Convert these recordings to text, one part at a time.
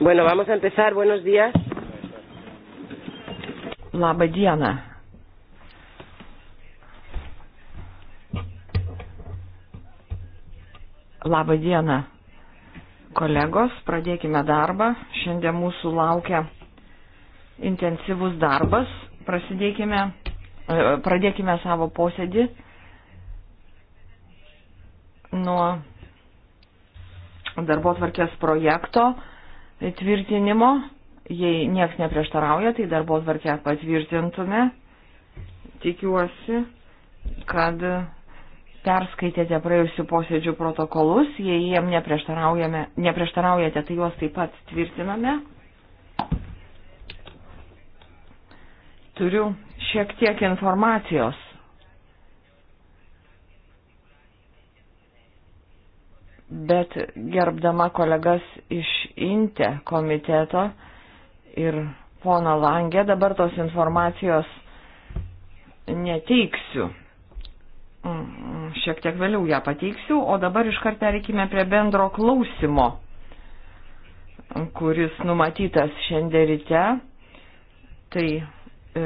Bueno, vamos a empezar. Buenos días. Labą dieną. Labą dieną, kolegos. Pradėkime darbą. Šiandien mūsų laukia intensyvus darbas. Prasidėkime, e, pradėkime savo posėdį nuo darbo tvarkės projekto tvirtinimo. Jei nieks neprieštarauja, tai darbo tvarkę patvirtintume. Tikiuosi, kad perskaitėte praėjusių posėdžių protokolus. Jei jiem neprieštaraujate, tai juos taip pat tvirtiname. Turiu šiek tiek informacijos. Bet gerbdama kolegas iš INTE komiteto ir pona Langė, dabar tos informacijos neteiksiu. Mm, šiek tiek vėliau ją pateiksiu, o dabar iškart pereikime prie bendro klausimo, kuris numatytas šiandien ryte. Tai E,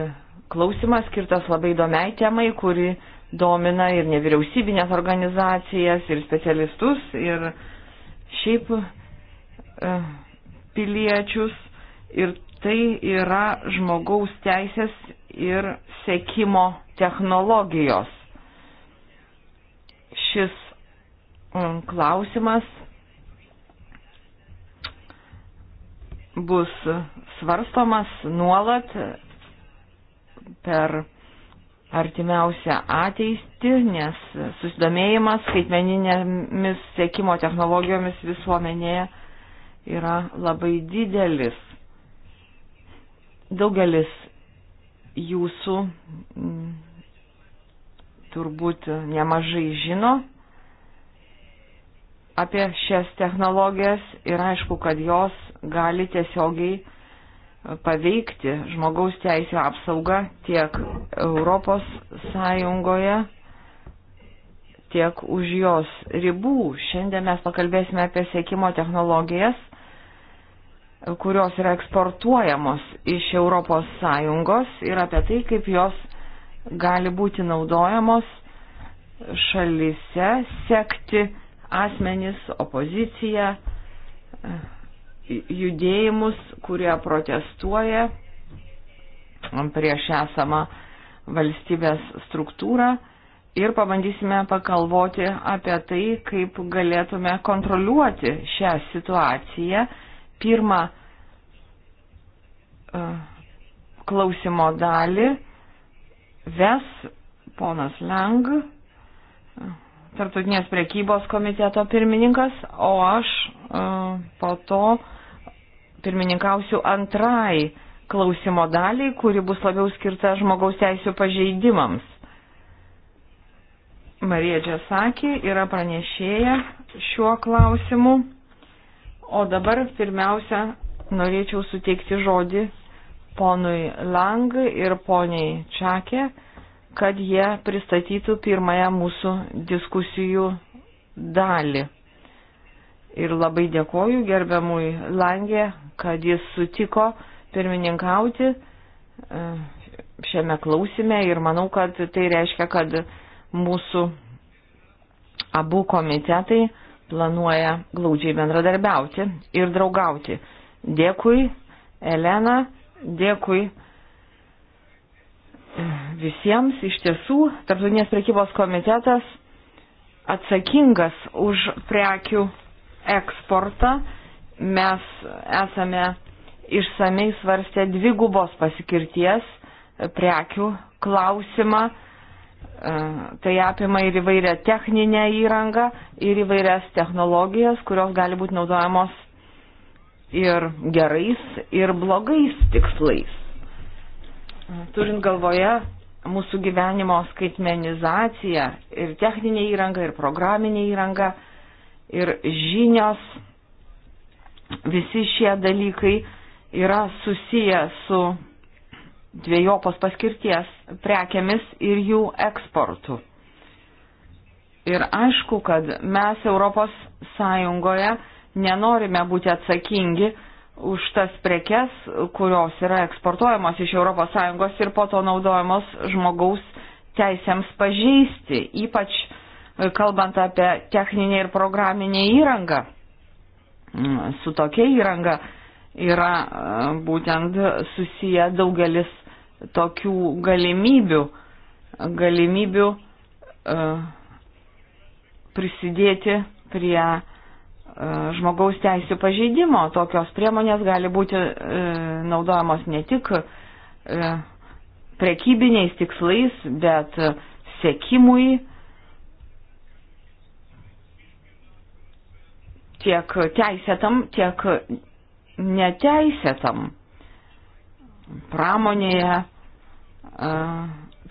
klausimas skirtas labai įdomiai temai, kuri domina ir nevyriausybinės organizacijas, ir specialistus, ir šiaip e, piliečius. Ir tai yra žmogaus teisės ir sekimo technologijos. Šis e, klausimas bus svarstomas nuolat per artimiausią ateistį, nes susidomėjimas skaitmeninėmis sėkimo technologijomis visuomenėje yra labai didelis. Daugelis jūsų mm, turbūt nemažai žino apie šias technologijas ir aišku, kad jos gali tiesiogiai paveikti žmogaus teisų apsaugą tiek Europos Sąjungoje, tiek už jos ribų. Šiandien mes pakalbėsime apie sėkimo technologijas, kurios yra eksportuojamos iš Europos Sąjungos ir apie tai, kaip jos gali būti naudojamos šalise, sekti asmenis, opoziciją judėjimus, kurie protestuoja prieš esamą valstybės struktūrą ir pabandysime pakalvoti apie tai, kaip galėtume kontroliuoti šią situaciją. Pirmą e, klausimo dalį ves ponas Leng, e, Tartutinės priekybos komiteto pirmininkas, o aš e, po to pirmininkausiu antrai klausimo daliai, kuri bus labiau skirta žmogaus teisų pažeidimams. Marija Džesakė yra pranešėja šiuo klausimu, o dabar pirmiausia norėčiau suteikti žodį ponui Lang ir poniai Čakė, kad jie pristatytų pirmąją mūsų diskusijų dalį. Ir labai dėkoju gerbiamui Langė kad jis sutiko pirmininkauti e, šiame klausime ir manau, kad tai reiškia, kad mūsų abu komitetai planuoja glaudžiai bendradarbiauti ir draugauti. Dėkui, Elena, dėkui e, visiems. Iš tiesų, Tarptautinės prekybos komitetas atsakingas už prekių eksportą mes esame išsamei svarstę dvigubos paskirties prekių klausimą. E, tai apima ir įvairią techninę įrangą, ir įvairias technologijas, kurios gali būti naudojamos ir gerais, ir blogais tikslais. E, turint galvoje mūsų gyvenimo skaitmenizaciją ir techninė įranga, ir programinė įranga, ir žinios Visi šie dalykai yra susiję su dviejopos paskirties prekiamis ir jų eksportu. Ir aišku, kad mes Europos Sąjungoje nenorime būti atsakingi už tas prekes, kurios yra eksportuojamos iš ES ir po to naudojamos žmogaus teisėms pažeisti, ypač kalbant apie techninę ir programinę įrangą su tokia įranga yra e, būtent susiję daugelis tokių galimybių, galimybių e, prisidėti prie e, žmogaus teisų pažeidimo. Tokios priemonės gali būti naudojamos ne tik prekybiniais tikslais, bet sekimui, tiek teisėtam, tiek neteisėtam. Pramonėje e,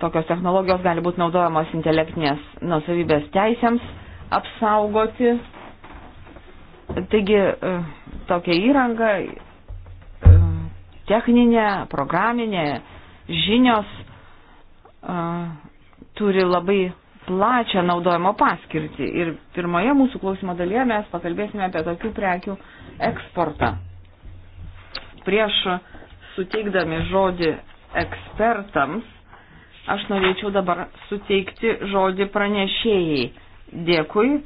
tokios technologijos gali būti naudojamos intelektinės nusavybės teisėms apsaugoti. Taigi e, tokia įranga, e, techninė, programinė, žinios turi labai plačią naudojimo paskirtį. Ir pirmoje mūsų klausimo dalyje mes pakalbėsime apie tokių prekių eksportą. Prieš suteikdami žodį ekspertams, aš norėčiau dabar suteikti žodį pranešėjai. Dėkui,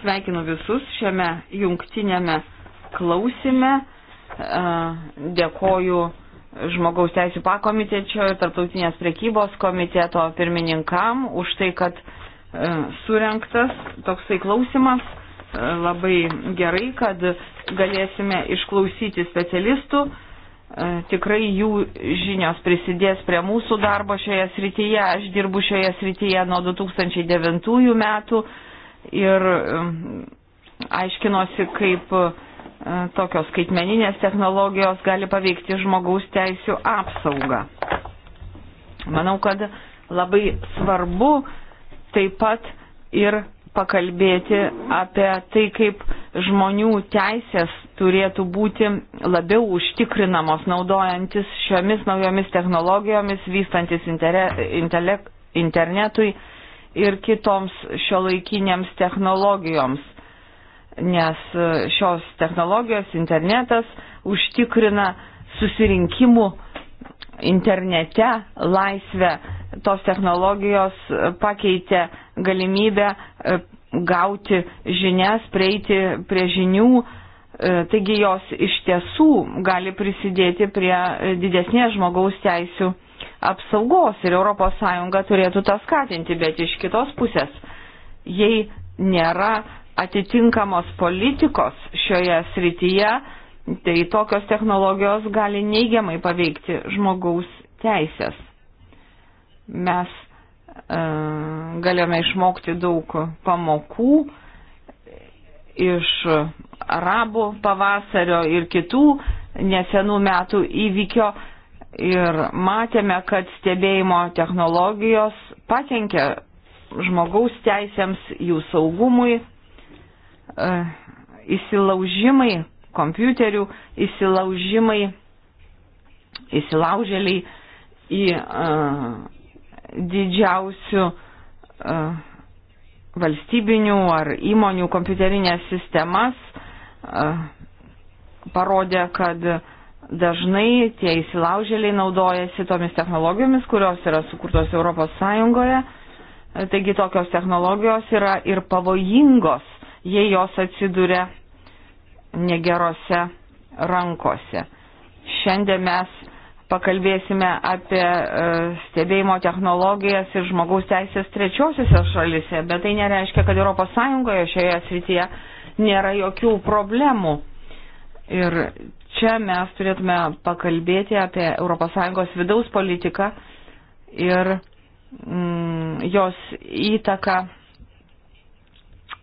sveikinu visus šiame jungtinėme klausime. Dėkoju žmogaus teisų pakomitečio ir tarptautinės prekybos komiteto pirmininkam už tai, kad E, surinktas toksai klausimas. E, labai gerai, kad galėsime išklausyti specialistų. E, tikrai jų žinios prisidės prie mūsų darbo šioje srityje. Aš dirbu šioje srityje nuo 2009 metų ir aiškinosi, kaip tokios skaitmeninės technologijos gali paveikti žmogaus teisų apsaugą. Manau, kad labai svarbu taip pat ir pakalbėti apie tai, kaip žmonių teisės turėtų būti labiau užtikrinamos naudojantis šiomis naujomis technologijomis, vystantis intele, internetui ir kitoms šiolaikinėms technologijoms. Nes šios technologijos internetas užtikrina susirinkimų internete laisvę tos technologijos e, pakeitė galimybę e, gauti žinias, prieiti prie žinių, e, taigi jos iš tiesų gali prisidėti prie didesnės žmogaus teisų apsaugos ir ES turėtų tą skatinti, bet iš kitos pusės, jei nėra atitinkamos politikos šioje srityje, tai tokios technologijos gali neigiamai paveikti žmogaus teisės. Mes e, galėjome išmokti daug pamokų iš arabų pavasario ir kitų nesenų metų įvykio ir matėme, kad stebėjimo technologijos pakenkia žmogaus teisėms, jų saugumui, e, įsilaužimai, kompiuterių įsilaužimai, įsilaužėliai į e, didžiausių uh, valstybinių ar įmonių kompiuterinės sistemas uh, parodė, kad dažnai tie įsilaužėliai naudojasi tomis technologijomis, kurios yra sukurtos Europos Sąjungoje. E, taigi tokios technologijos yra ir pavojingos, jei jos atsiduria negerose rankose. Šiandien mes pakalbėsime apie e, stebėjimo technologijas ir žmogaus teisės trečiosiuose šalise, bet tai nereiškia, kad ES šioje srityje nėra jokių problemų. Ir čia mes turėtume pakalbėti apie ES vidaus politiką ir mm, jos įtaką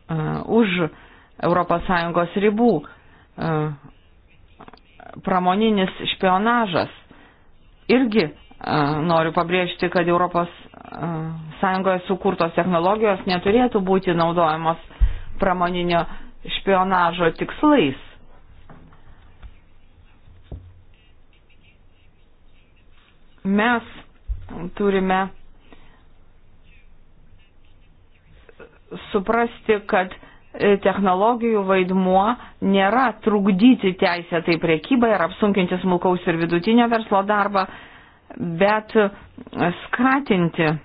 uh, už ES ribų. Uh, pramoninis špionažas irgi noriu pabrėžti, kad Europos Sąjungoje sukurtos technologijos neturėtų būti naudojamos pramoninio špionažo tikslais. Mes turime suprasti, kad E, technologijų vaidmuo nėra trukdyti teisę tai priekybai ar apsunkinti smulkaus ir vidutinio verslo darbą, bet skatinti e,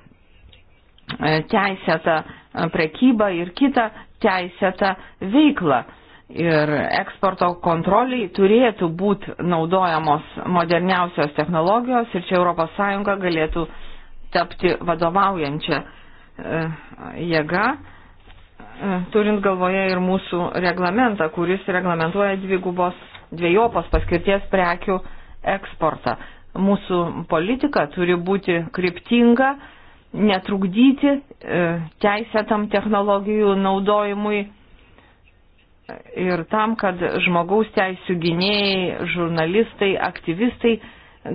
teisėtą e, prekybą ir kitą teisėtą veiklą. Ir eksporto kontroliai turėtų būti naudojamos moderniausios technologijos ir čia ES galėtų tapti vadovaujančią jėgą E, turint galvoje ir mūsų reglamentą, kuris reglamentuoja dvigubos dviejopos paskirties prekių eksportą. Mūsų politika turi būti kryptinga, netrukdyti e, teisėtam technologijų naudojimui ir tam, kad žmogaus teisų gynėjai, žurnalistai, aktyvistai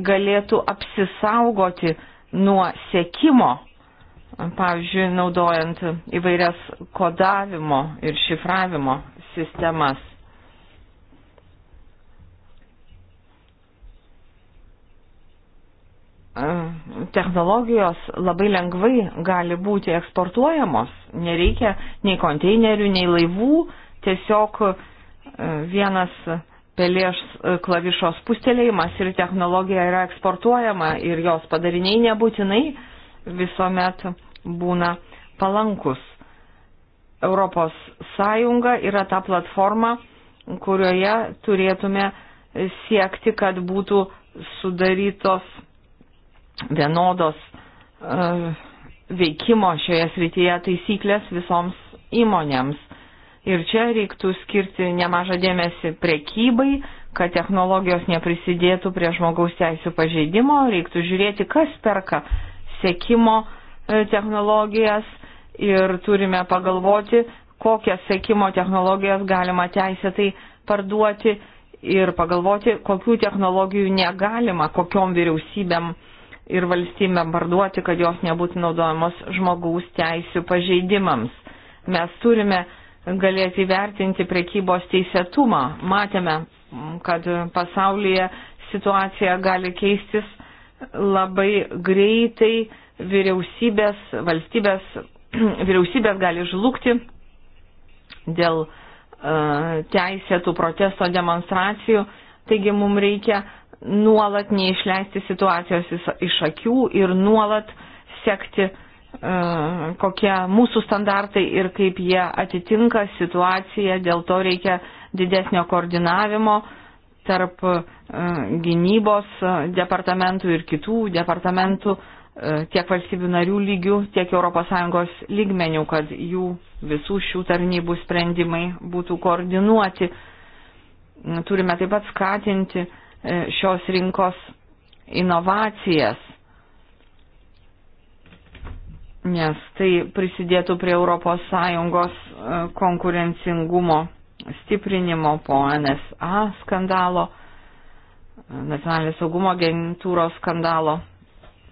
galėtų apsisaugoti nuo sekimo pavyzdžiui, naudojant įvairias kodavimo ir šifravimo sistemas. Technologijos labai lengvai gali būti eksportuojamos, nereikia nei konteinerių, nei laivų, tiesiog e, vienas pelėš e, klavišos pustelėjimas ir technologija yra eksportuojama ir jos padariniai nebūtinai visuomet būna palankus. Europos Sąjunga yra ta platforma, kurioje turėtume siekti, kad būtų sudarytos vienodos uh, veikimo šioje srityje taisyklės visoms įmonėms. Ir čia reiktų skirti nemažą dėmesį prekybai, kad technologijos neprisidėtų prie žmogaus teisų pažeidimo, reiktų žiūrėti, kas perka sekimo E, technologijas ir turime pagalvoti, kokias sekimo technologijas galima teisėtai parduoti ir pagalvoti, kokių technologijų negalima, kokiom vyriausybėm ir valstybėm parduoti, kad jos nebūtų naudojamos žmogaus teisų pažeidimams. Mes turime galėti vertinti prekybos teisėtumą. Matėme, kad pasaulyje situacija gali keistis labai greitai vyriausybės, valstybės, vyriausybės gali žlugti dėl uh, teisėtų protesto demonstracijų. Taigi mums reikia nuolat neišleisti situacijos iš akių ir nuolat sekti, uh, kokie mūsų standartai ir kaip jie atitinka situaciją. Dėl to reikia didesnio koordinavimo tarp uh, gynybos departamentų ir kitų departamentų uh, E, tiek valstybių narių lygių, tiek ES lygmenių, kad jų visų šių tarnybų sprendimai būtų koordinuoti. Turime taip pat skatinti e, šios rinkos inovacijas, nes tai prisidėtų prie ES e, konkurencingumo stiprinimo po NSA skandalo, nacionalinės saugumo agentūros skandalo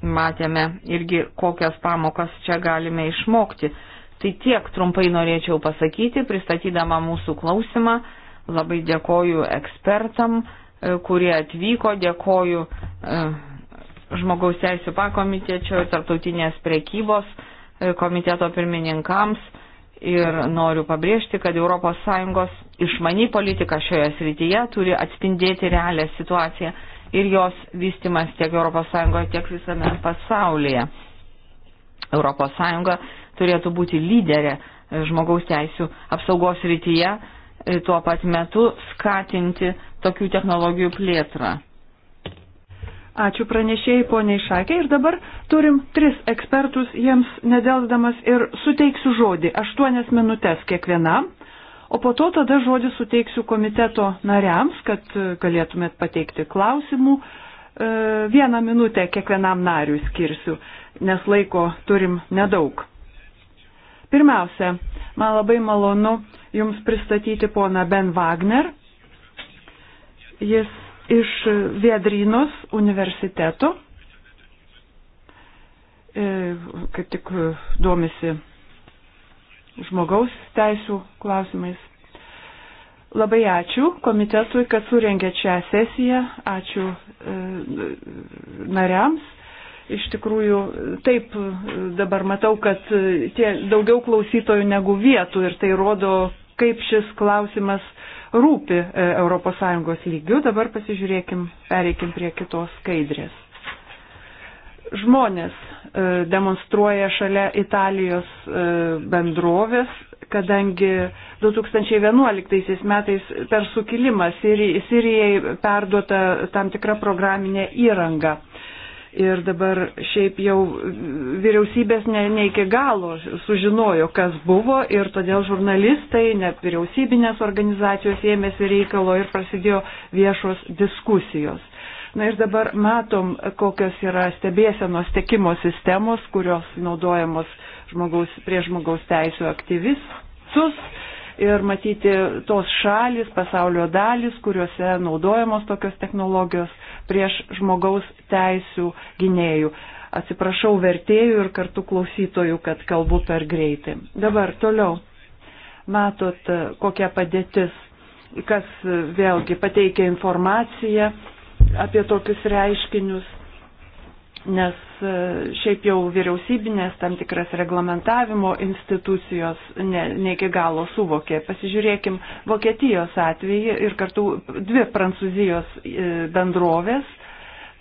matėme irgi, kokias pamokas čia galime išmokti. Tai tiek trumpai norėčiau pasakyti, pristatydama mūsų klausimą. Labai dėkoju ekspertam, e, kurie atvyko, dėkoju e, žmogaus teisų pakomitečio ir tarptautinės prekybos e, komiteto pirmininkams ir noriu pabrėžti, kad ES išmani politika šioje srityje turi atspindėti realią situaciją ir jos vystimas tiek ES, tiek visame pasaulyje. ES turėtų būti lyderė žmogaus teisų apsaugos rytyje, e, tuo pat metu skatinti tokių technologijų plėtrą. Ačiū pranešėjai poniai Šakė ir dabar turim tris ekspertus, jiems nedelsdamas ir suteiksiu žodį aštuonias minutės kiekvienam O po to tada žodį suteiksiu komiteto nariams, kad e, galėtumėt pateikti klausimų. E, vieną minutę kiekvienam nariui skirsiu, nes laiko turim nedaug. Pirmiausia, man labai malonu Jums pristatyti poną Ben Wagner. Jis iš Viedrynos universiteto, e, kaip tik domisi žmogaus teisų klausimais. Labai ačiū komitetui, kad surengė čia sesiją. Ačiū e, nariams. Iš tikrųjų, taip e, dabar matau, kad e, tie daugiau klausytojų negu vietų ir tai rodo, kaip šis klausimas rūpi ES lygių. Dabar pasižiūrėkim, pereikim prie kitos skaidrės žmonės e, demonstruoja šalia Italijos e, bendrovės, kadangi 2011 metais per sukilimą Sirijai perduota tam tikra programinė įranga. Ir dabar šiaip jau vyriausybės ne, ne iki galo sužinojo, kas buvo ir todėl žurnalistai, net vyriausybinės organizacijos ėmėsi reikalo ir prasidėjo viešos diskusijos. Na ir dabar matom, kokios yra stebėsenos tekimo sistemos, kurios naudojamos žmogaus, prie žmogaus teisų aktyvistus. Ir matyti tos šalis, pasaulio dalis, kuriuose naudojamos tokios technologijos prieš žmogaus teisų gynėjų atsiprašau vertėjų ir kartu klausytojų, kad kalbu per greitai. Dabar toliau. Matot, kokia padėtis, kas vėlgi pateikia informaciją apie tokius reiškinius, nes e, šiaip jau vyriausybinės tam tikras reglamentavimo institucijos ne, ne iki galo suvokė. Pasižiūrėkim Vokietijos atvejį ir kartu dvi Prancūzijos e, bendrovės,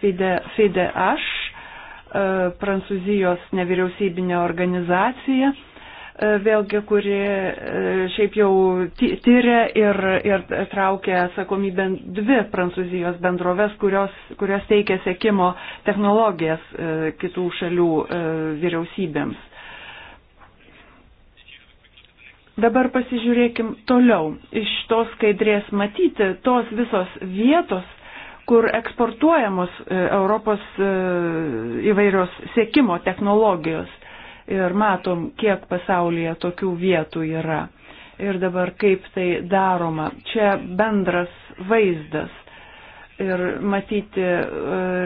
FIDE, FIDE aš, e, Prancūzijos nevyriausybinė organizacija E, vėlgi, kuri e, šiaip jau tyria ir, ir traukia atsakomybę dvi prancūzijos bendroves, kurios, kurios teikia sėkimo technologijas e, kitų šalių vyriausybėms. Dabar pasižiūrėkim toliau. Iš tos skaidrės matyti tos visos vietos, kur eksportuojamos Europos įvairios sėkimo technologijos ir matom, kiek pasaulyje tokių vietų yra. Ir dabar kaip tai daroma. Čia bendras vaizdas ir matyti e,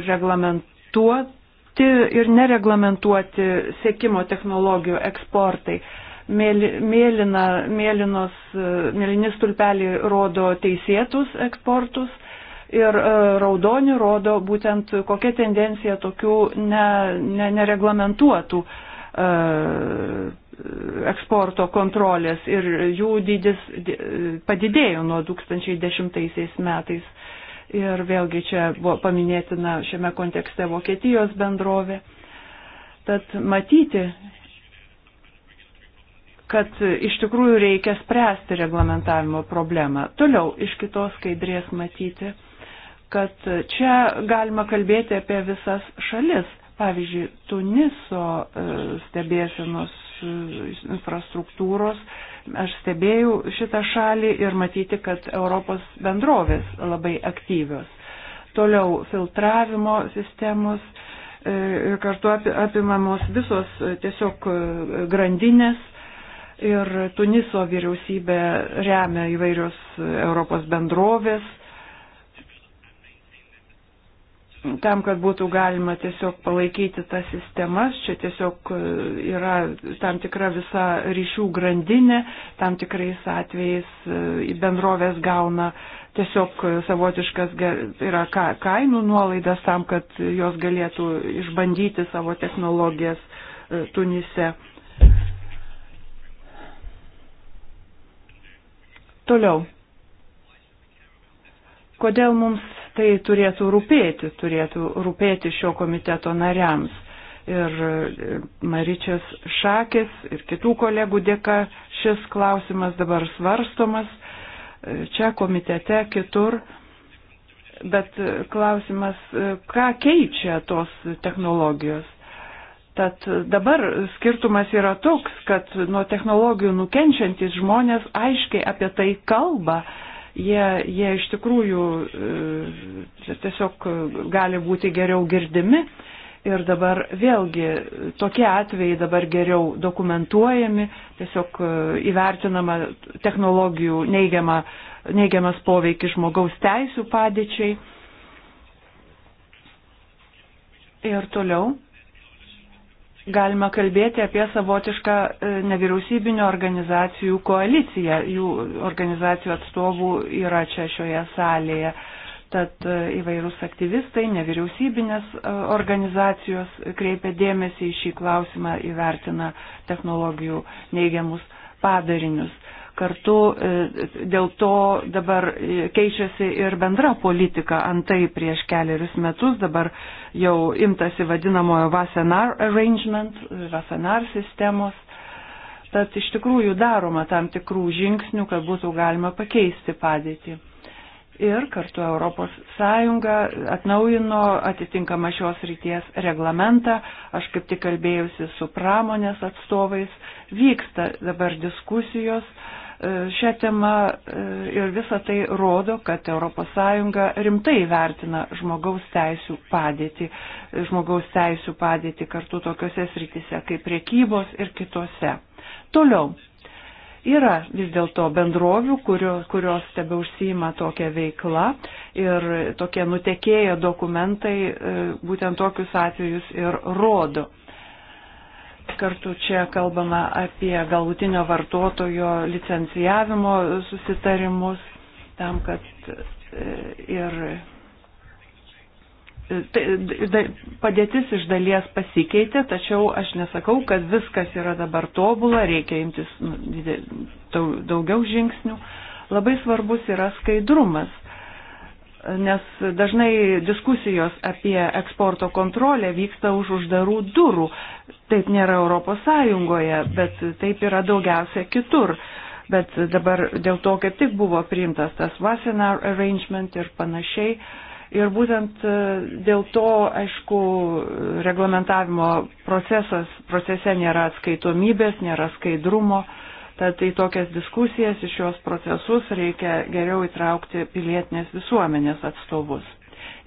reglamentuoti ir nereglamentuoti sėkimo technologijų eksportai. Mėlyna, mėlynos, e, mėlyni stulpeliai rodo teisėtus eksportus ir e, raudoni rodo būtent kokia tendencija tokių ne, ne, nereglamentuotų E, eksporto kontrolės ir jų dydis padidėjo nuo 2010 metais. Ir vėlgi čia buvo paminėtina šiame kontekste Vokietijos bendrovė. Tad matyti, kad iš tikrųjų reikia spręsti reglamentavimo problemą. Toliau iš kitos skaidrės matyti, kad čia galima kalbėti apie visas šalis Pavyzdžiui, Tuniso e, stebėsenos e, infrastruktūros. Aš stebėjau šitą šalį ir matyti, kad Europos bendrovės labai aktyvios. Toliau filtravimo sistemos e, ir kartu apimamos visos tiesiog grandinės. Ir Tuniso vyriausybė remia įvairios Europos bendrovės, tam, kad būtų galima tiesiog palaikyti tas sistemas, čia tiesiog e, yra tam tikra visa ryšių grandinė, tam tikrais atvejais e, bendrovės gauna tiesiog savotiškas yra kainų nuolaidas tam, kad jos galėtų išbandyti savo technologijas e, Tunise. Toliau. Kodėl mums tai turėtų rūpėti, turėtų rūpėti šio komiteto nariams. Ir e, Maryčias Šakis ir kitų kolegų dėka šis klausimas dabar svarstomas e, čia komitete, kitur. Bet e, klausimas, ką keičia tos technologijos. Tad dabar skirtumas yra toks, kad nuo technologijų nukenčiantis žmonės aiškiai apie tai kalba jie, jie iš tikrųjų e, tiesiog gali būti geriau girdimi. Ir dabar vėlgi tokie atvejai dabar geriau dokumentuojami, tiesiog e, įvertinama technologijų neigiama, neigiamas poveikis žmogaus teisų padėčiai. Ir toliau galima kalbėti apie savotišką e, nevyriausybinio organizacijų koaliciją. Jų organizacijų atstovų yra čia šioje salėje. Tad e, įvairūs aktyvistai, nevyriausybinės e, organizacijos kreipia dėmesį į šį klausimą, įvertina technologijų neigiamus padarinius. Kartu e, dėl to dabar e, keičiasi ir bendra politika. Antai prieš keliarius metus dabar jau imtasi vadinamojo Vasenar arrangement, Vasenar sistemos. Tad iš tikrųjų daroma tam tikrų žingsnių, kad būtų galima pakeisti padėtį ir kartu Europos Sąjunga atnaujino atitinkamą šios ryties reglamentą. Aš kaip tik kalbėjusi su pramonės atstovais, vyksta dabar diskusijos E, šią temą e, ir visa tai rodo, kad ES rimtai vertina žmogaus teisų padėtį, e, žmogaus teisų padėtį kartu tokiuose srityse kaip priekybos ir kitose. Toliau. Yra vis dėlto bendrovių, kurios, kurios tebe užsima tokią veiklą ir tokie nutekėję dokumentai būtent tokius atvejus ir rodo. Kartu čia kalbama apie galutinio vartotojo licencijavimo susitarimus tam, kad e, ir e, tai, padėtis iš dalies pasikeitė, tačiau aš nesakau, kad viskas yra dabar tobula, reikia imtis nu, daugiau žingsnių. Labai svarbus yra skaidrumas nes dažnai diskusijos apie eksporto kontrolę vyksta už uždarų durų. Taip nėra Europos Sąjungoje, bet taip yra daugiausia kitur. Bet dabar dėl to kaip tik buvo priimtas tas Wassenaar arrangement ir panašiai. Ir būtent e, dėl to, aišku, reglamentavimo procesas, procese nėra atskaitomybės, nėra skaidrumo. Tad į tokias diskusijas, į šios procesus reikia geriau įtraukti pilietinės visuomenės atstovus.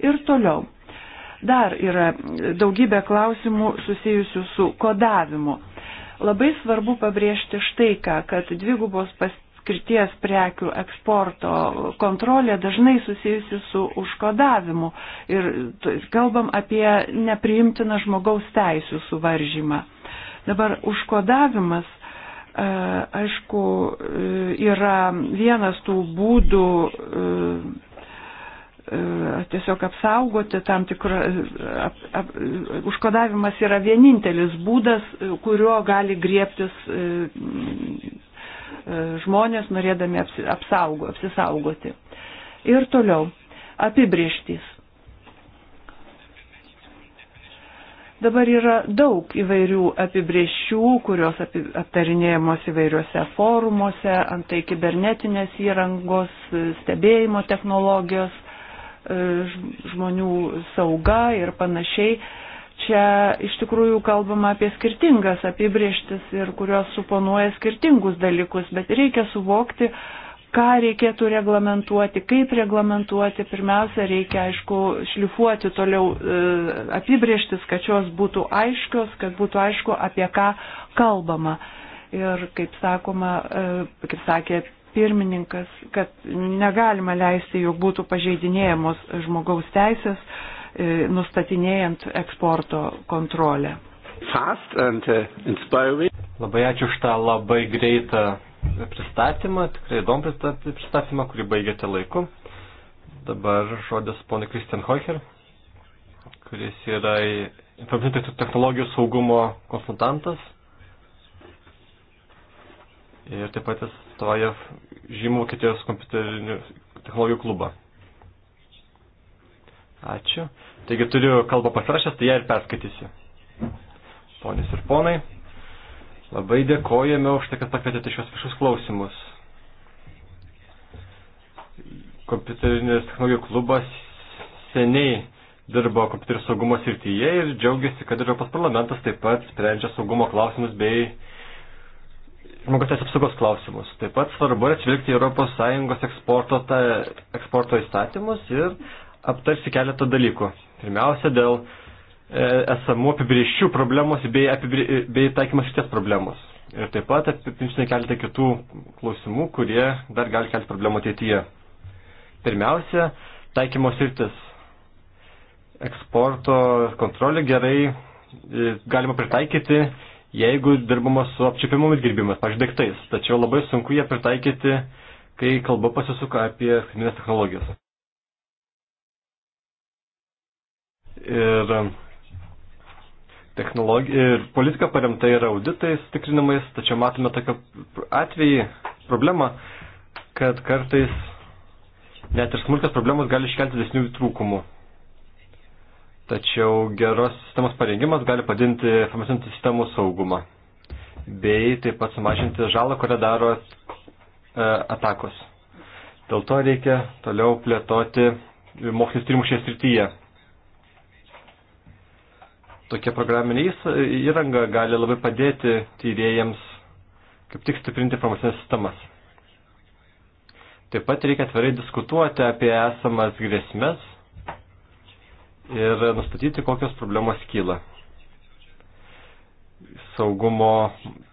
Ir toliau. Dar yra daugybė klausimų susijusių su kodavimu. Labai svarbu pabrėžti štai ką, kad dvigubos paskirties prekių eksporto kontrolė dažnai susijusi su užkodavimu ir kalbam apie nepriimtiną žmogaus teisų suvaržymą. Dabar užkodavimas E, aišku, e, yra vienas tų būdų e, tiesiog apsaugoti tam tikrą, ap, ap, užkodavimas yra vienintelis būdas, kuriuo gali griebtis žmonės, norėdami apsaugo, apsisaugoti. Ir toliau, apibrieštys. Dabar yra daug įvairių apibrėžčių, kurios aptarinėjamos įvairiuose forumuose, antai kibernetinės įrangos, stebėjimo technologijos, e, žmonių sauga ir panašiai. Čia iš tikrųjų kalbama apie skirtingas apibrieštis ir kurios suponuoja skirtingus dalykus, bet reikia suvokti, ką reikėtų reglamentuoti, kaip reglamentuoti. Pirmiausia, reikia, aišku, šlifuoti toliau e, apibrieštis, kad šios būtų aiškios, kad būtų aišku, apie ką kalbama. Ir kaip sakoma, e, kaip sakė pirmininkas, kad negalima leisti, jog būtų pažeidinėjamos žmogaus teisės, e, nustatinėjant eksporto kontrolę. Uh, labai ačiū už tą labai greitą pristatymą, tikrai įdomų pristatymą, kurį baigėte laiku. Dabar žodis ponui Kristian Hoicher, kuris yra informacinių technologijų saugumo konsultantas ir taip pat atstovauja žymų Vokietijos kompiuterinių technologijų klubą. Ačiū. Taigi turiu kalbą pasirašęs, tai ją ir perskaitysiu. Ponis ir ponai. Labai dėkojame už tai, kad pakvietėte šios viešus klausimus. Kompiuterinis technologijų klubas seniai dirbo kompiuterio saugumo srityje ir džiaugiasi, kad Europos parlamentas taip pat sprendžia saugumo klausimus bei žmogaus teisės apsaugos klausimus. Taip pat svarbu atsvilgti ES eksporto, ta, eksporto įstatymus ir aptarsi keletą dalykų. Pirmiausia, dėl E, esamų apibrieščių problemos bei, apibri, bei taikymas šities problemos. Ir taip pat apipinšinai keletą kitų klausimų, kurie dar gali kelti problemų ateityje. Pirmiausia, taikymo sritis. Eksporto kontrolė gerai e, galima pritaikyti, jeigu dirbama su apčiapiamomis girbimas, pavyzdžiui, daiktais. Tačiau labai sunku ją pritaikyti, kai kalba pasisuka apie skaitminės technologijas. Ir ir politika paremta yra auditais, tikrinimais, tačiau matome tokią atvejį, problemą, kad kartais net ir smulkės problemos gali iškelti desnių trūkumų. Tačiau geros sistemos parengimas gali padinti informacinių sistemų saugumą bei taip pat sumažinti žalą, kurią daro e, atakos. Dėl to reikia toliau plėtoti mokslinis tyrimus šioje srityje tokia programinė įranga gali labai padėti tyrėjams kaip tik stiprinti informacinės sistemas. Taip pat reikia atvirai diskutuoti apie esamas grėsmes ir nustatyti, kokios problemos kyla. Saugumo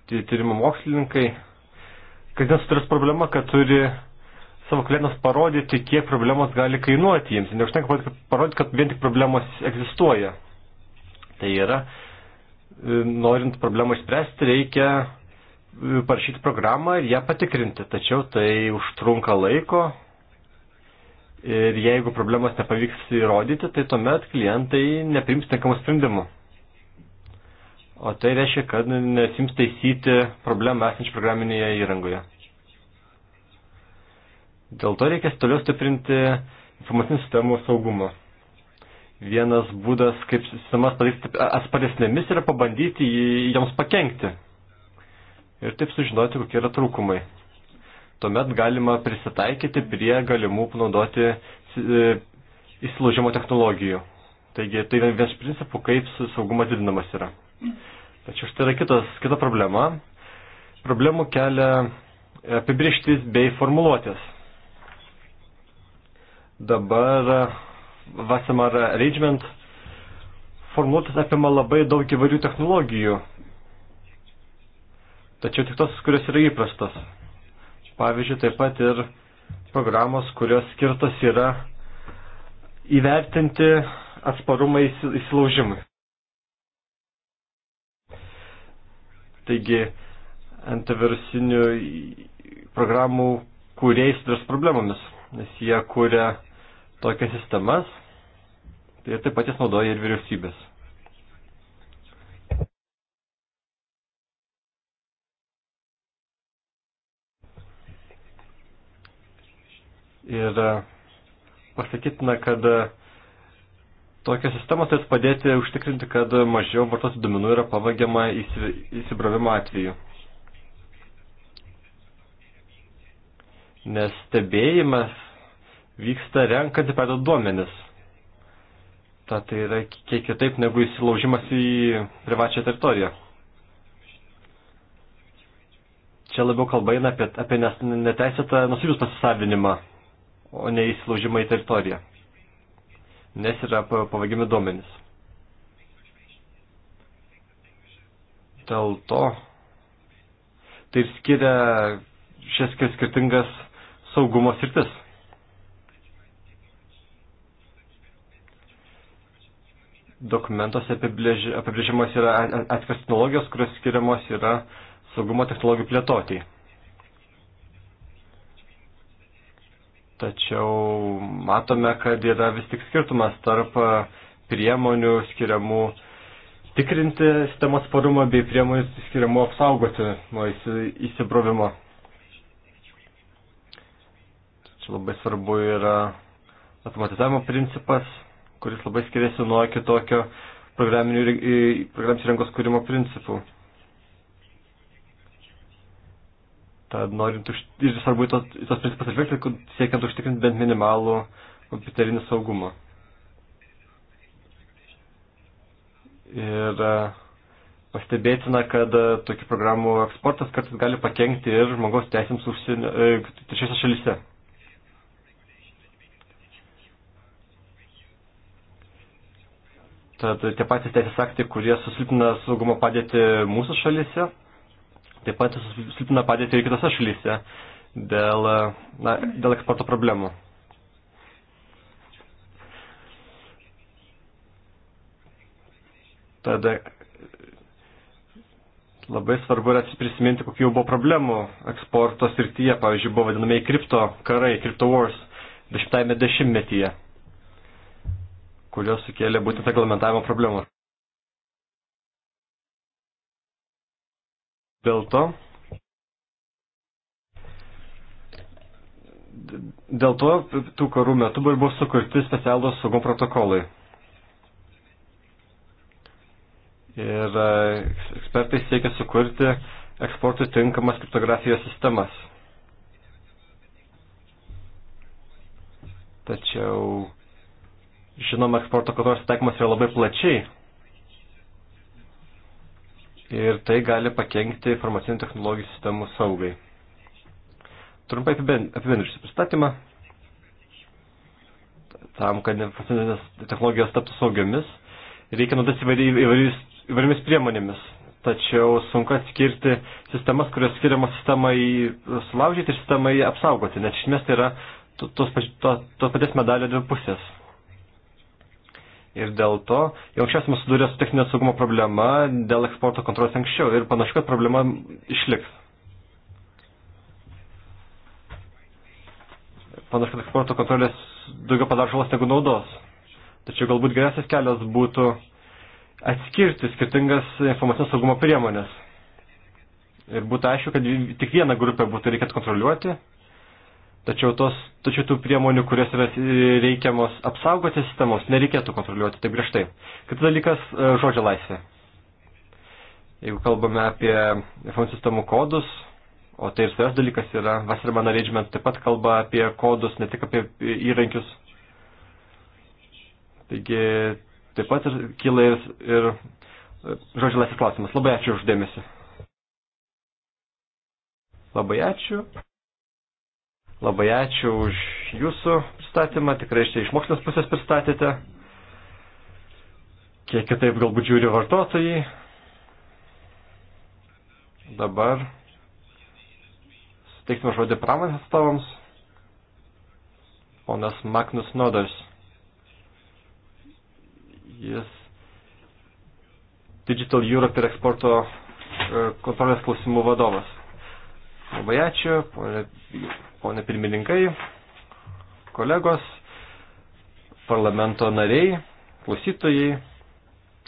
tyrimo mokslininkai kasdien sutars problema, kad turi savo klientams parodyti, kiek problemos gali kainuoti jiems. Neužtenka parodyti, kad vien tik problemos egzistuoja Tai yra, e, norint problemą išspręsti, reikia e, parašyti programą ir ją patikrinti. Tačiau tai užtrunka laiko ir jeigu problemas nepavyks įrodyti, tai tuomet klientai neprims tinkamų sprendimų. O tai reiškia, kad nesims taisyti problemą esančią programinėje įrangoje. Dėl to reikės toliau stiprinti informacinių sistemų saugumą vienas būdas, kaip sistemas padaryti atsparesnėmis, yra pabandyti joms pakenkti. Ir taip sužinoti, kokie yra trūkumai. Tuomet galima prisitaikyti prie galimų panaudoti e, įsilaužimo technologijų. Taigi tai vienas principų, kaip saugumas didinamas yra. Tačiau štai yra kitas, kita problema. Problemų kelia apibrieštis bei formuluotės. Dabar Vasemar Arrangement formuluotės apima labai daug įvairių technologijų, tačiau tik tos, kurios yra įprastos. Pavyzdžiui, taip pat ir programos, kurios skirtos yra įvertinti atsparumą įsilaužimui. Taigi, antivirusinių programų kūrėjai sudarys problemomis, nes jie kūrė tokias sistemas tai ir taip pat jas naudoja ir vyriausybės. Ir e, pasakytina, kad e, tokios sistemos turės padėti užtikrinti, kad mažiau vartotojų duomenų yra pavagiama įsibrovimo atveju. Nes stebėjimas vyksta renkant ir perduot duomenis. Ta tai yra kiek kitaip negu įsilaužimas į privačią teritoriją. Čia labiau kalba eina apie, apie neteisėtą nusivyus pasisavinimą, o ne įsilaužimą į teritoriją. Nes yra pavagimi duomenys. Dėl to tai ir skiria šias skirtingas saugumo sritis. dokumentuose apibrėžiamos yra atskiras technologijos, kurios skiriamos yra saugumo technologijų plėtotėjai. Tačiau matome, kad yra vis tik skirtumas tarp priemonių skiriamų tikrinti sistemos sparumą bei priemonių skiriamų apsaugoti nuo įsibrovimo. Čia labai svarbu yra automatizavimo principas kuris labai skiriasi nuo kitokio programinės įrangos kūrimo principų. Tad norint ir svarbu tos, tos principus atlikti, siekiant užtikrinti bent minimalų kompiuterinį saugumą. Ir e, pastebėtina, kad e, tokių programų eksportas kartais gali pakengti ir žmogaus teisėms užsienio trečiose šalyse. Tad tie patys teisės aktai, kurie susilpina saugumo padėtį mūsų šalyse, taip pat susilpina padėtį ir kitose šalyse dėl, na, dėl eksporto problemų. Tad labai svarbu yra prisiminti, kokių buvo problemų eksporto srityje. Pavyzdžiui, buvo vadinamieji kripto karai, kripto wars, dešimtajame dešimtmetyje kurios sukėlė būtent reglamentavimo problemų. Dėl to, dėl to tų karų metu buvo sukurti specialūs saugumo protokolai. Ir e, ekspertai siekia sukurti eksportui tinkamas kriptografijos sistemas. Tačiau Žinoma, eksporto kontrolės taikomas yra labai plačiai. Ir tai gali pakengti informacinių technologijų sistemų saugai. Trumpai apibendrinsiu pristatymą. Tam, kad informacinės technologijos taptų saugiomis, reikia naudotis įvairiomis priemonėmis. Tačiau sunku atskirti sistemas, kurios skiriamos sistemai sulaužyti ir sistemai apsaugoti, nes iš esmės tai yra tos, tos, tos paties medalio dvi pusės ir dėl to jau anksčiau mes sudūrė su techninio saugumo problema dėl eksporto kontrolės anksčiau ir panašu, kad problema išliks. Panašu, kad eksporto kontrolės daugiau padaro žalos negu naudos. Tačiau galbūt geresnis kelias būtų atskirti skirtingas informacinio saugumo priemonės. Ir būtų aišku, kad tik vieną grupę būtų reikėtų kontroliuoti Tačiau, tos, tačiau tų priemonių, kurios yra reikiamos apsaugoti sistemos, nereikėtų kontroliuoti taip griežtai. Kitas dalykas e, - žodžio laisvė. Jeigu kalbame apie iPhone sistemų kodus, o tai ir svarbus dalykas yra, Wasserman Arrangement taip pat kalba apie kodus, ne tik apie įrankius. Taigi taip pat ir kyla ir, ir e, žodžio laisvės klausimas. Labai ačiū uždėmesi. Labai ačiū. Labai ačiū už jūsų pristatymą, tikrai iš čia iš mokslinės pusės pristatėte. Kiek kitaip galbūt žiūri vartotojai. Dabar suteiksime žodį pramonės atstovams. Ponas Magnus Noders. Jis Digital Europe ir eksporto e, kontrolės klausimų vadovas. Labai ačiū. Pone ponė pirmininkai, kolegos, parlamento nariai, klausytojai.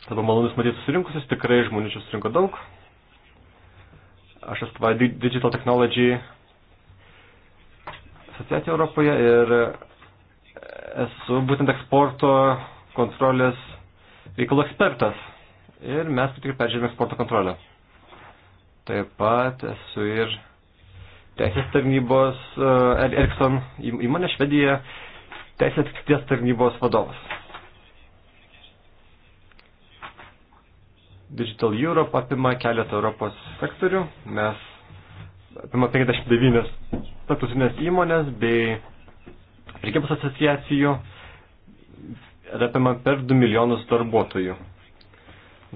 Labai malonus matyti surinkusius, tikrai žmonių čia surinko daug. Aš atstovauju Digital Technology asociaciją Europoje ir esu būtent eksporto kontrolės reikalų ekspertas. Ir mes kaip tik peržiūrėjome eksporto kontrolę. Taip pat esu ir teisės tarnybos e, Ericsson įmonė Švedija teisės atskirties tarnybos vadovas. Digital Europe apima keletą Europos sektorių, mes apima 59 tarptautinės įmonės bei prekybos asociacijų ir apima per 2 milijonus darbuotojų.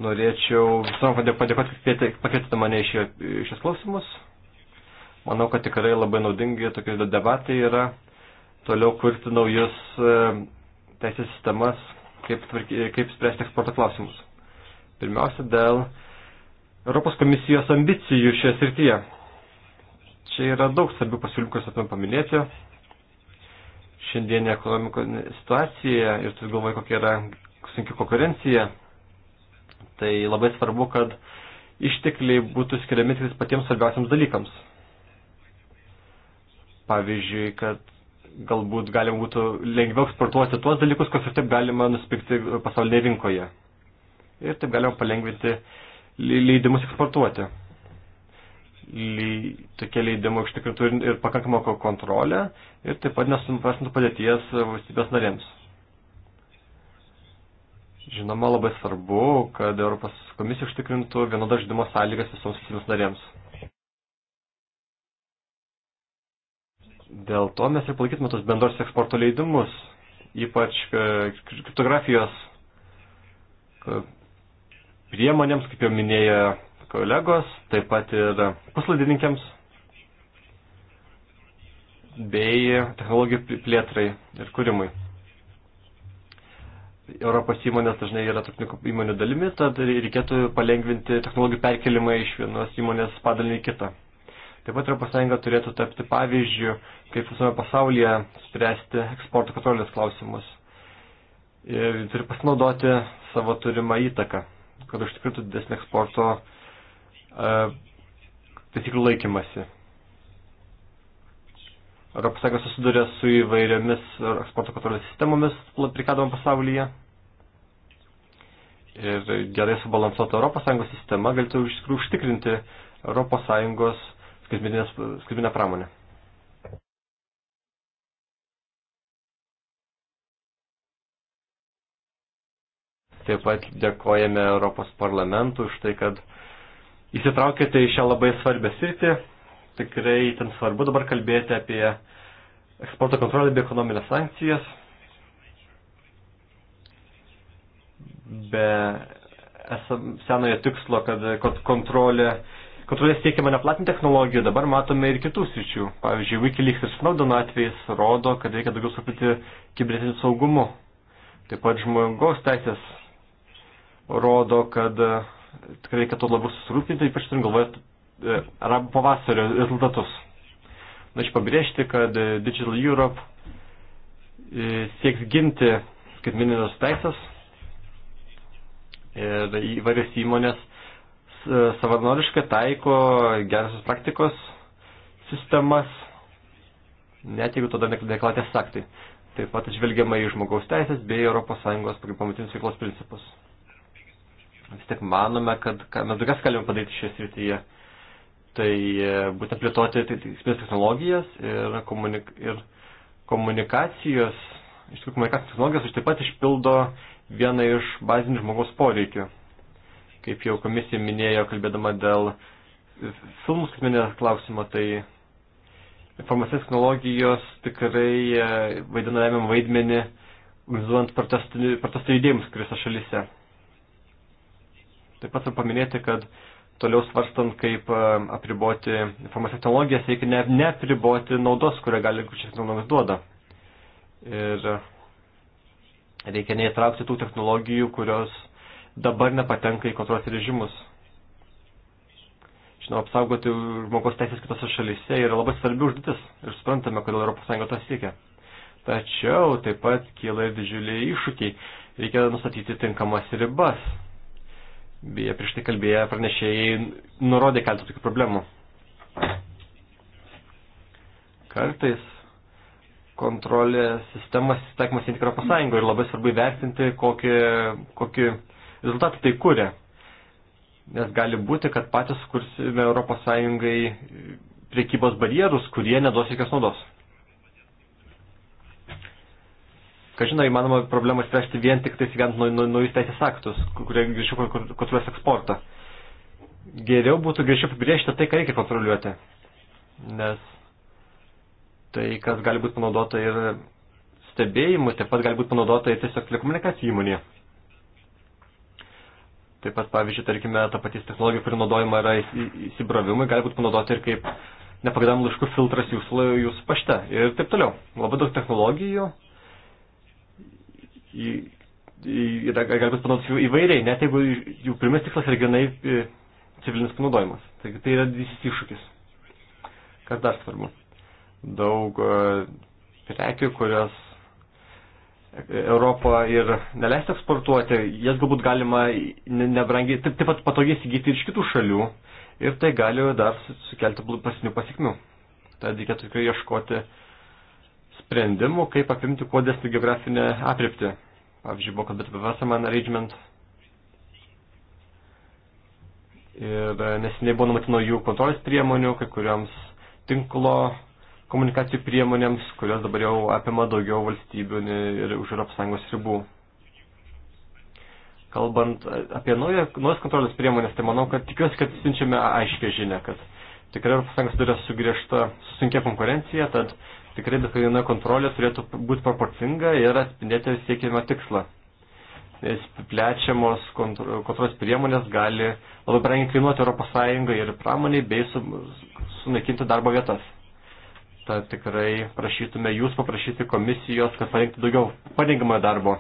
Norėčiau visom padėkoti, kad pakvietėte mane į šios klausimus. Manau, kad tikrai labai naudingi tokie debatai yra toliau kurti naujus e, teisės sistemas, kaip, kaip spręsti eksporto klausimus. Pirmiausia, dėl Europos komisijos ambicijų šioje srityje. Čia yra daug svarbių pasiūlymų, kuriuos apim paminėti. Šiandienė ekonomiko situacija ir tu galvoji, kokia yra sunki konkurencija. Tai labai svarbu, kad ištekliai būtų skiriami tik patiems svarbiausiams dalykams. Pavyzdžiui, kad galbūt galima būtų lengviau eksportuoti tuos dalykus, kas ir taip galima nusipirkti pasaulyje rinkoje. Ir taip galima palengvinti leidimus eksportuoti. Ly, tokie leidimai užtikrintų ir, ir pakankamą kontrolę ir taip pat nesumpasintų padėties valstybės narėms. Žinoma, labai svarbu, kad Europos komisija užtikrintų vienodas žaidimo sąlygas visoms valstybės narėms. Dėl to mes ir palaikytume tos bendros eksporto leidimus, ypač e, kriptografijos e, priemonėms, kaip jau minėjo kolegos, taip pat ir puslaidininkėms bei technologijų plėtrai ir kūrimui. Europos įmonės dažnai yra tarpininkų įmonių dalimi, tad reikėtų palengvinti technologijų perkelimą iš vienos įmonės padalinį į kitą. Taip pat ES turėtų tapti pavyzdžių, kaip visame pasaulyje spręsti eksporto kontrolės klausimus. Ir turi pasinaudoti savo turimą įtaką, kad užtikrintų didesnį eksporto uh, taisyklių laikymasi. ES susiduria su įvairiomis eksporto kontrolės sistemomis prikadom pasaulyje. Ir gerai subalansuota ES sistema galėtų iš tikrųjų užtikrinti ES skaitminę pramonę. Taip pat dėkojame Europos parlamentų už tai, kad įsitraukėte į šią labai svarbę sritį. Tikrai ten svarbu dabar kalbėti apie eksporto kontrolę bei ekonominės sankcijas. Be esam senojo tikslo, kad kontrolė kontrolės siekiama neplatinti technologijų, dabar matome ir kitų sričių. Pavyzdžiui, Wikileaks ir Snowden atvejais rodo, kad reikia daugiau supriti kibernetiniu saugumu. Taip pat žmogaus teisės rodo, kad e, tikrai reikia to labiau susirūpinti, ypač turint galvoje e, arabų pavasario rezultatus. Norėčiau pabrėžti, kad e, Digital Europe sieks ginti skaitmeninės teisės ir įvairios įmonės E, savanoriškai taiko gerasios praktikos sistemas, net jeigu tada neklatės saktai. Taip pat žvelgiama į žmogaus teisės bei ES pamatinius veiklos principus. Vis tik manome, kad ką, mes daugas galime padaryti šioje srityje. Tai e, būtent plėtoti tikslės technologijas ir, komunik ir komunikacijos, iš tikrųjų komunikacijos technologijos, aš taip pat išpildo vieną iš bazinių žmogaus poreikių. Kaip jau komisija minėjo, kalbėdama dėl filmų skaitmeninės klausimo, tai informacinės technologijos tikrai e, vaidina lemiam vaidmenį, organizuojant protestų judėjimus kuriuose šalyse. Taip pat ir paminėti, kad toliau svarstant, kaip e, apriboti informacinės technologijas, reikia ne, neapriboti naudos, kurią gali šis naudomis duoda. Ir reikia neįtraukti tų technologijų, kurios dabar nepatenka į kontrolės režimus. Žinoma, apsaugoti žmogaus teisės kitose šalyse yra labai svarbi užduotis ir suprantame, kodėl ES to siekia. Tačiau taip pat kyla ir didžiuliai iššūkiai. Reikia nustatyti tinkamas ribas. Beje, prieš tai kalbėję pranešėjai nurodė keltų tokių problemų. Kartais kontrolės sistemas taikymas vien tik Europos Sąjungoje ir labai svarbu įvertinti, kokį, kokį rezultatai tai kuria. Nes gali būti, kad patys kursime ES priekybos barjerus, kurie neduos jokios naudos. Ką žinai, įmanoma problemą spręsti vien tik tai gyvent naujus teisės aktus, kurie grįžčiau kontroliuos eksportą. Geriau būtų grįžčiau apibriežti tai, ką reikia kontroliuoti. Nes tai, kas gali būti panaudota ir stebėjimui, taip pat gali būti panaudota ir tiesiog telekomunikacijų įmonėje. Taip pat, pavyzdžiui, tarkime, ta patys technologija, kuri naudojama yra įsibravimui, gali būti panaudota ir kaip nepagėdam laiškų filtras jūsų, jūsų pašte ir taip toliau. Labai daug technologijų yra, gali būti panaudotas jų įvairiai, net jeigu jų pirmas tikslas yra grinai e, civilinis panaudojimas. Taigi tai yra didysis iššūkis. Kas dar svarbu? Daug e, prekių, kurios Europą ir neleisti eksportuoti, jas galbūt galima nebrangiai, taip, taip pat patogiai įsigyti ir iš kitų šalių ir tai gali dar sukelti pasinių pasiekmių. Tad reikėtų tikrai ieškoti sprendimų, kaip apimti kuo desnį geografinę apriptį. Pavyzdžiui, buvo kalbėti apie Vesaman arrangement. Ir nesiniai buvo numatyti naujų kontrolės priemonių, kai kuriams tinklo komunikacijų priemonėms, kurios dabar jau apima daugiau valstybių ir už ES ribų. Kalbant apie naujas kontrolės priemonės, tai manau, kad tikiuosi, kad siunčiame aiškę žinę, kad tikrai ES durės su griežta, susunkia konkurencija, tad tikrai bet kiekviena kontrolė turėtų būti proporcinga ir atspindėti siekimą tikslą. Nes plečiamos kontrolės priemonės gali labai brangiai kainuoti ES ir pramoniai bei sunaikinti darbo vietas. Tad tikrai prašytume jūs paprašyti komisijos, kad parengti daugiau parengiamojo darbo,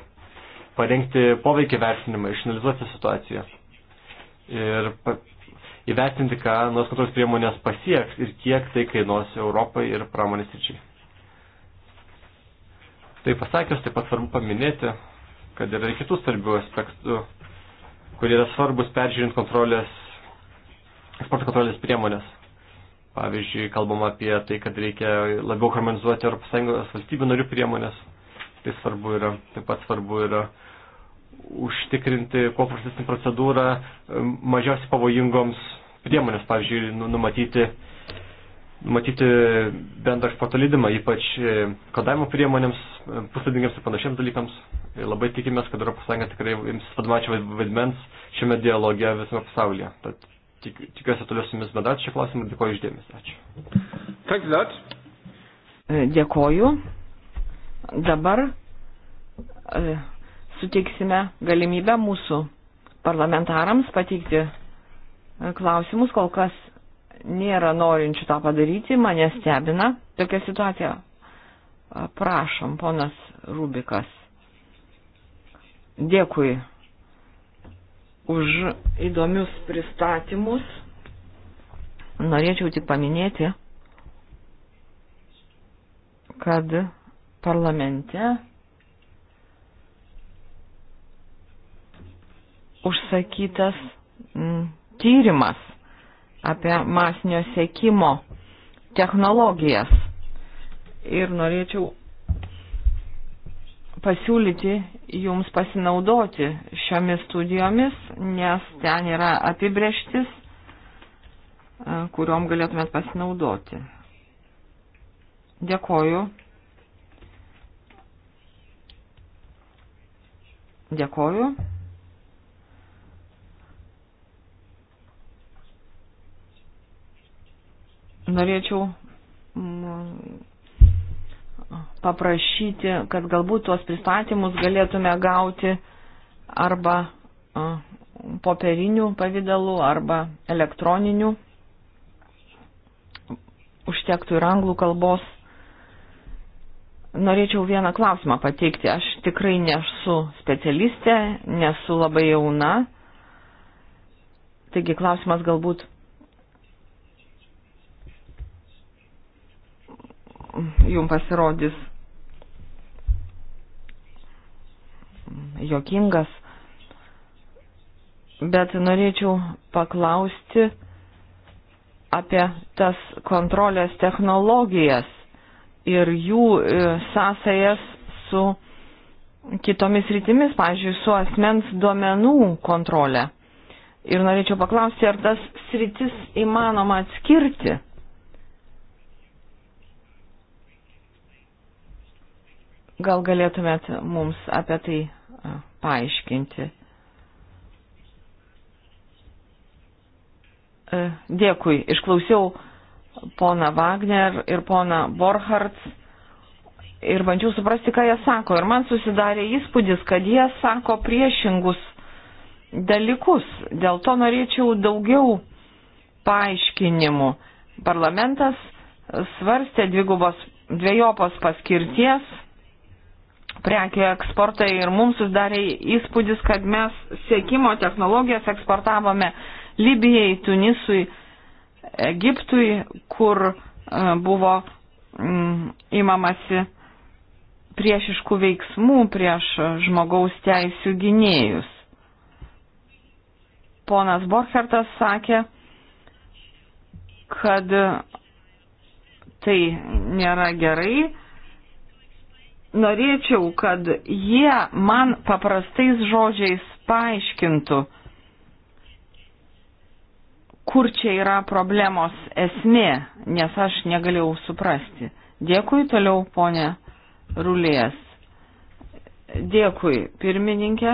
parengti poveikį vertinimą, išanalizuoti situaciją ir įvertinti, ką nuoskatos priemonės pasieks ir kiek tai kainuos Europai ir pramonės ryčiai. Tai pasakius, taip pat svarbu paminėti, kad yra ir kitų svarbių aspektų, kurie yra svarbus peržiūrint kontrolės, eksporto kontrolės priemonės Pavyzdžiui, kalbama apie tai, kad reikia labiau harmonizuoti ES valstybių narių priemonės. Tai svarbu yra. Taip pat svarbu yra užtikrinti kuo prastesnį procedūrą mažiausiai pavojingoms priemonės, pavyzdžiui, nu, numatyti, numatyti bendrą eksporto leidimą, ypač e, kodavimo priemonėms, e, puslaidinkams ir panašiems dalykams. Ir labai tikimės, kad ES tikrai ims vadovaučio vaidmens šiame dialoge visame pasaulyje. Tad tik, tikiuosi toliau su jumis bendrauti šią klausimą. Dėkoju išdėmės. Ačiū. E, dėkoju. Dabar e, suteiksime galimybę mūsų parlamentarams pateikti e, klausimus, kol kas nėra norinčių tą padaryti, mane stebina tokia situacija. Prašom, ponas Rubikas. Dėkui už įdomius pristatymus. Norėčiau tik paminėti, kad parlamente užsakytas m, mm, tyrimas apie masinio sėkimo technologijas. Ir norėčiau pasiūlyti jums pasinaudoti šiomis studijomis, nes ten yra apibrieštis, e, kuriuom galėtumėt pasinaudoti. Dėkoju. Dėkoju. Norėčiau paprašyti, kad galbūt tuos pristatymus galėtume gauti arba popierinių pavydalų, arba elektroninių. Užtektų ir anglų kalbos. Norėčiau vieną klausimą pateikti. Aš tikrai nesu specialistė, nesu labai jauna. Taigi klausimas galbūt jums pasirodys jokingas, bet norėčiau paklausti apie tas kontrolės technologijas ir jų e, sąsajas su kitomis rytimis, pavyzdžiui, su asmens duomenų kontrolė. Ir norėčiau paklausti, ar tas sritis įmanoma atskirti. Gal galėtumėt mums apie tai paaiškinti? E, dėkui, išklausiau pona Wagner ir pona Borhards ir bandžiau suprasti, ką jie sako. Ir man susidarė įspūdis, kad jie sako priešingus dalykus. Dėl to norėčiau daugiau paaiškinimų. Parlamentas svarstė dvigubos dviejopos paskirties prekių eksportą ir mums susidarė įspūdis, kad mes sėkimo technologijas eksportavome Libijai, Tunisui, Egiptui, kur e, buvo mm, imamasi priešiškų veiksmų prieš žmogaus teisų gynėjus. Ponas Borchertas sakė, kad tai nėra gerai, norėčiau, kad jie man paprastais žodžiais paaiškintų, kur čia yra problemos esmė, nes aš negalėjau suprasti. Dėkui toliau, ponė Rulės. Dėkui, pirmininkė.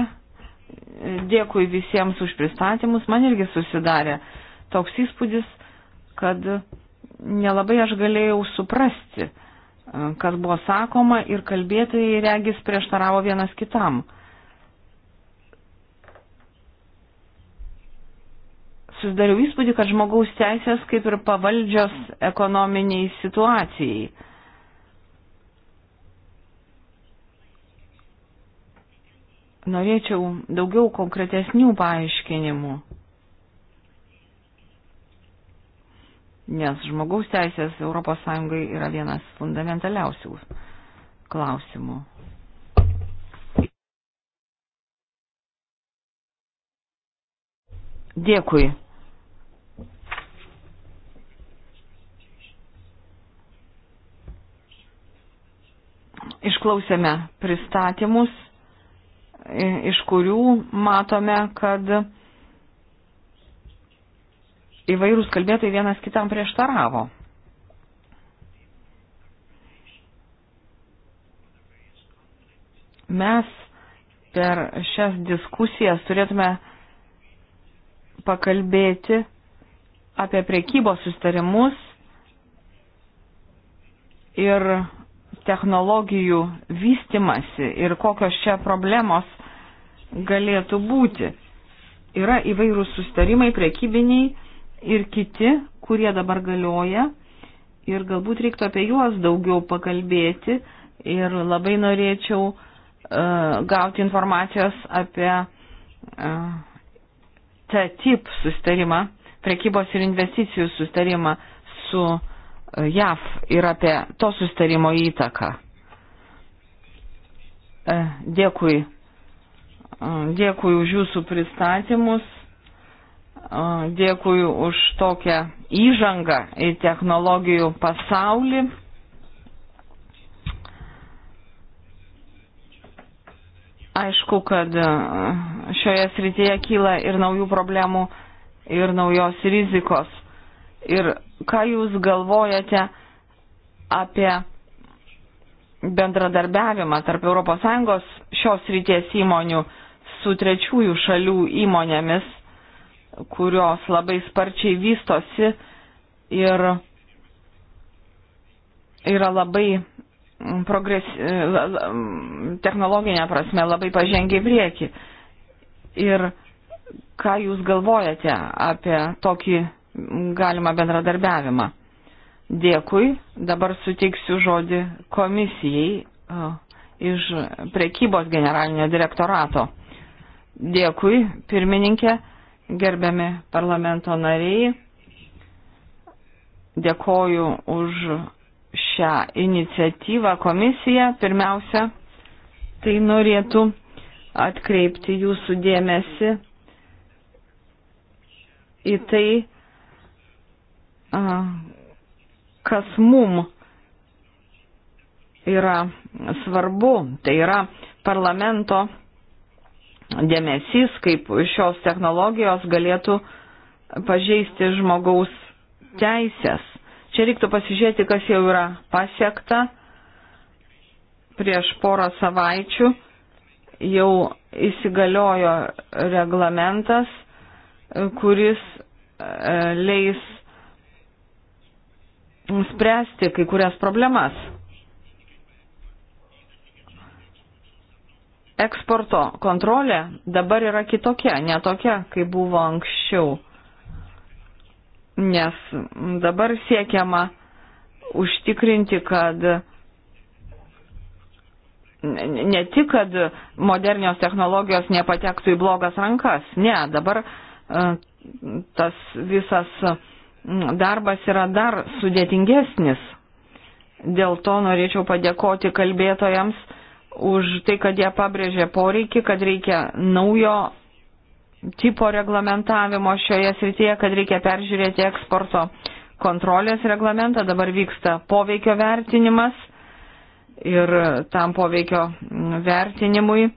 Dėkui visiems už pristatymus. Man irgi susidarė toks įspūdis, kad nelabai aš galėjau suprasti, kas buvo sakoma ir kalbėtojai regis prieštaravo vienas kitam. Susidariau įspūdį, kad žmogaus teisės kaip ir pavaldžios ekonominiai situacijai. Norėčiau daugiau konkretesnių paaiškinimų. nes žmogaus teisės ES yra vienas fundamentaliausių klausimų. Dėkui. Išklausėme pristatymus, iš kurių matome, kad įvairūs kalbėtojai vienas kitam prieštaravo. Mes per šias diskusijas turėtume pakalbėti apie priekybos sustarimus ir technologijų vystimasi ir kokios čia problemos galėtų būti. Yra įvairūs sustarimai priekybiniai ir kiti, kurie dabar galioja. Ir galbūt reiktų apie juos daugiau pakalbėti. Ir labai norėčiau uh, gauti informacijos apie uh, TTIP sustarimą, prekybos ir investicijų sustarimą su uh, e, JAV ir apie to sustarimo įtaką. Uh, dėkui. Dėkui už jūsų pristatymus. Dėkui už tokią įžangą į technologijų pasaulį. Aišku, kad šioje srityje kyla ir naujų problemų, ir naujos rizikos. Ir ką Jūs galvojate apie bendradarbiavimą tarp ES šios ryties įmonių su trečiųjų šalių įmonėmis? kurios labai sparčiai vystosi ir yra labai progres, technologinė prasme labai pažengė į priekį. Ir ką jūs galvojate apie tokį galimą bendradarbiavimą? Dėkui, dabar suteiksiu žodį komisijai iš prekybos generalinio direktorato. Dėkui, pirmininkė gerbiami parlamento nariai, dėkoju už šią iniciatyvą komisiją. Pirmiausia, tai norėtų atkreipti jūsų dėmesį į tai, kas mum yra svarbu. Tai yra parlamento dėmesys, kaip šios technologijos galėtų pažeisti žmogaus teisės. Čia reiktų pasižiūrėti, kas jau yra pasiekta. Prieš porą savaičių jau įsigaliojo reglamentas, kuris e, leis spręsti kai kurias problemas. eksporto kontrolė dabar yra kitokia, ne tokia, kaip buvo anksčiau. Nes dabar siekiama užtikrinti, kad ne tik, kad modernios technologijos nepatektų į blogas rankas, ne, dabar e, tas visas darbas yra dar sudėtingesnis. Dėl to norėčiau padėkoti kalbėtojams už tai, kad jie pabrėžė poreikį, kad reikia naujo tipo reglamentavimo šioje srityje, kad reikia peržiūrėti eksporto kontrolės reglamentą. Dabar vyksta poveikio vertinimas ir tam poveikio vertinimui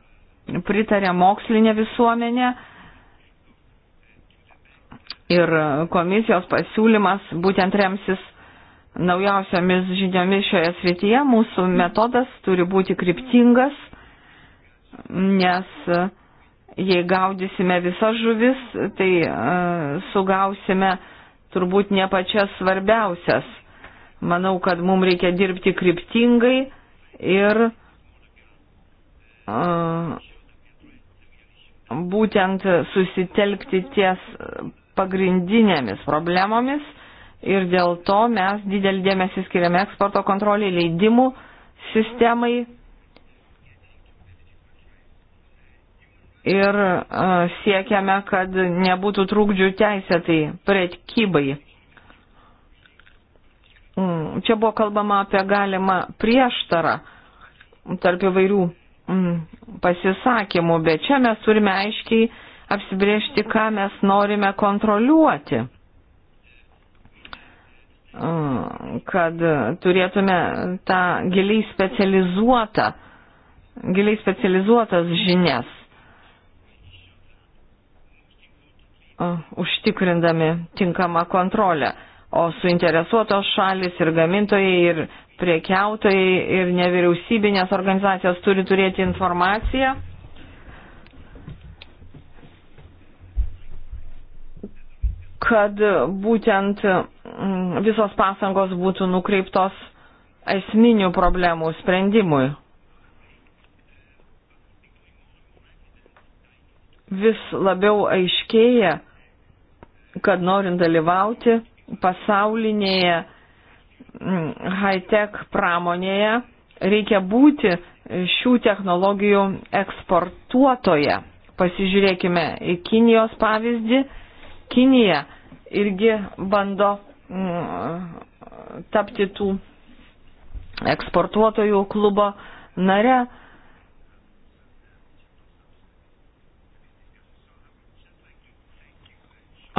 pritarė mokslinė visuomenė. Ir komisijos pasiūlymas būtent remsis naujausiamis žiniomis šioje srityje. Mūsų metodas turi būti kryptingas, nes e, jei gaudysime visas žuvis, tai e, sugausime turbūt ne pačias svarbiausias. Manau, kad mums reikia dirbti kryptingai ir e, būtent susitelkti ties pagrindinėmis problemomis ir dėl to mes didelį dėmesį skiriame eksporto kontrolį leidimų sistemai ir e, siekiame, kad nebūtų trūkdžių teisėtai prekybai. Mm, čia buvo kalbama apie galimą prieštarą tarp įvairių mm, pasisakymų, bet čia mes turime aiškiai apsibriežti, ką mes norime kontroliuoti kad turėtume tą giliai specializuotą, giliai specializuotas žinias, užtikrindami tinkamą kontrolę. O suinteresuotos šalis ir gamintojai ir priekiautojai ir nevyriausybinės organizacijos turi turėti informaciją kad būtent mm, visos pasangos būtų nukreiptos esminių problemų sprendimui. Vis labiau aiškėja, kad norint dalyvauti pasaulinėje mm, high-tech pramonėje, reikia būti šių technologijų eksportuotoje. Pasižiūrėkime į Kinijos pavyzdį Kinija irgi bando mm, tapti tų eksportuotojų klubo nare.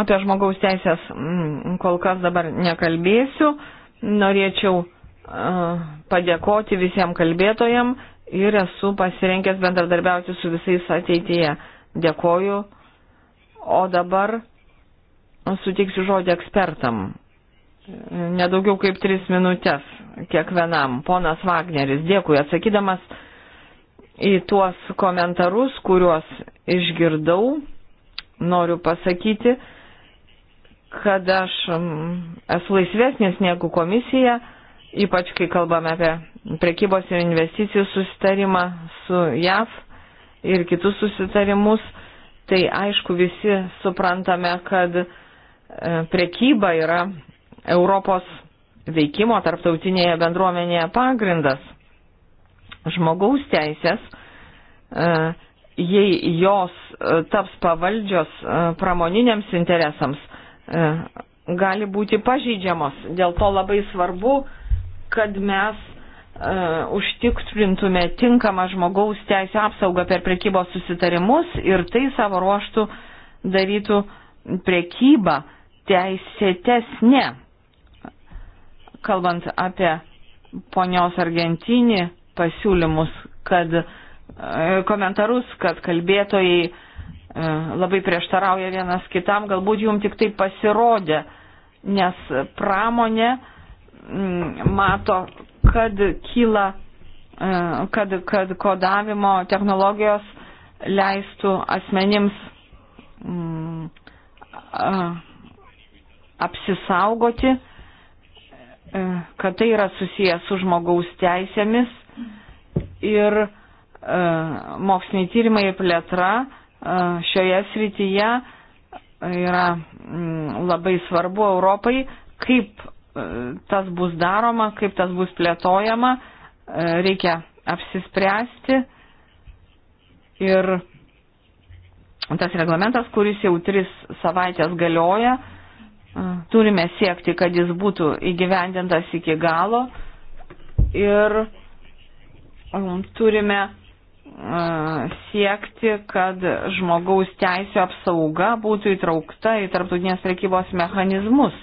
Apie žmogaus teisės mm, kol kas dabar nekalbėsiu. Norėčiau uh, padėkoti visiems kalbėtojam ir esu pasirinkęs bendradarbiauti su visais ateityje. Dėkoju. O dabar suteiksiu žodį ekspertam. Nedaugiau kaip tris minutės kiekvienam. Ponas Wagneris, dėkui atsakydamas į tuos komentarus, kuriuos išgirdau. Noriu pasakyti, kad aš mm, esu laisvesnės negu komisija, ypač kai kalbame apie prekybos ir investicijų susitarimą su JAV ir kitus susitarimus. Tai aišku, visi suprantame, kad E, prekyba yra Europos veikimo tarptautinėje bendruomenėje pagrindas. Žmogaus teisės, e, jei jos e, taps pavaldžios pramoniniams interesams, gali būti pažydžiamos. Dėl to labai svarbu, kad mes užtikrintume tinkamą žmogaus teisę apsaugą per prekybos susitarimus ir tai savo ruoštų darytų prekybą uh, teisėtesnė, kalbant apie ponios Argentinį pasiūlymus, kad e, komentarus, kad kalbėtojai e, labai prieštarauja vienas kitam, galbūt jums tik tai pasirodė, nes pramonė mm, mato, kad kyla, e, kad, kad kodavimo technologijos leistų asmenims mm, apsisaugoti, e, kad tai yra susijęs su žmogaus teisėmis ir e, moksliniai tyrimai ir plėtra e, šioje srityje yra mm, labai svarbu Europai, kaip tas bus daroma, kaip tas bus plėtojama, reikia apsispręsti ir tas reglamentas, kuris jau tris savaitės galioja, turime siekti, kad jis būtų įgyvendintas iki galo ir um, turime uh, siekti, kad žmogaus teisų apsauga būtų įtraukta į tarptautinės prekybos mechanizmus,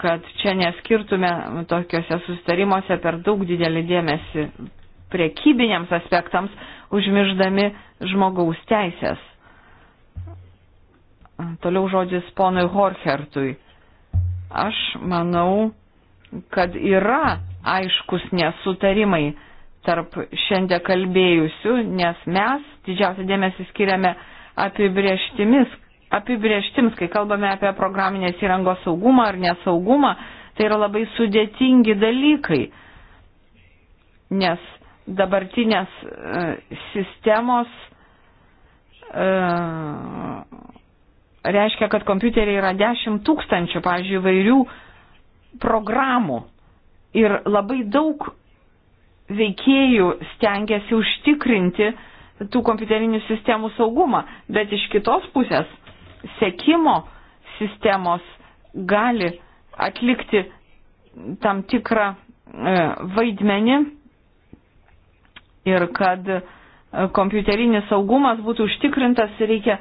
kad čia neskirtume tokiuose sustarimuose per daug didelį dėmesį prekybiniams aspektams, užmirždami žmogaus teisės. Toliau žodis ponui Horchertui. Aš manau, kad yra aiškus nesutarimai tarp šiandien kalbėjusių, nes mes didžiausią dėmesį skiriame apibrieštimis, apibrieštims, kai kalbame apie programinės įrangos saugumą ar nesaugumą, tai yra labai sudėtingi dalykai, nes dabartinės e, sistemos e, reiškia, kad kompiuteriai yra 10 tūkstančių, pavyzdžiui, vairių programų. Ir labai daug veikėjų stengiasi užtikrinti tų kompiuterinių sistemų saugumą. Bet iš kitos pusės sekimo sistemos gali atlikti tam tikrą e, vaidmenį ir kad e, kompiuterinis saugumas būtų užtikrintas, reikia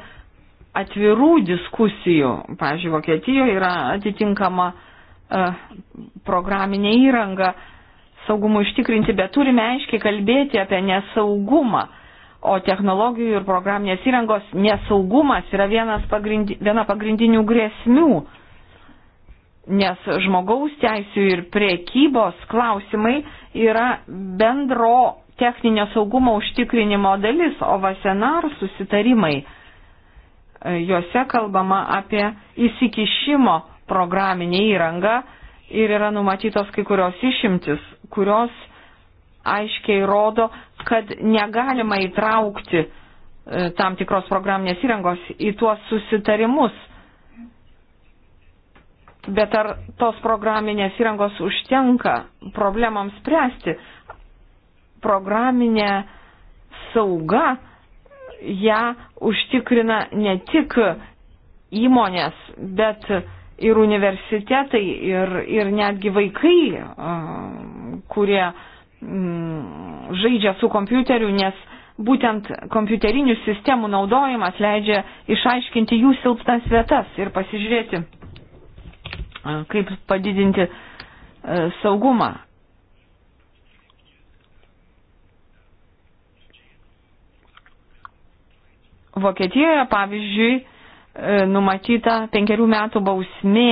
atvirų diskusijų. Pavyzdžiui, Vokietijoje yra atitinkama e, programinė įranga saugumui ištikrinti, bet turime aiškiai kalbėti apie nesaugumą. O technologijų ir programinės įrangos nesaugumas yra pagrindi, viena pagrindinių grėsmių, nes žmogaus teisų ir priekybos klausimai yra bendro techninio saugumo užtikrinimo dalis, o vasenar susitarimai E, juose kalbama apie įsikišimo programinę įrangą ir yra numatytos kai kurios išimtis, kurios aiškiai rodo, kad negalima įtraukti e, tam tikros programinės įrangos į tuos susitarimus. Bet ar tos programinės įrangos užtenka problemams spręsti? Programinė sauga ją užtikrina ne tik įmonės, bet ir universitetai, ir, ir netgi vaikai, kurie mm, žaidžia su kompiuteriu, nes būtent kompiuterinių sistemų naudojimas leidžia išaiškinti jų silpnas vietas ir pasižiūrėti, kaip padidinti saugumą. Vokietijoje, pavyzdžiui, e, numatyta penkerių metų bausmė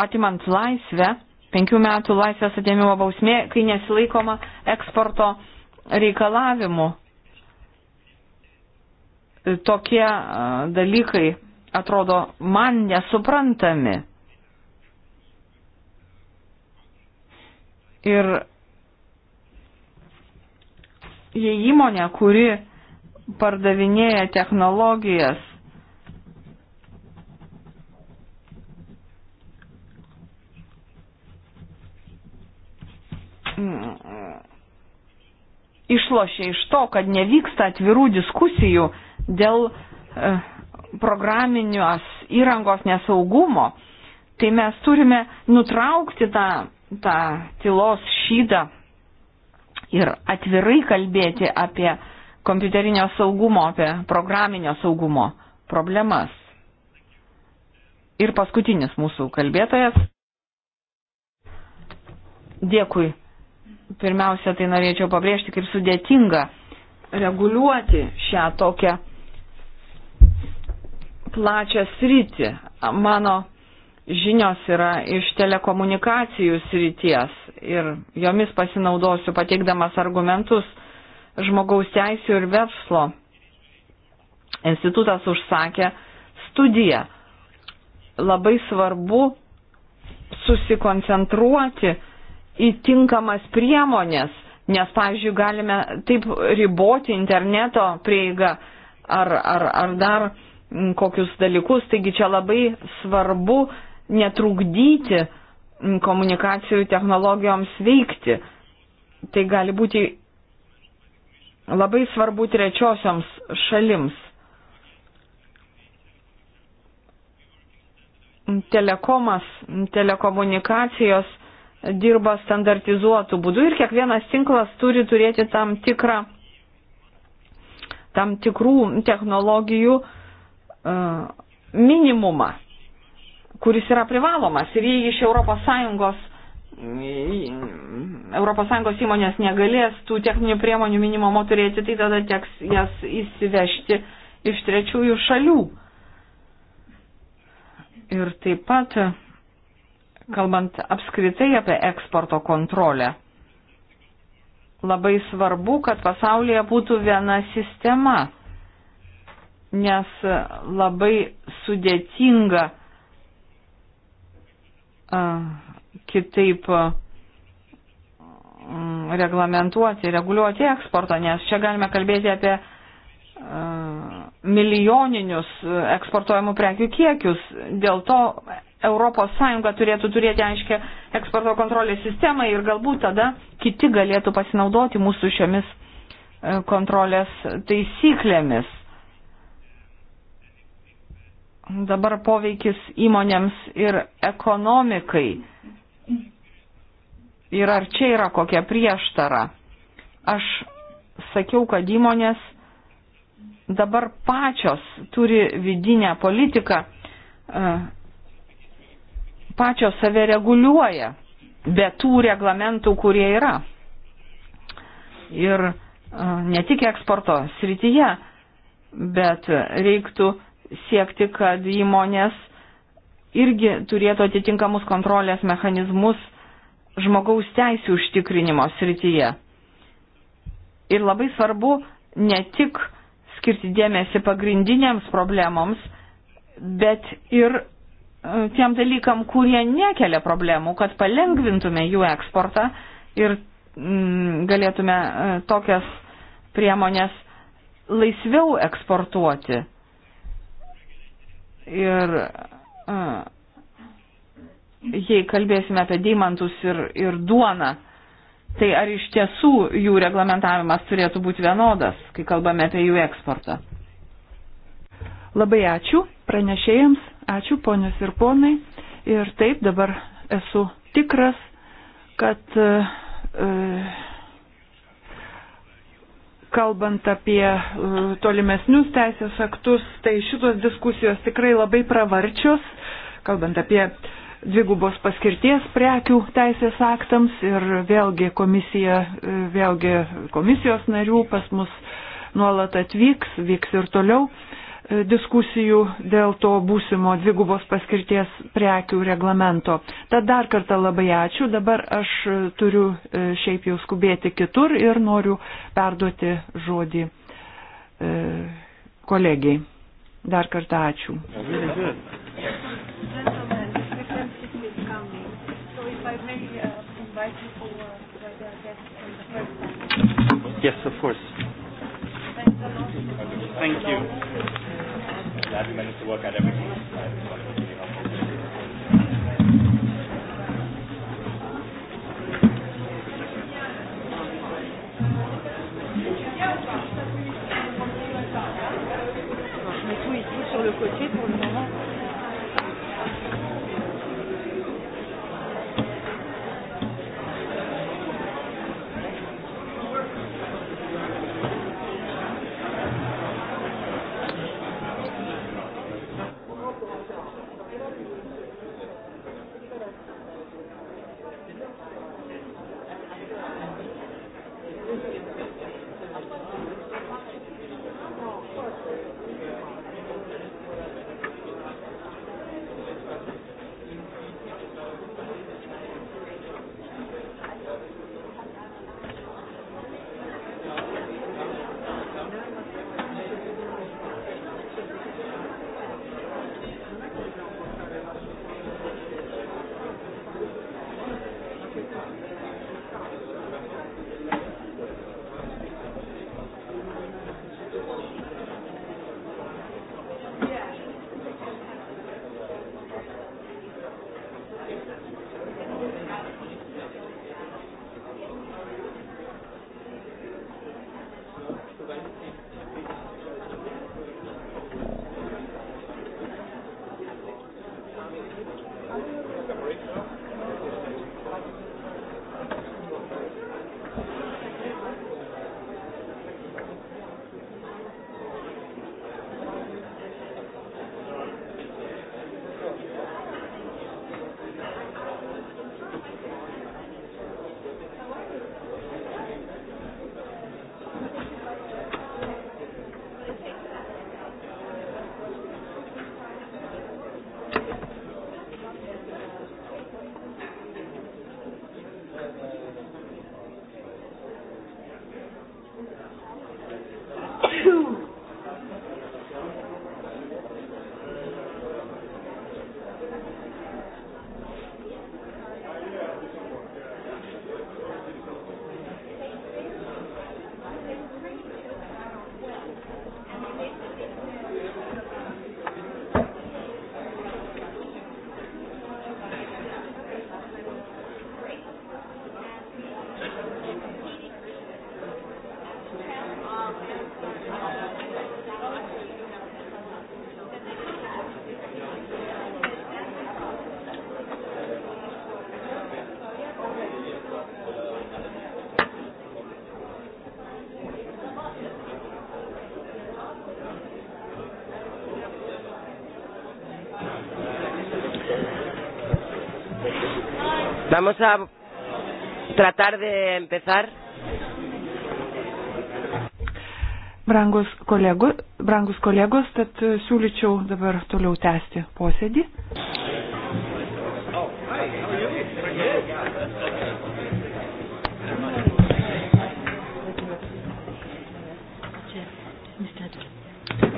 atimant laisvę, penkių metų laisvės atėmimo bausmė, kai nesilaikoma eksporto reikalavimų. E, tokie e, dalykai atrodo man nesuprantami. Ir jei įmonė, kuri pardavinėja technologijas, išlošia iš to, kad nevyksta atvirų diskusijų dėl e, programinios įrangos nesaugumo, tai mes turime nutraukti tą, tą tylos šydą ir atvirai kalbėti apie kompiuterinio saugumo, apie programinio saugumo problemas. Ir paskutinis mūsų kalbėtojas. Dėkui. Pirmiausia, tai norėčiau pabrėžti, kaip sudėtinga reguliuoti šią tokią plačią sritį. Mano žinios yra iš telekomunikacijų srities ir jomis pasinaudosiu pateikdamas argumentus žmogaus teisų ir verslo. Institutas užsakė studiją. Labai svarbu susikoncentruoti į tinkamas priemonės, nes, pavyzdžiui, galime taip riboti interneto prieigą ar, ar, ar dar kokius dalykus, taigi čia labai svarbu netrukdyti uh, komunikacijų technologijoms veikti. Tai gali būti labai svarbu trečiosioms šalims. Telekomas, telekomunikacijos dirba standartizuotų būdų ir kiekvienas tinklas turi turėti tam tikrą, tam tikrų technologijų uh, minimumą kuris yra privalomas ir jei iš ES ES įmonės negalės tų techninių priemonių minimumo turėti, tai tada teks jas įsivežti iš trečiųjų šalių. Ir taip pat, kalbant apskritai apie eksporto kontrolę, labai svarbu, kad pasaulyje būtų viena sistema, nes labai sudėtinga kitaip mm, reglamentuoti, reguliuoti eksportą, nes čia galime kalbėti apie milijoninius eksportuojamų prekių kiekius. Dėl to ES turėtų turėti aiškę eksporto kontrolės sistemą ir galbūt tada kiti galėtų pasinaudoti mūsų šiomis e, kontrolės taisyklėmis dabar poveikis įmonėms ir ekonomikai. Ir ar čia yra kokia prieštara? Aš sakiau, kad įmonės dabar pačios turi vidinę politiką, e, pačios save reguliuoja be tų reglamentų, kurie yra. Ir e, ne tik eksporto srityje, bet reiktų siekti, kad įmonės irgi turėtų atitinkamus kontrolės mechanizmus žmogaus teisų užtikrinimo srityje. Ir labai svarbu ne tik skirti dėmesį pagrindinėms problemoms, bet ir e, tiem dalykam, kurie nekelia problemų, kad palengvintume jų eksportą ir mm, galėtume e, tokias priemonės laisviau eksportuoti. Ir jei kalbėsime apie deimantus ir, ir duoną, tai ar iš tiesų jų reglamentavimas turėtų būti vienodas, kai kalbame apie jų eksportą? Labai ačiū pranešėjams, ačiū ponios ir ponai. Ir taip dabar esu tikras, kad e, kalbant apie e, tolimesnius teisės aktus, tai šitos diskusijos tikrai labai pravarčios, kalbant apie dvigubos paskirties prekių teisės aktams ir vėlgi komisija, e, vėlgi komisijos narių pas mus nuolat atvyks, vyks ir toliau diskusijų dėl to būsimo dvigubos paskirties prekių reglamento. Tad dar kartą labai ačiū. Dabar aš turiu e, šiaip jau skubėti kitur ir noriu perduoti žodį e, kolegiai. Dar kartą ačiū. Yes, of course. Thank you. Latin man used to work at everything. sur le côté Vamos a tratar de empezar. Brangus, kolegu, brangus kolegos, tad e, siūlyčiau dabar toliau tęsti posėdį.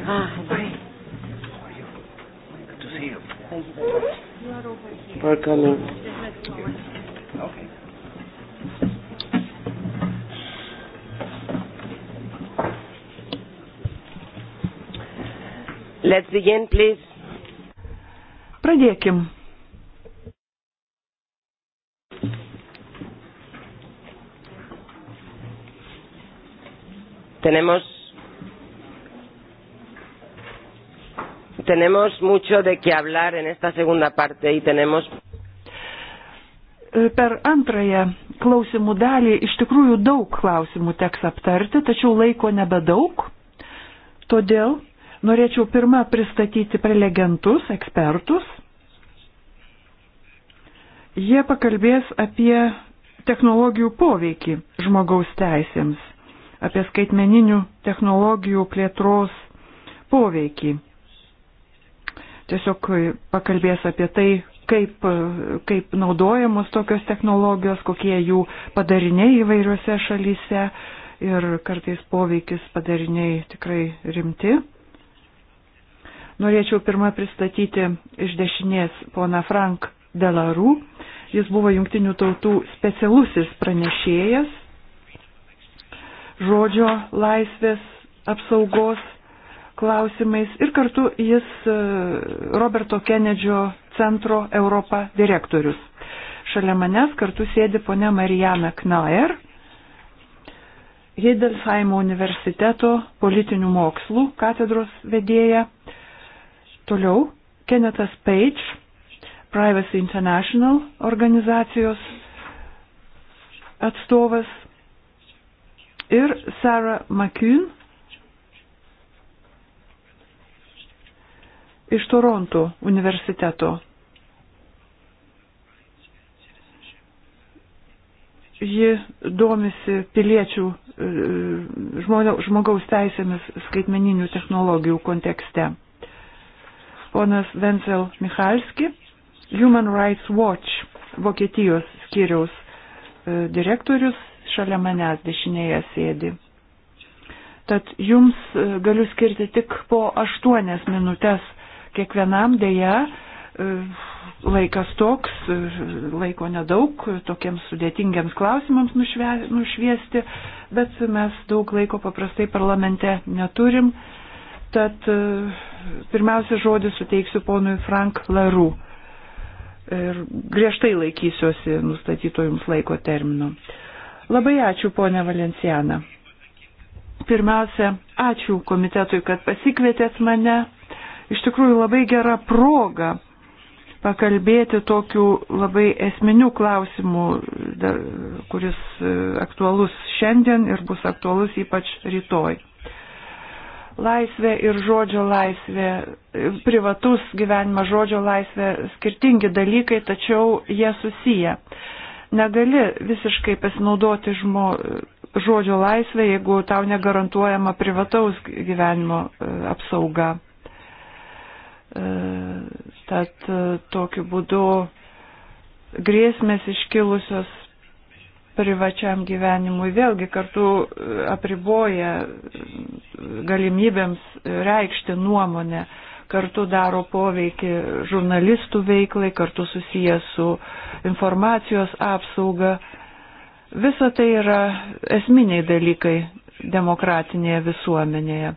Ah, hi. Good to see you. Thank you very much. You are over here. For coming. Let's begin, please. Pradėkim. Tenemos tenemos mucho de qué hablar en esta segunda parte y tenemos Per antrąją klausimų dalį iš tikrųjų daug klausimų teks aptarti, tačiau laiko nebedaug. Todėl Norėčiau pirmą pristatyti prelegentus, ekspertus. Jie pakalbės apie technologijų poveikį žmogaus teisėms, apie skaitmeninių technologijų plėtros poveikį. Tiesiog pakalbės apie tai, kaip, kaip naudojamos tokios technologijos, kokie jų padariniai įvairiuose šalyse ir kartais poveikis padariniai tikrai rimti. Norėčiau pirmą pristatyti iš dešinės pona Frank Delarų. Jis buvo jungtinių tautų specialusis pranešėjas žodžio laisvės apsaugos klausimais ir kartu jis e, Roberto Kenedžio centro Europa direktorius. Šalia manęs kartu sėdi ponia Marijana Knaer, Heidelheimo universiteto politinių mokslų katedros vedėja Toliau Kenetas Page, Privacy International organizacijos atstovas ir Sarah McCune iš Toronto universiteto. Ji domisi piliečių e, e, žmogaus teisėmis skaitmeninių technologijų kontekste ponas Vencel Michalski, Human Rights Watch Vokietijos skyriaus e, direktorius, šalia manęs dešinėje sėdi. Tad jums e, galiu skirti tik po aštuonias minutės kiekvienam dėja. E, laikas toks, laiko nedaug tokiems sudėtingiams klausimams nušviesti, bet mes daug laiko paprastai parlamente neturim. Tad e, pirmiausia žodį suteiksiu ponui Frank Laru. Ir griežtai laikysiuosi nustatyto jums laiko termino. Labai ačiū, ponė Valenciana. Pirmiausia, ačiū komitetui, kad pasikvietėt mane. Iš tikrųjų labai gera proga pakalbėti tokiu labai esminiu klausimu, kuris e, aktualus šiandien ir bus aktualus ypač rytoj laisvė ir žodžio laisvė, privatus gyvenimas, žodžio laisvė skirtingi dalykai, tačiau jie susiję. Negali visiškai pasinaudoti žmo, žodžio laisvę, jeigu tau negarantuojama privataus gyvenimo e, apsauga. E, tad e, tokiu būdu grėsmės iškilusios privačiam gyvenimui vėlgi kartu e, apriboja e, galimybėms e, reikšti nuomonę, kartu daro poveikį žurnalistų veiklai, kartu susiję su informacijos apsauga. Visa tai yra esminiai dalykai demokratinėje visuomenėje.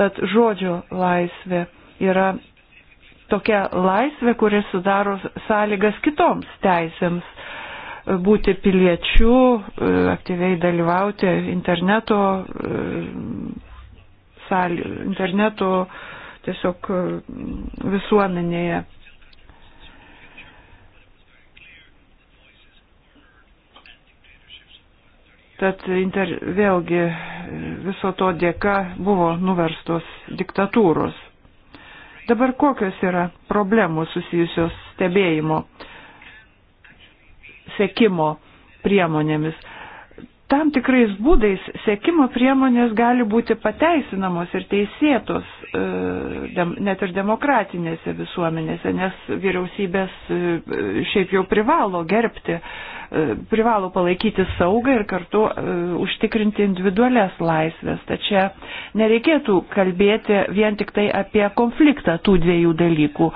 Tad žodžio laisvė yra tokia laisvė, kuri sudaro sąlygas kitoms teisėms būti piliečių, e, aktyviai dalyvauti interneto, e, sal, interneto tiesiog e, visuomenėje. Tad inter, vėlgi viso to dėka buvo nuverstos diktatūros. Dabar kokios yra problemos susijusios stebėjimo sekimo priemonėmis. Tam tikrais būdais sekimo priemonės gali būti pateisinamos ir teisėtos e, net ir demokratinėse visuomenėse, nes vyriausybės e, šiaip jau privalo gerbti, e, privalo palaikyti saugą ir kartu užtikrinti individualias laisvės. Tačiau nereikėtų kalbėti vien tik tai apie konfliktą tų dviejų dalykų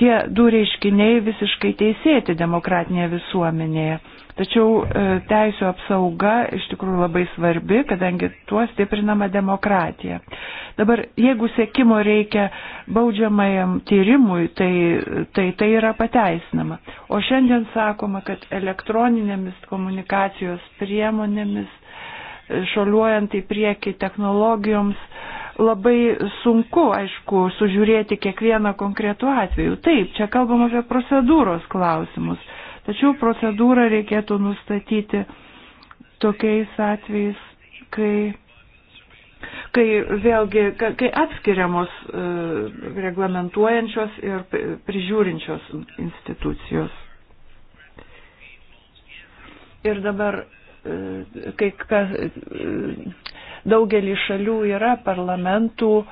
Tie du reiškiniai visiškai teisėti demokratinėje visuomenėje. Tačiau e, teisų apsauga iš tikrųjų labai svarbi, kadangi tuo stiprinama demokratija. Dabar, jeigu sėkimo reikia baudžiamajam tyrimui, tai, tai tai yra pateisinama. O šiandien sakoma, kad elektroninėmis komunikacijos priemonėmis, e, šoliuojant į priekį technologijoms, labai sunku, aišku, sužiūrėti kiekvieną konkretų atvejų. Taip, čia kalbam apie procedūros klausimus, tačiau procedūrą reikėtų nustatyti tokiais atvejais, kai, kai vėlgi, kai atskiriamos e, reglamentuojančios ir prižiūrinčios institucijos. Ir dabar, e, kai kas e, daugelį šalių yra parlamentų, e,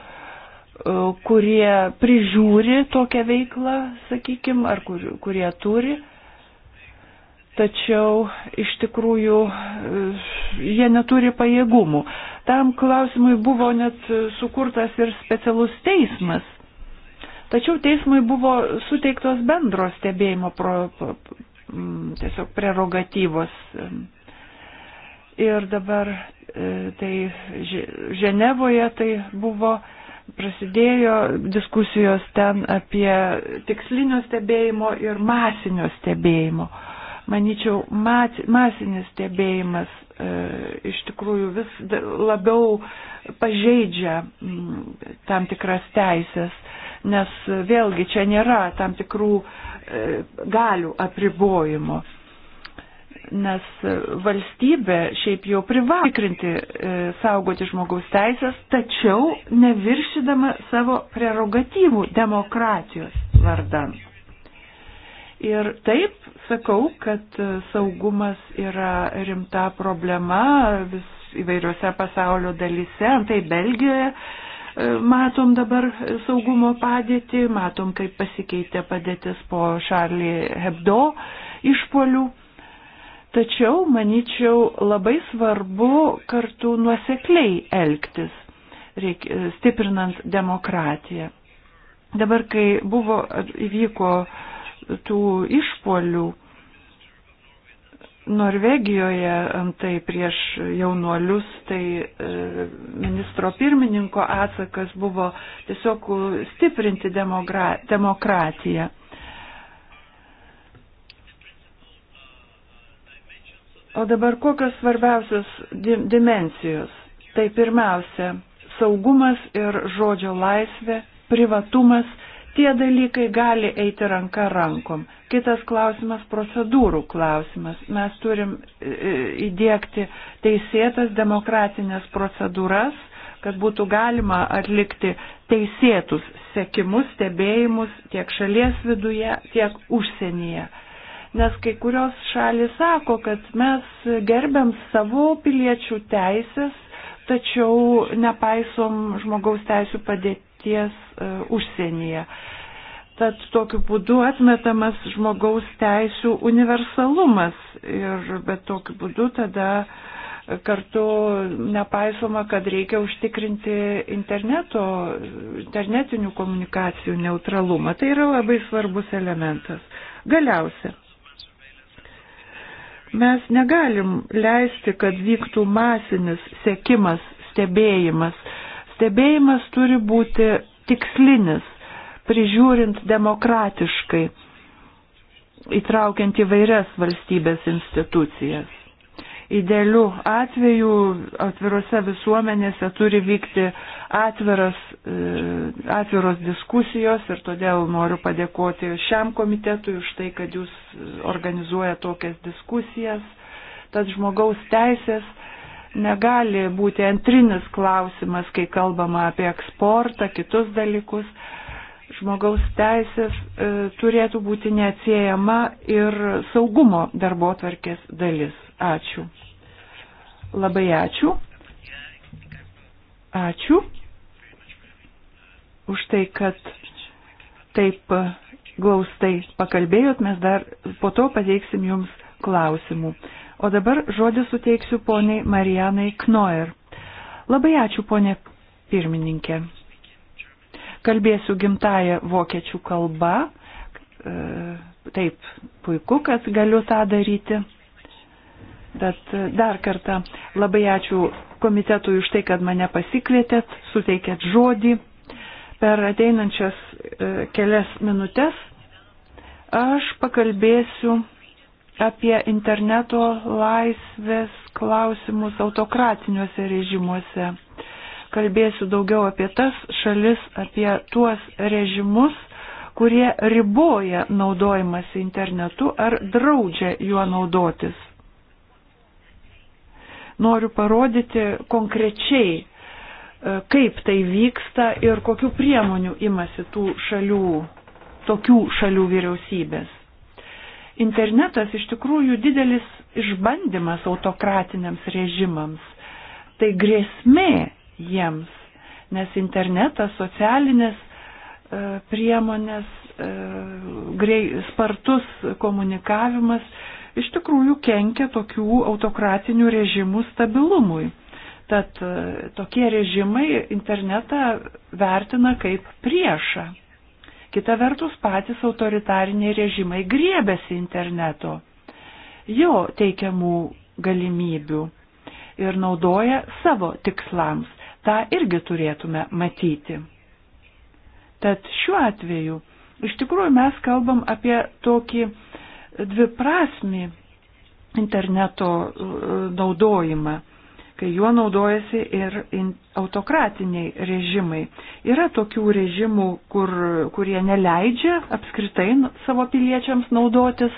kurie prižiūri tokią veiklą, sakykime, ar kur, kurie turi. Tačiau iš tikrųjų e, jie neturi pajėgumų. Tam klausimui buvo net sukurtas ir specialus teismas. Tačiau teismui buvo suteiktos bendros stebėjimo pro, tiesiog prerogatyvos Ir dabar e, tai Ženevoje tai buvo, prasidėjo diskusijos ten apie tikslinio stebėjimo ir masinio stebėjimo. Manyčiau, masinis stebėjimas e, iš tikrųjų vis labiau pažeidžia mm, tam tikras teisės, nes vėlgi čia nėra tam tikrų e, galių apribojimo nes valstybė šiaip jau privalo tikrinti, e, saugoti žmogaus teisės, tačiau neviršydama savo prerogatyvų demokratijos vardan. Ir taip sakau, kad saugumas yra rimta problema vis įvairiose pasaulio dalyse, antai Belgijoje. E, matom dabar saugumo padėtį, matom, kaip pasikeitė padėtis po Šarlį Hebdo išpolių. Tačiau, manyčiau, labai svarbu kartu nuosekliai elgtis, reik, stiprinant demokratiją. Dabar, kai buvo, įvyko tų išpolių Norvegijoje, tai prieš jaunuolius, tai e, ministro pirmininko atsakas buvo tiesiog stiprinti demokratiją. O dabar kokios svarbiausios dimensijos? Tai pirmiausia, saugumas ir žodžio laisvė, privatumas, tie dalykai gali eiti ranka rankom. Kitas klausimas - procedūrų klausimas. Mes turim e, e, įdėkti teisėtas demokratinės procedūras, kad būtų galima atlikti teisėtus sekimus, stebėjimus tiek šalies viduje, tiek užsienyje nes kai kurios šalis sako, kad mes gerbiam savo piliečių teisės, tačiau nepaisom žmogaus teisų padėties e, užsienyje. Tad tokiu būdu atmetamas žmogaus teisų universalumas ir bet tokiu būdu tada e, kartu nepaisoma, kad reikia užtikrinti interneto, internetinių komunikacijų neutralumą. Tai yra labai svarbus elementas. Galiausia, Mes negalim leisti, kad vyktų masinis sekimas, stebėjimas. Stebėjimas turi būti tikslinis, prižiūrint demokratiškai, įtraukiant įvairias valstybės institucijas. Idealių atvejų atvirose visuomenėse turi vykti atviras, e, atviros diskusijos ir todėl noriu padėkoti šiam komitetui už tai, kad jūs organizuoja tokias diskusijas. Tas žmogaus teisės negali būti antrinis klausimas, kai kalbama apie eksportą, kitus dalykus žmogaus teisės e, turėtų būti neatsiejama ir saugumo darbo tvarkės dalis. Ačiū. Labai ačiū. Ačiū už tai, kad taip glaustai pakalbėjot, mes dar po to pateiksim jums klausimų. O dabar žodį suteiksiu poniai Marijanai Knoer. Labai ačiū, ponė pirmininkė. Kalbėsiu gimtają vokiečių kalbą. E, taip, puiku, kad galiu tą daryti. Bet e, dar kartą labai ačiū komitetui už tai, kad mane pasikvietėt, suteikėt žodį. Per ateinančias e, kelias minutės aš pakalbėsiu apie interneto laisvės klausimus autokratiniuose režimuose. Kalbėsiu daugiau apie tas šalis, apie tuos režimus, kurie riboja naudojimasi internetu ar draudžia juo naudotis noriu parodyti konkrečiai, e, kaip tai vyksta ir kokiu priemonių imasi tų šalių, tokių šalių vyriausybės. Internetas iš tikrųjų didelis išbandymas autokratiniams režimams. Tai grėsmė jiems, nes internetas, socialinės e, priemonės, e, grei, spartus komunikavimas iš tikrųjų kenkia tokių autokratinių režimų stabilumui. Tad e, tokie režimai internetą vertina kaip priešą. Kita vertus, patys autoritariniai režimai griebėsi interneto, jo teikiamų galimybių ir naudoja savo tikslams. Ta irgi turėtume matyti. Tad šiuo atveju iš tikrųjų mes kalbam apie tokį dviprasmį interneto e, naudojimą, kai juo naudojasi ir autokratiniai režimai. Yra tokių režimų, kur, kurie neleidžia apskritai savo piliečiams naudotis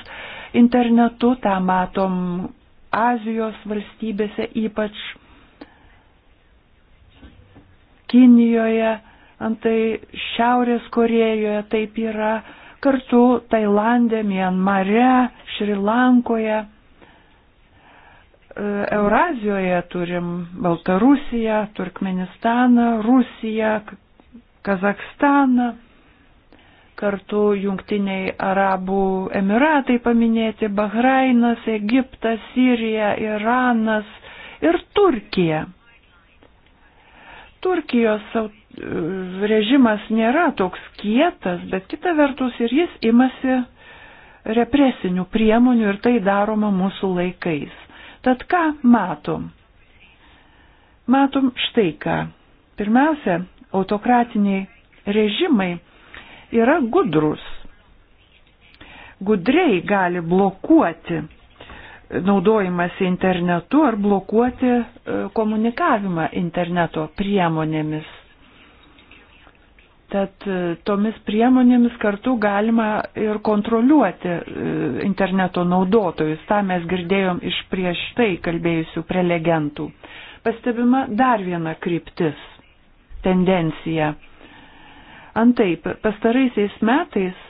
internetu, tą matom Azijos valstybėse ypač. Kinijoje, antai Šiaurės Korejoje taip yra, Kartu Tailandė, Mianmare, Šrilankoje, e, Eurazijoje turim Baltarusiją, Turkmenistaną, Rusiją, Kazakstaną. Kartu Jungtiniai Arabų Emiratai paminėti, Bahrainas, Egiptas, Sirija, Iranas ir Turkija. Turkijos režimas nėra toks kietas, bet kita vertus ir jis imasi represinių priemonių ir tai daroma mūsų laikais. Tad ką matom? Matom štai ką. Pirmiausia, autokratiniai režimai yra gudrus. Gudriai gali blokuoti naudojimąsi internetu ar blokuoti e, komunikavimą interneto priemonėmis Tad e, tomis priemonėmis kartu galima ir kontroliuoti e, interneto naudotojus. Ta mes girdėjom iš prieš tai kalbėjusių prelegentų. Pastebima dar viena kryptis - tendencija. Antaip, pastaraisiais metais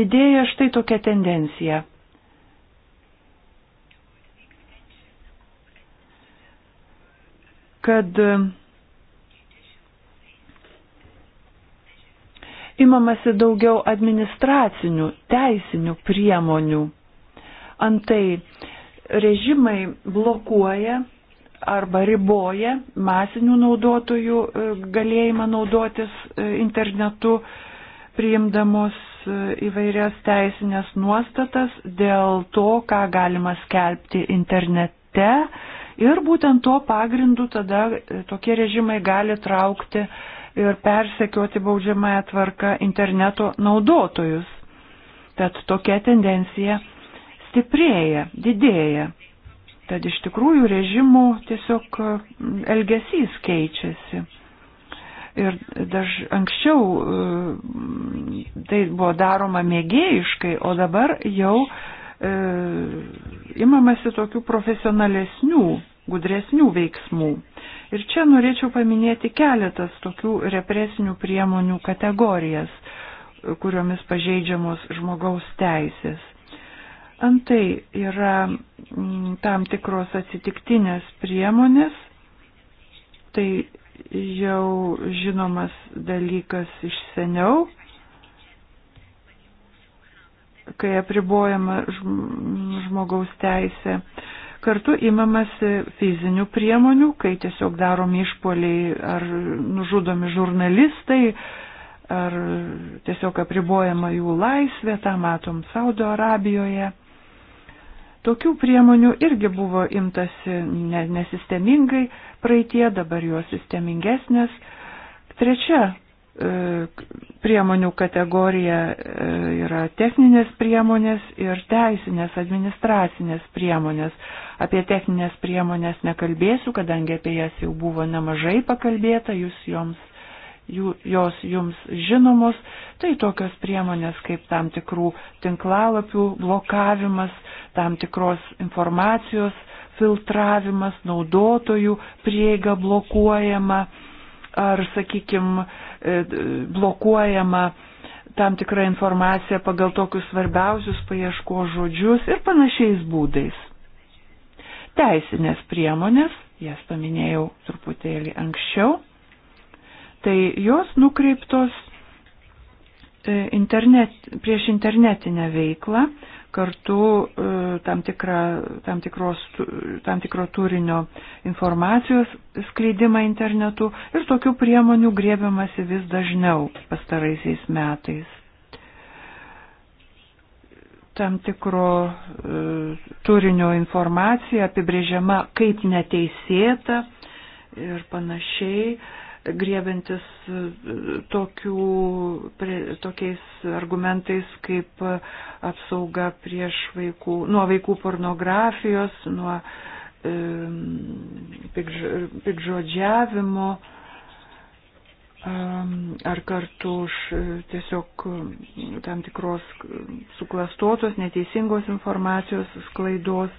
didėja štai tokia tendencija. kad imamasi daugiau administracinių, teisinių priemonių. Antai režimai blokuoja arba riboja masinių naudotojų e, galėjimą naudotis e, internetu, priimdamos e, įvairias teisinės nuostatas dėl to, ką galima skelbti internete. Ir būtent tuo pagrindu tada tokie režimai gali traukti uh, ir persekioti baudžiamąją tvarką interneto naudotojus. Tad tokia tendencija stiprėja, didėja. Tad iš tikrųjų režimų tiesiog elgesys keičiasi. Ir daž anksčiau tai buvo daroma mėgėjiškai, o dabar jau e, imamasi tokių profesionalesnių, gudresnių veiksmų. Ir čia norėčiau paminėti keletas tokių represinių priemonių kategorijas, kuriomis pažeidžiamos žmogaus teisės. Antai yra mm, tam tikros atsitiktinės priemonės, tai jau žinomas dalykas iš seniau, kai apribojama žmogaus teisė. Kartu imamas e, fizinių priemonių, kai tiesiog daromi išpoliai ar nužudomi žurnalistai, ar tiesiog apribojama jų laisvė, tą matom Saudo Arabijoje. Tokių priemonių irgi buvo imtasi nesistemingai praeitie, dabar jos sistemingesnės. Trečia E, priemonių kategorija e, yra techninės priemonės ir teisinės administracinės priemonės. Apie techninės priemonės nekalbėsiu, kadangi apie jas jau buvo nemažai pakalbėta, jūs joms, jų, jos jums žinomos. Tai tokios priemonės kaip tam tikrų tinklalapių blokavimas, tam tikros informacijos filtravimas, naudotojų prieiga blokuojama ar, sakykime, E, blokuojama tam tikra informacija pagal tokius svarbiausius paieško žodžius ir panašiais būdais. Teisinės priemonės, jas paminėjau truputėlį anksčiau, tai jos nukreiptos e, internet, prieš internetinę veiklą, kartu e, tam, tikra, tam, tikros, tam tikro turinio informacijos skleidimą internetu ir tokių priemonių grėbiamasi vis dažniau pastaraisiais metais. Tam tikro e, turinio informacija apibrėžiama kaip neteisėta ir panašiai. E, griebiantis e, tokių, prie, tokiais argumentais kaip apsauga prieš vaikų, nuo vaikų pornografijos, nuo e, pikžodžiavimo e, ar kartu už e, tiesiog tam tikros suklastotos, neteisingos informacijos sklaidos.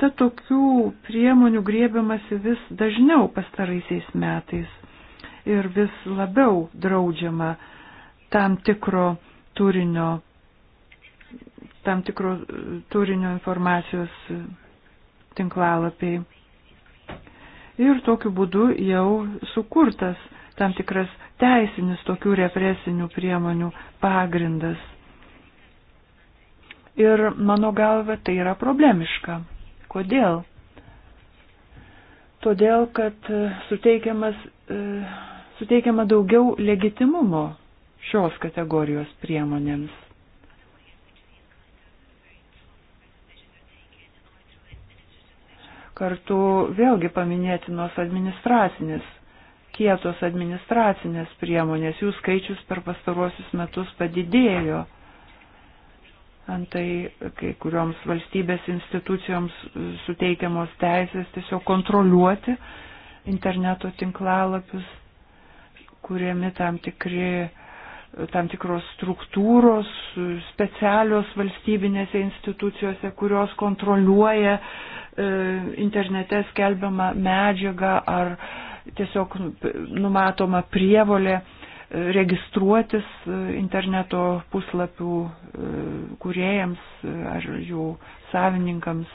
Tad tokių priemonių griebiamasi vis dažniau pastaraisiais metais ir vis labiau draudžiama tam tikro turinio, tam tikro e, turinio informacijos e, tinklalapiai. Ir tokiu būdu jau sukurtas tam tikras teisinis tokių represinių priemonių pagrindas. Ir mano galva tai yra problemiška. Kodėl? Todėl, kad e, suteikiamas suteikiama daugiau legitimumo šios kategorijos priemonėms. Kartu vėlgi paminėtinos administracinės, kietos administracinės priemonės, jų skaičius per pastaruosius metus padidėjo. Antai kai kurioms valstybės institucijoms suteikiamos teisės tiesiog kontroliuoti interneto tinklalapius kuriami tam, tikri, tam tikros struktūros specialios valstybinėse institucijose, kurios kontroliuoja e, internete skelbiamą medžiagą ar tiesiog nu, numatoma prievolė e, registruotis e, interneto puslapių kuriejams ar jų savininkams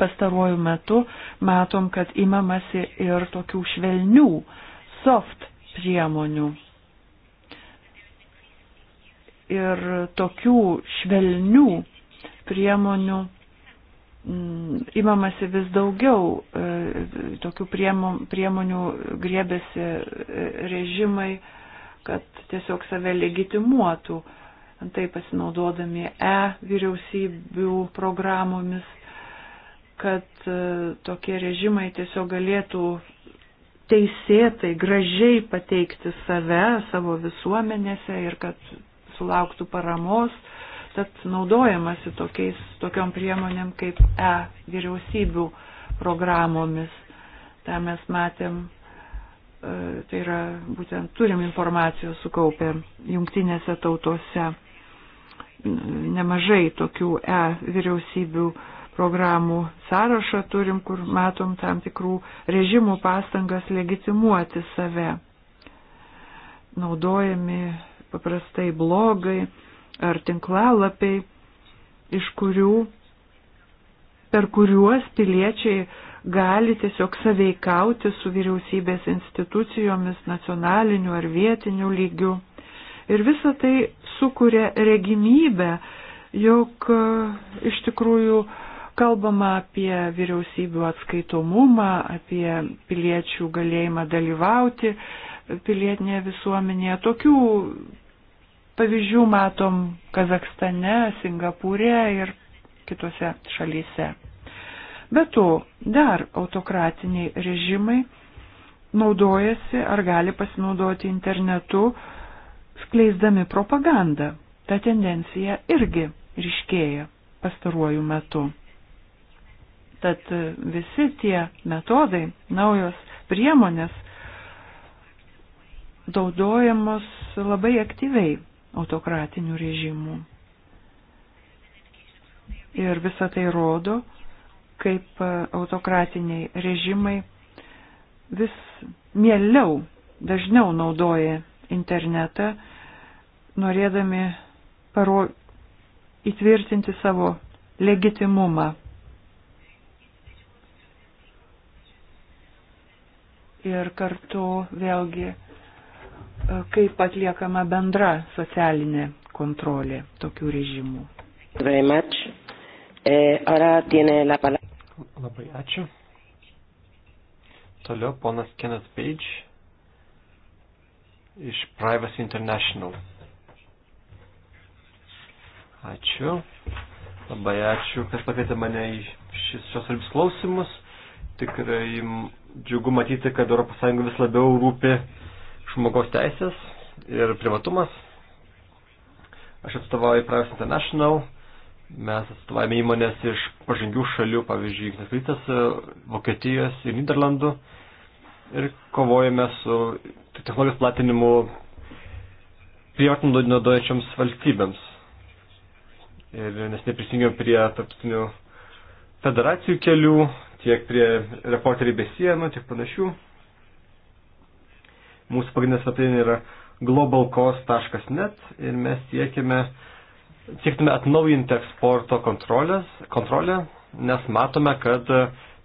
pastaruoju metu matom, kad imamasi ir tokių švelnių soft priemonių. Ir tokių švelnių priemonių mm, imamasi vis daugiau, e, tokių priemonių griebėsi e, režimai, kad tiesiog save legitimuotų, antai pasinaudodami E vyriausybių programomis, kad e, tokie režimai tiesiog galėtų teisėtai, gražiai pateikti save savo visuomenėse ir kad sulauktų paramos, tad naudojamasi tokiais, tokiom priemonėm kaip E vyriausybių programomis. Ta mes matėm, e, tai yra būtent turim informacijos sukaupę jungtinėse tautose nemažai tokių E vyriausybių programų programų sąrašą turim, kur matom tam tikrų režimų pastangas legitimuoti save. Naudojami paprastai blogai ar tinklalapiai, iš kurių, per kuriuos piliečiai gali tiesiog saveikauti su vyriausybės institucijomis nacionaliniu ar vietiniu lygiu. Ir visa tai sukuria regimybę, jog e, iš tikrųjų kalbama apie vyriausybių atskaitomumą, apie piliečių galėjimą dalyvauti pilietinėje visuomenėje. Tokių pavyzdžių matom Kazakstane, Singapūre ir kitose šalyse. Be to, dar autokratiniai režimai naudojasi ar gali pasinaudoti internetu, skleisdami propagandą. Ta tendencija irgi ryškėja pastaruoju metu. Tad visi tie metodai, naujos priemonės naudojamos labai aktyviai autokratinių režimų. Ir visa tai rodo, kaip autokratiniai režimai vis mieliau, dažniau naudoja internetą, norėdami paro įtvirtinti savo legitimumą. ir kartu vėlgi e, kaip atliekama bendra socialinė kontrolė tokių režimų. E, Labai ačiū. Toliau ponas Kenneth Page iš Privacy International. Ačiū. Labai ačiū, kad pakvietė mane į šis šios svarbius klausimus. Tikrai džiugu matyti, kad ES vis labiau rūpi žmogaus teisės ir privatumas. Aš atstovauju Privacy International, mes atstovavome įmonės iš pažangių šalių, pavyzdžiui, Jungtinės Kristės, Vokietijos ir Niderlandų ir kovojame su technologijos platinimu prievartinu naudojančioms valstybėms. Ir nes neprisijungiam prie tarptautinių federacijų kelių tiek prie reporteriai be sienų, tiek panašių. Mūsų pagrindinė svetainė yra globalcost.net ir mes siekime, siektume atnaujinti eksporto kontrolės, kontrolę, nes matome, kad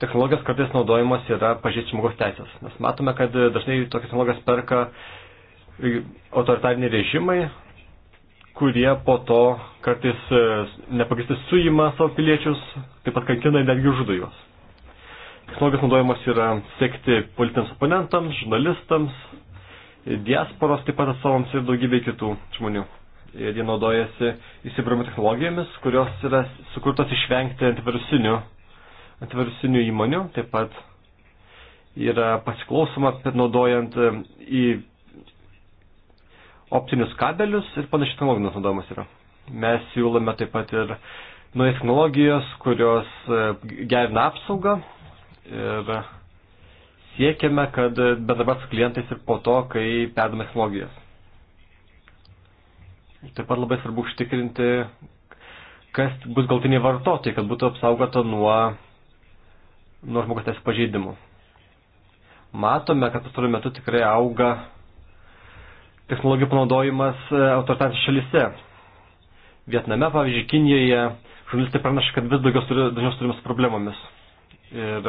technologijos kartais naudojamos yra pažįsti žmogaus teisės. Mes matome, kad dažnai tokias technologijas perka autoritariniai režimai, kurie po to kartais nepagristi suima savo piliečius, taip pat kankina ir netgi žudo juos. Technologijos naudojimas yra sekti politiniams oponentams, žurnalistams, diasporos taip pat atstovams ir daugybė kitų žmonių. Ir jie naudojasi įsibramų technologijomis, kurios yra sukurtos išvengti antivirusinių, antivirusinių įmonių. Taip pat yra pasiklausoma, kad naudojant e, į optinius kabelius ir panašiai technologijos naudojimas yra. Mes siūlome taip pat ir naujas technologijos, kurios e, gerina apsaugą ir siekiame, kad bendrabas su klientais ir po to, kai perdame technologijas. Taip pat labai svarbu užtikrinti, kas bus galtiniai vartotojai, kad būtų apsaugota nuo, nuo žmogus teisų pažeidimų. Matome, kad pastaruoju metu tikrai auga technologijų panaudojimas e, autoritarėse šalise. Vietname, pavyzdžiui, Kinijoje žurnalistai pranaša, kad vis daugiau dažniau su problemomis. Ir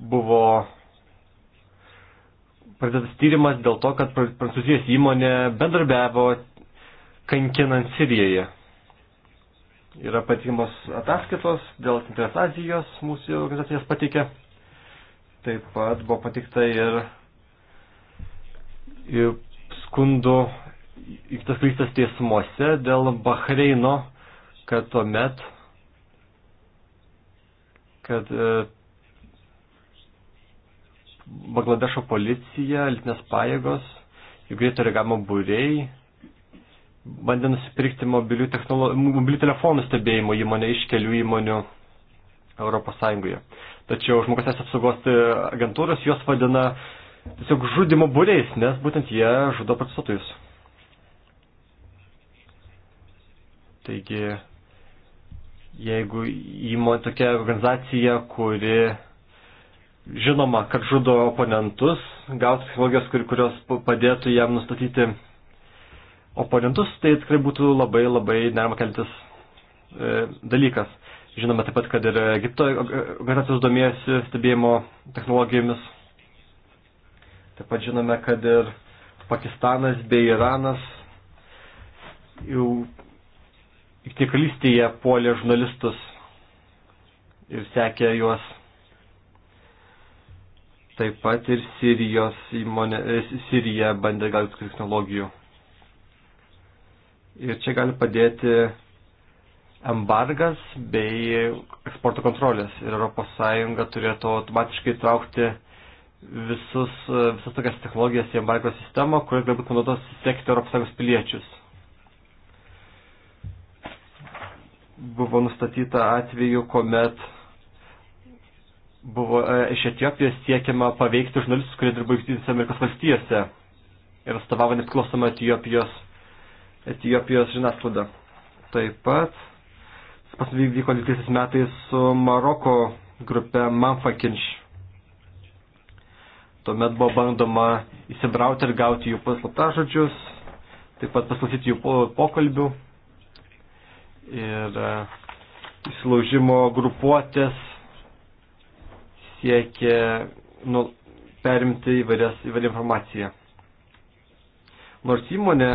buvo pradėtas tyrimas dėl to, kad prancūzijos įmonė bendarbiavo kankinant Sirijoje. Yra patikimos ataskaitos dėl Centrinės Azijos mūsų organizacijas pateikė. Taip pat buvo patikta ir, ir skundų įktas krystas teismuose dėl Bahreino, kad tuomet, kad e, Bangladešo policija, litinės pajėgos, jų greito reagavimo būrėjai bandė nusipirkti mobilių, technolo... mobilių telefonų stebėjimo įmonę iš kelių įmonių Europos Sąjungoje. Tačiau žmogus teisės apsaugos e, agentūros juos vadina tiesiog žudimo būriais, nes būtent jie žudo protestuotojus. Taigi, jeigu įmonė tokia organizacija, kuri žinoma, kad žudo oponentus, gauti technologijas, kurios padėtų jam nustatyti oponentus, tai tikrai būtų labai labai nerima keltis e, dalykas. Žinoma taip pat, kad ir Egipto organizacijos domėjosi stebėjimo technologijomis. Taip pat žinome, kad ir Pakistanas bei Iranas jau tik karalystėje puolė žurnalistus ir sekė juos Taip pat ir Sirijos įmonė, e, Sirija bandė gauti technologijų. Ir čia gali padėti embargas bei eksporto kontrolės. Ir ES turėtų automatiškai traukti visus, e, visas tokias technologijas į embargo sistemą, kurias galbūt panaudos sekti ES piliečius. Buvo nustatyta atveju, kuomet buvo e, iš Etijopijos siekiama paveikti žurnalistus, kurie dirbo Junktinėse Amerikos valstijose ir atstovavo nepriklausomą Etijopijos, Etijopijos žiniasklaidą. Taip pat paskui vyko 12 metais su Maroko grupe Manfakinš. Tuomet buvo bandoma įsibrauti ir gauti jų paslaptažodžius, taip pat paslausyti jų pokalbių ir e, įsilaužimo grupuotės siekia nu, perimti įvairias, įvairią informaciją. Nors įmonė,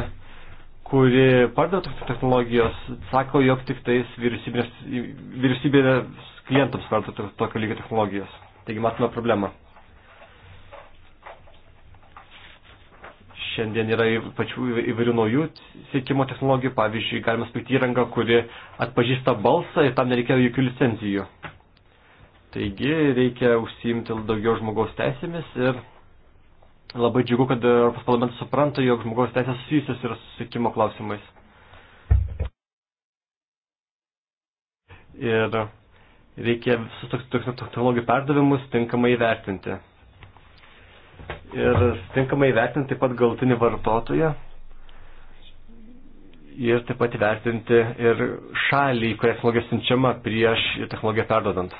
kuri pardavė technologijos, sako, jog tik tais vyriausybės, vyriausybės klientams pardavė tokio lygio technologijos. Taigi matome problemą. Šiandien yra pačių įvairių naujų siekimo technologijų, pavyzdžiui, galima spėti įrangą, kuri atpažįsta balsą ir tam nereikia jokių licencijų. Taigi reikia užsiimti daugiau žmogaus teisėmis ir labai džiugu, kad Europos parlamentas supranta, jog žmogaus teisės susijusios yra susikimo klausimais. Ir reikia visus tokius tok, tok, technologijų perdavimus tinkamai įvertinti. Ir tinkamai įvertinti taip pat galtinį vartotoją ir taip pat įvertinti ir šalį, kurią technologija siunčiama prieš technologiją perdodant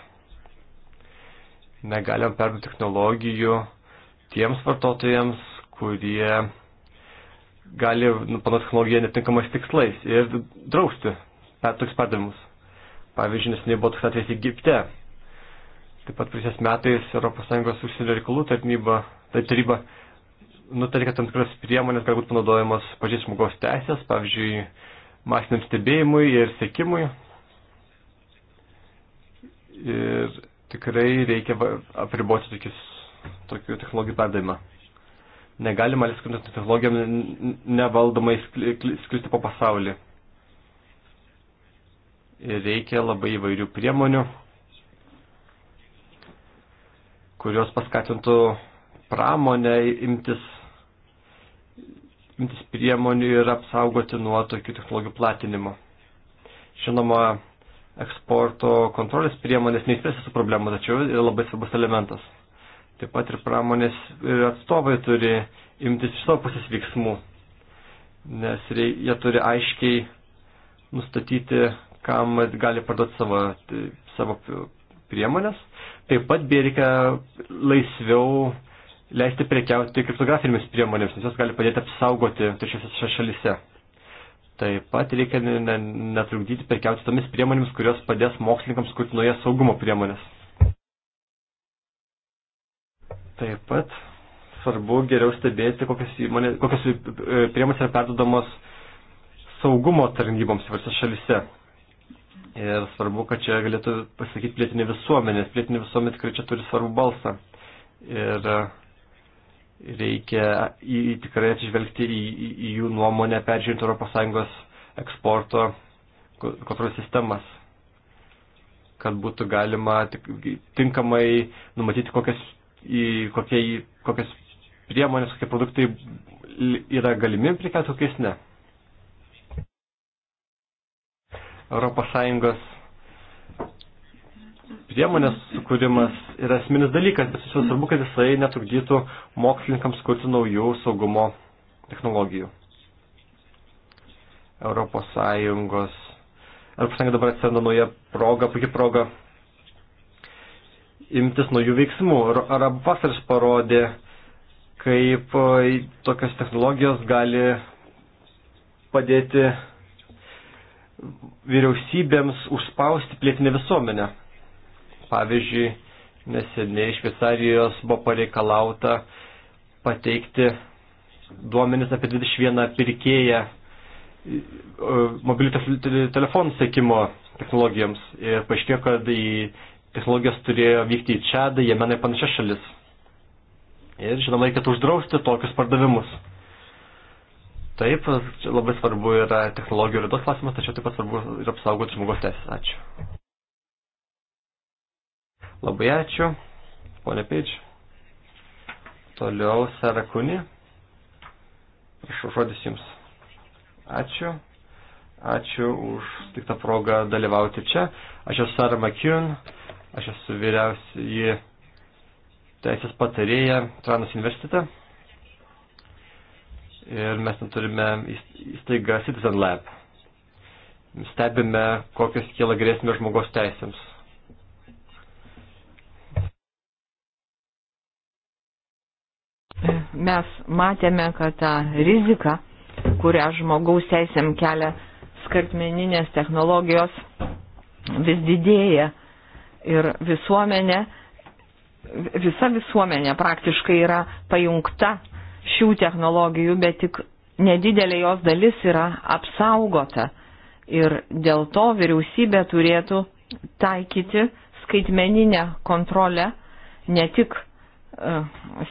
negalim perduoti technologijų tiems vartotojams, kurie gali panaudoti technologiją netinkamais tikslais ir drausti toks pardavimus. Pavyzdžiui, nesiniai buvo toks atvejis Egipte. Taip pat praeisiais metais ES užsienio reikalų tarnyba, tai taryba nutarė, kad tam tikras priemonės galbūt panaudojamos pažiūrės žmogaus teisės, pavyzdžiui, masiniam stebėjimui ir sekimui. Ir tikrai reikia apriboti tokius, tokių technologijų perdavimą. Negalima diskriminuoti technologijom nevaldomai sklisti po pasaulį. Ir reikia labai įvairių priemonių, kurios paskatintų pramonę imtis, imtis priemonių ir apsaugoti nuo tokių technologijų platinimo. Žinoma, eksporto kontrolės priemonės neįspręsia su problemu, tačiau yra labai svarbus elementas. Taip pat ir pramonės ir atstovai turi imtis iš savo pusės veiksmų, nes rei, jie turi aiškiai nustatyti, kam gali parduoti savo, tai, savo priemonės. Taip pat bei reikia laisviau leisti prekiauti kriptografinėmis priemonėms, nes jos gali padėti apsaugoti trečiosios šalyse. Taip pat reikia netrukdyti perkiauti tomis priemonėmis, kurios padės mokslininkams kurti naujas saugumo priemonės. Taip pat svarbu geriau stebėti, kokias, įmonė, kokias e, priemonės yra perdodamos saugumo tarnyboms įvairiose šalise. Ir svarbu, kad čia galėtų pasakyti plėtinė visuomenė, nes plėtinė visuomenė tikrai čia turi svarbų balsą. Ir reikia į, tikrai atsižvelgti į, į, į jų nuomonę peržiūrint ES eksporto kontrolės sistemas, kad būtų galima tik, tinkamai numatyti, kokias, į, kokie, kokias priemonės, kokie produktai yra galimi prikęs, kokiais ne. ES priemonės sukūrimas yra esminis dalykas, bet visų svarbu, kad jisai netrukdytų mokslininkams kurti naujų saugumo technologijų. Europos Sąjungos. Europos Sąjunga dabar atsiranda nauja proga, puikia proga imtis naujų veiksmų. Arabų vasaris parodė, kaip e, tokios technologijos gali padėti vyriausybėms užspausti plėtinę visuomenę. Pavyzdžiui, neseniai iš Šveicarijos buvo pareikalauta pateikti duomenis apie 21 pirkėją e, mobilių telefonų sekimo technologijoms. Ir paaiškėjo, kad į technologijos turėjo vykti į Čadą, Jemeną ir panašias šalis. Ir žinoma, reikėtų uždrausti tokius pardavimus. Taip, labai svarbu yra technologijų raidos klausimas, tačiau taip pat svarbu ir apsaugoti žmogaus teisės. Ačiū. Labai ačiū, ponė Peič. Toliau Sarakuni. Prašau, žodis jums. Ačiū. Ačiū už tiktą progą dalyvauti čia. Aš esu Sara McKeon, aš esu vyriausiai teisės patarėja Tranos universitete. Ir mes ten turime įstaigą Citizen Lab. Stebime, kokios kyla grėsmės žmogaus teisėms. mes matėme, kad ta rizika, kurią žmogaus teisėm kelia skartmeninės technologijos, vis didėja ir visuomenė, visa visuomenė praktiškai yra pajungta šių technologijų, bet tik nedidelė jos dalis yra apsaugota ir dėl to vyriausybė turėtų taikyti skaitmeninę kontrolę ne tik E,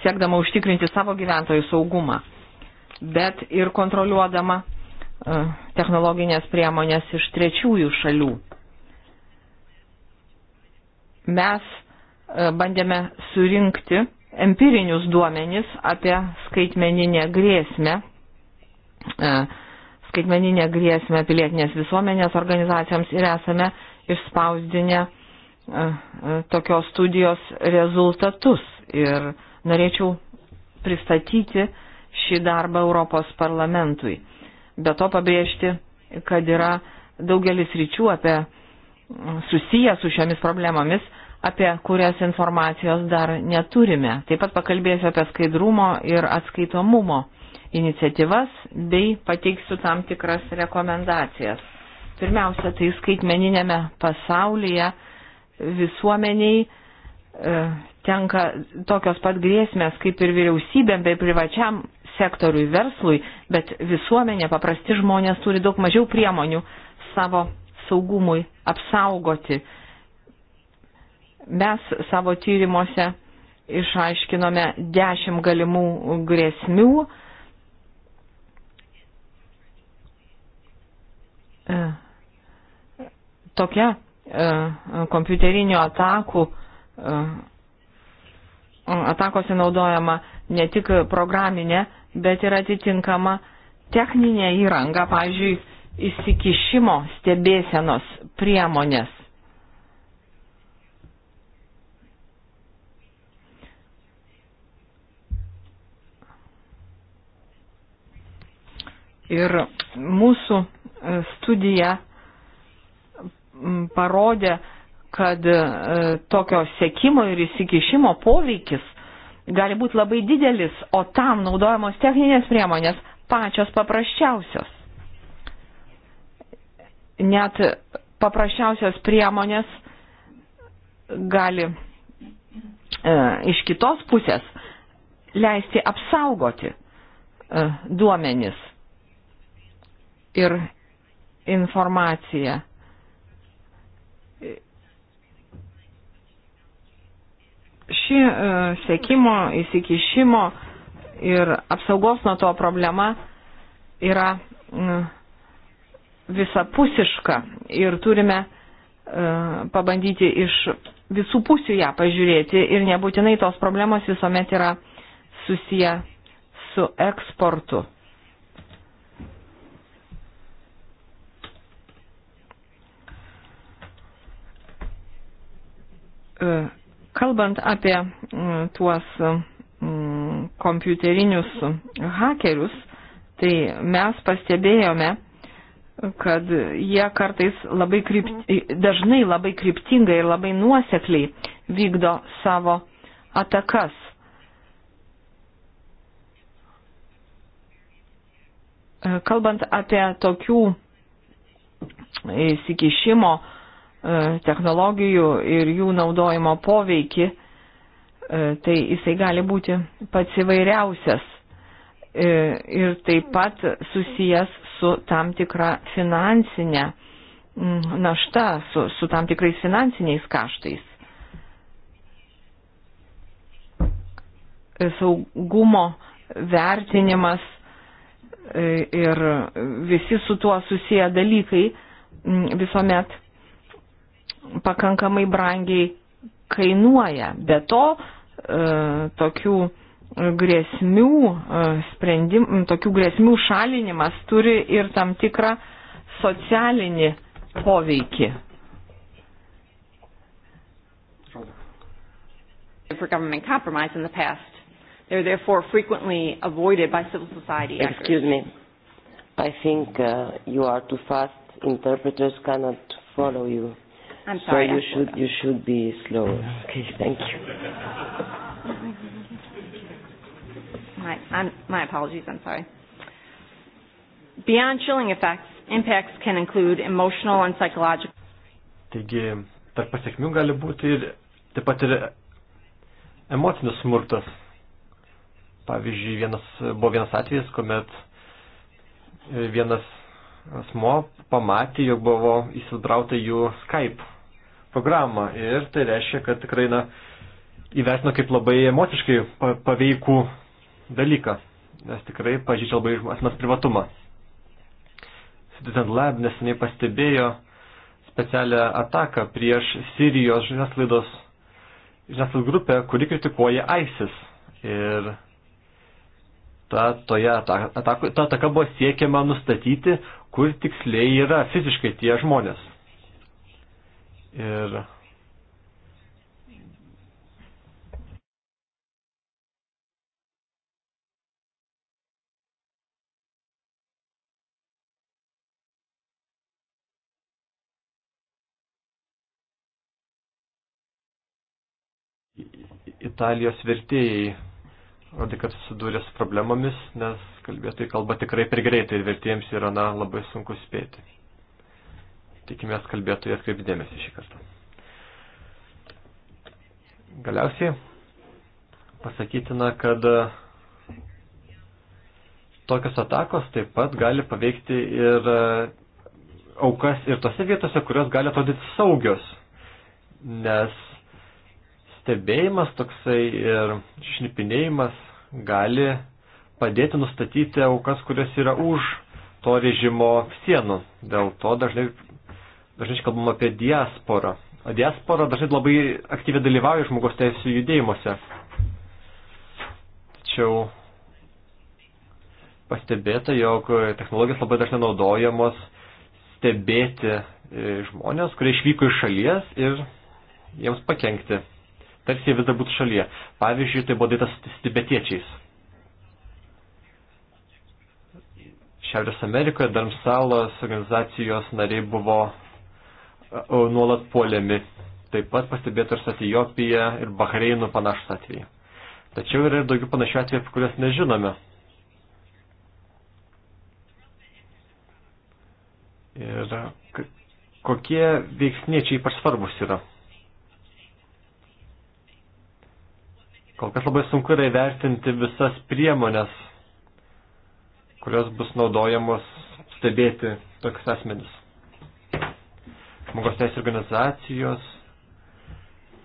siekdama užtikrinti savo gyventojų saugumą, bet ir kontroliuodama e, technologinės priemonės iš trečiųjų šalių. Mes e, bandėme surinkti empirinius duomenis apie skaitmeninę grėsmę, skaitmeninę grėsmę pilietinės visuomenės organizacijoms ir esame išspausdinę E, e, tokios studijos rezultatus ir norėčiau pristatyti šį darbą Europos parlamentui. Be to pabrėžti, kad yra daugelis ryčių apie susiję su šiomis problemomis, apie kurias informacijos dar neturime. Taip pat pakalbėsiu apie skaidrumo ir atskaitomumo iniciatyvas bei pateiksiu tam tikras rekomendacijas. Pirmiausia, tai skaitmeninėme pasaulyje visuomeniai e, tenka tokios pat grėsmės kaip ir vyriausybėm bei privačiam sektoriui verslui, bet visuomenė, paprasti žmonės turi daug mažiau priemonių savo saugumui apsaugoti. Mes savo tyrimuose išaiškinome dešimt galimų grėsmių. E, tokia E, kompiuterinių atakų e, atakose naudojama ne tik programinė, bet ir atitinkama techninė įranga, pavyzdžiui, įsikišimo stebėsenos priemonės. Ir mūsų e, studija parodė, kad e, tokio sekimo ir įsikišimo poveikis gali būti labai didelis, o tam naudojamos techninės priemonės pačios paprasčiausios. Net paprasčiausios priemonės gali e, iš kitos pusės leisti apsaugoti e, duomenis ir informaciją. Ši e, sėkimo, įsikišimo ir apsaugos nuo to problema yra visapusiška ir turime e, pabandyti iš visų pusių ją pažiūrėti ir nebūtinai tos problemos visuomet yra susiję su eksportu. Uh Kalbant apie mm, tuos mm, kompiuterinius hakerius, tai mes pastebėjome, kad jie kartais labai krypti, dažnai labai kryptingai ir labai nuosekliai vykdo savo atakas. Kalbant apie tokių įsikišimo E, technologijų ir jų naudojimo poveikį, e, tai jisai gali būti pats įvairiausias e, ir taip pat susijęs su tam tikra finansinė našta, su, su tam tikrais finansiniais kaštais. Saugumo vertinimas ir visi su tuo susiję dalykai visuomet pakankamai brangiai kainuoja. Be to, e, tokių grėsmių, e, sprendim, tokių grėsmių šalinimas turi ir tam tikrą socialinį poveikį. For government compromise in the past. They're therefore frequently avoided by civil society. Actors. Excuse me. I think uh, you are too fast. Interpreters cannot follow you. I'm sorry. So you I'm should, you should be slower. Okay, thank you. My, I'm, my apologies, I'm sorry. Beyond chilling effects, impacts can include emotional and psychological. Taigi, tarp pasiekmių gali būti ir taip pat ir emocinis smurtas. Pavyzdžiui, vienas, buvo vienas atvejis, kuomet vienas asmo pamatė, jog buvo įsidrauta jų Skype programą ir tai reiškia, kad tikrai na, įvertino kaip labai emociškai paveikų dalyką, nes tikrai pažydžia labai asmens privatumą. Citizen Lab neseniai pastebėjo specialią ataką prieš Sirijos žiniasklaidos žiniasklaidos grupę, kuri kritikuoja ISIS. Ir ta, toje atako, ta ataka buvo siekiama nustatyti, kur tiksliai yra fiziškai tie žmonės ir Italijos vertėjai rodė, kad susidūrė su problemomis, nes kalbėtojai kalba tikrai per greitai ir vertėjams yra na, labai sunku spėti. Tikimės kalbėtojai atkreipti dėmesį šį kartą. Galiausiai pasakytina, kad tokios atakos taip pat gali paveikti ir aukas ir tose vietose, kurios gali atrodyti saugios. Nes stebėjimas toksai ir šnipinėjimas gali padėti nustatyti aukas, kurios yra už to režimo sienų. Dėl to dažnai dažnai kalbam apie diasporą. O diaspora dažnai labai aktyviai dalyvauja žmogaus teisų judėjimuose. Tačiau pastebėta, jog technologijos labai dažnai naudojamos stebėti e, žmonės, kurie išvyko iš šalies ir jiems pakengti. Tarsi jie vis dar būtų šalyje. Pavyzdžiui, tai buvo daitas tibetiečiais. Šiaurės Amerikoje Darmsalos organizacijos nariai buvo nuolat puolėmi. Taip pat pastebėta ir su Etijopija ir Bahreinu panašus atvejai. Tačiau yra ir daugiau panašių atvejų, apie kurias nežinome. Ir kokie veiksniai čia ypač svarbus yra. Kol kas labai sunku yra įvertinti visas priemonės, kurios bus naudojamos stebėti tokius asmenis žmogaus teisų organizacijos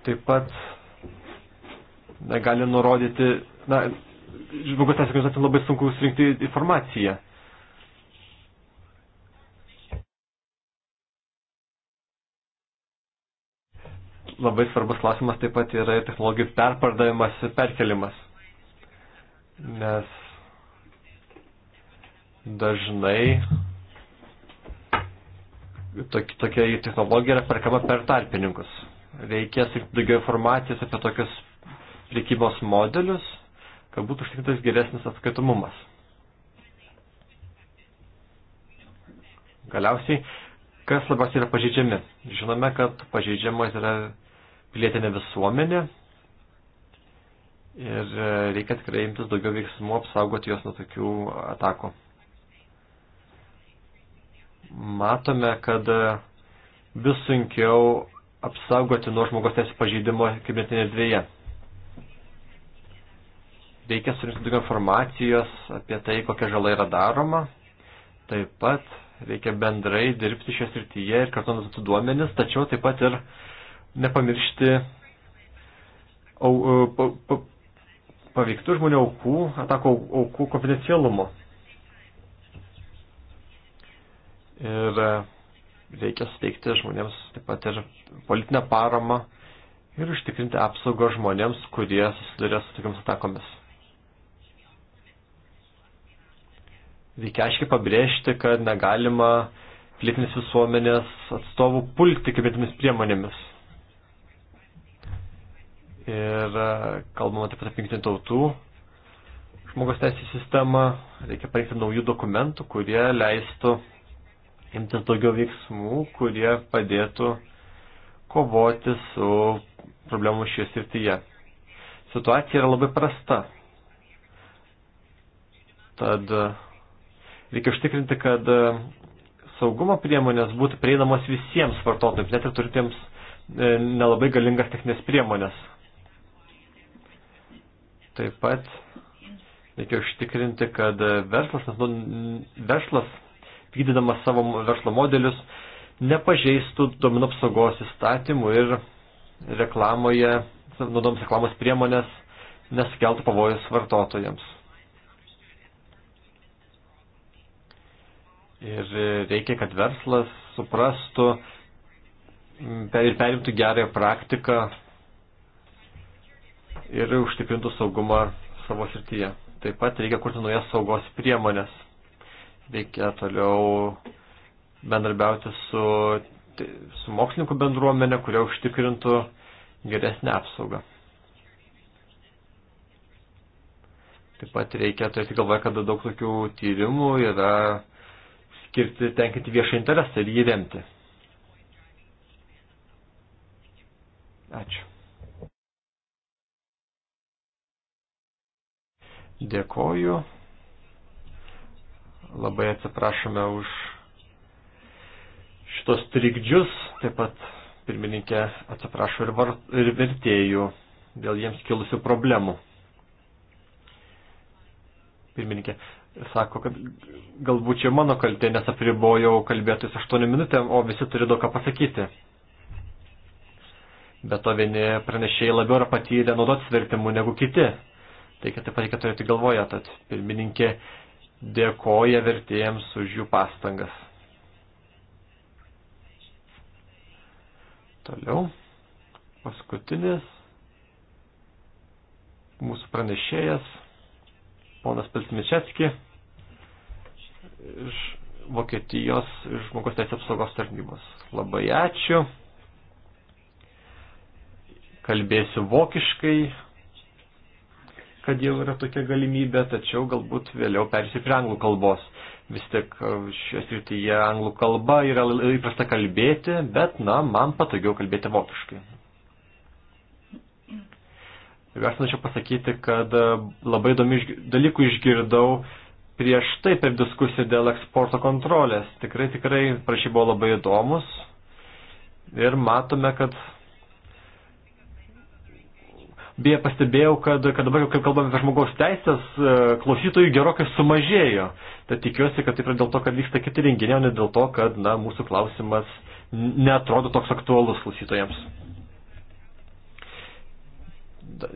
taip pat na, gali nurodyti, na, žmogaus teisų organizacijom labai sunku surinkti informaciją. Labai svarbus klausimas taip pat yra ir technologijų perpardavimas ir perkelimas. Nes dažnai tokia technologija yra perkama per tarpininkus. Reikės daugiau informacijos apie tokius prekybos modelius, kad būtų užtikrintas geresnis atskaitomumas. Galiausiai, kas labiausiai yra pažeidžiami? Žinome, kad pažeidžiamas yra pilietinė visuomenė ir e, reikia tikrai imtis daugiau veiksmų apsaugoti jos nuo tokių atakų matome, kad e, vis sunkiau apsaugoti nuo žmogaus teisų pažeidimo kibernetinėje erdvėje. Reikia surinkti daugiau informacijos apie tai, kokia žala yra daroma. Taip pat reikia bendrai dirbti šią srityje ir kartu nusitų duomenis, tačiau taip pat ir nepamiršti au, au, e, pa, pa, paveiktų žmonių aukų, atako aukų konfidencialumo. ir e, reikia suteikti žmonėms taip pat ir politinę paramą ir užtikrinti apsaugą žmonėms, kurie susiduria su tokiams atakomis. Reikia aiškiai pabrėžti, kad negalima plėtinės visuomenės atstovų pulti kibėtimis priemonėmis. Ir e, kalbama taip pat apie jungtinių tautų žmogaus teisės sistemą, reikia parengti naujų dokumentų, kurie leistų imtis daugiau veiksmų, kurie padėtų kovoti su problemų šioje srityje. Situacija yra labai prasta. Tad e, reikia užtikrinti, kad e, saugumo priemonės būtų prieinamos visiems vartotojams, net ir turintiems e, nelabai galingas techninės priemonės. Taip pat reikia užtikrinti, kad verslas, nu, verslas vykdydamas savo verslo modelius, nepažeistų domino apsaugos įstatymų ir reklamoje, naudoms reklamos priemonės, neskeltų pavojus vartotojams. Ir reikia, kad verslas suprastų ir perimtų gerąją praktiką ir užtikrintų saugumą savo srityje. Taip pat reikia kurti naujas saugos priemonės. Reikia toliau bendarbiauti su, su mokslininkų bendruomenė, kurie užtikrintų geresnę apsaugą. Taip pat reikia turėti galvoje, kad daug tokių tyrimų yra skirti tenkinti viešą interesą ir jį remti. Ačiū. Dėkoju. Labai atsiprašome už šitos trikdžius, taip pat pirmininkė atsiprašo ir, var, ir vertėjų dėl jiems kilusių problemų. Pirmininkė sako, kad galbūt čia mano kaltė, nes apribojau kalbėtis 8 minutėm, o visi turi daug ką pasakyti. Be to vieni pranešėjai labiau yra patyrę naudotis vertimų negu kiti. Tai kad taip pat reikia turėti galvoje, tad pirmininkė dėkoja vertėjams už jų pastangas. Toliau, paskutinis mūsų pranešėjas, ponas Pilsmičevski iš Vokietijos žmogus teisės apsaugos tarnybos. Labai ačiū. Kalbėsiu vokiškai, kad jau yra tokia galimybė, tačiau galbūt vėliau persi prie anglų kalbos. Vis tik e, šioje srityje anglų kalba yra įprasta kalbėti, bet, na, man patogiau kalbėti vokiškai. Aš norėčiau pasakyti, kad e, labai įdomių dalykų išgirdau prieš tai per diskusiją dėl eksporto kontrolės. Tikrai, tikrai prašy buvo labai įdomus. Ir matome, kad Beje, pastebėjau, kad, kad dabar, kai kalbame apie žmogaus teisės, e, klausytojų gerokai sumažėjo. Tad tikiuosi, kad tai yra dėl to, kad vyksta kiti renginiai, o ne dėl to, kad na, mūsų klausimas netrodo toks aktualus klausytojams.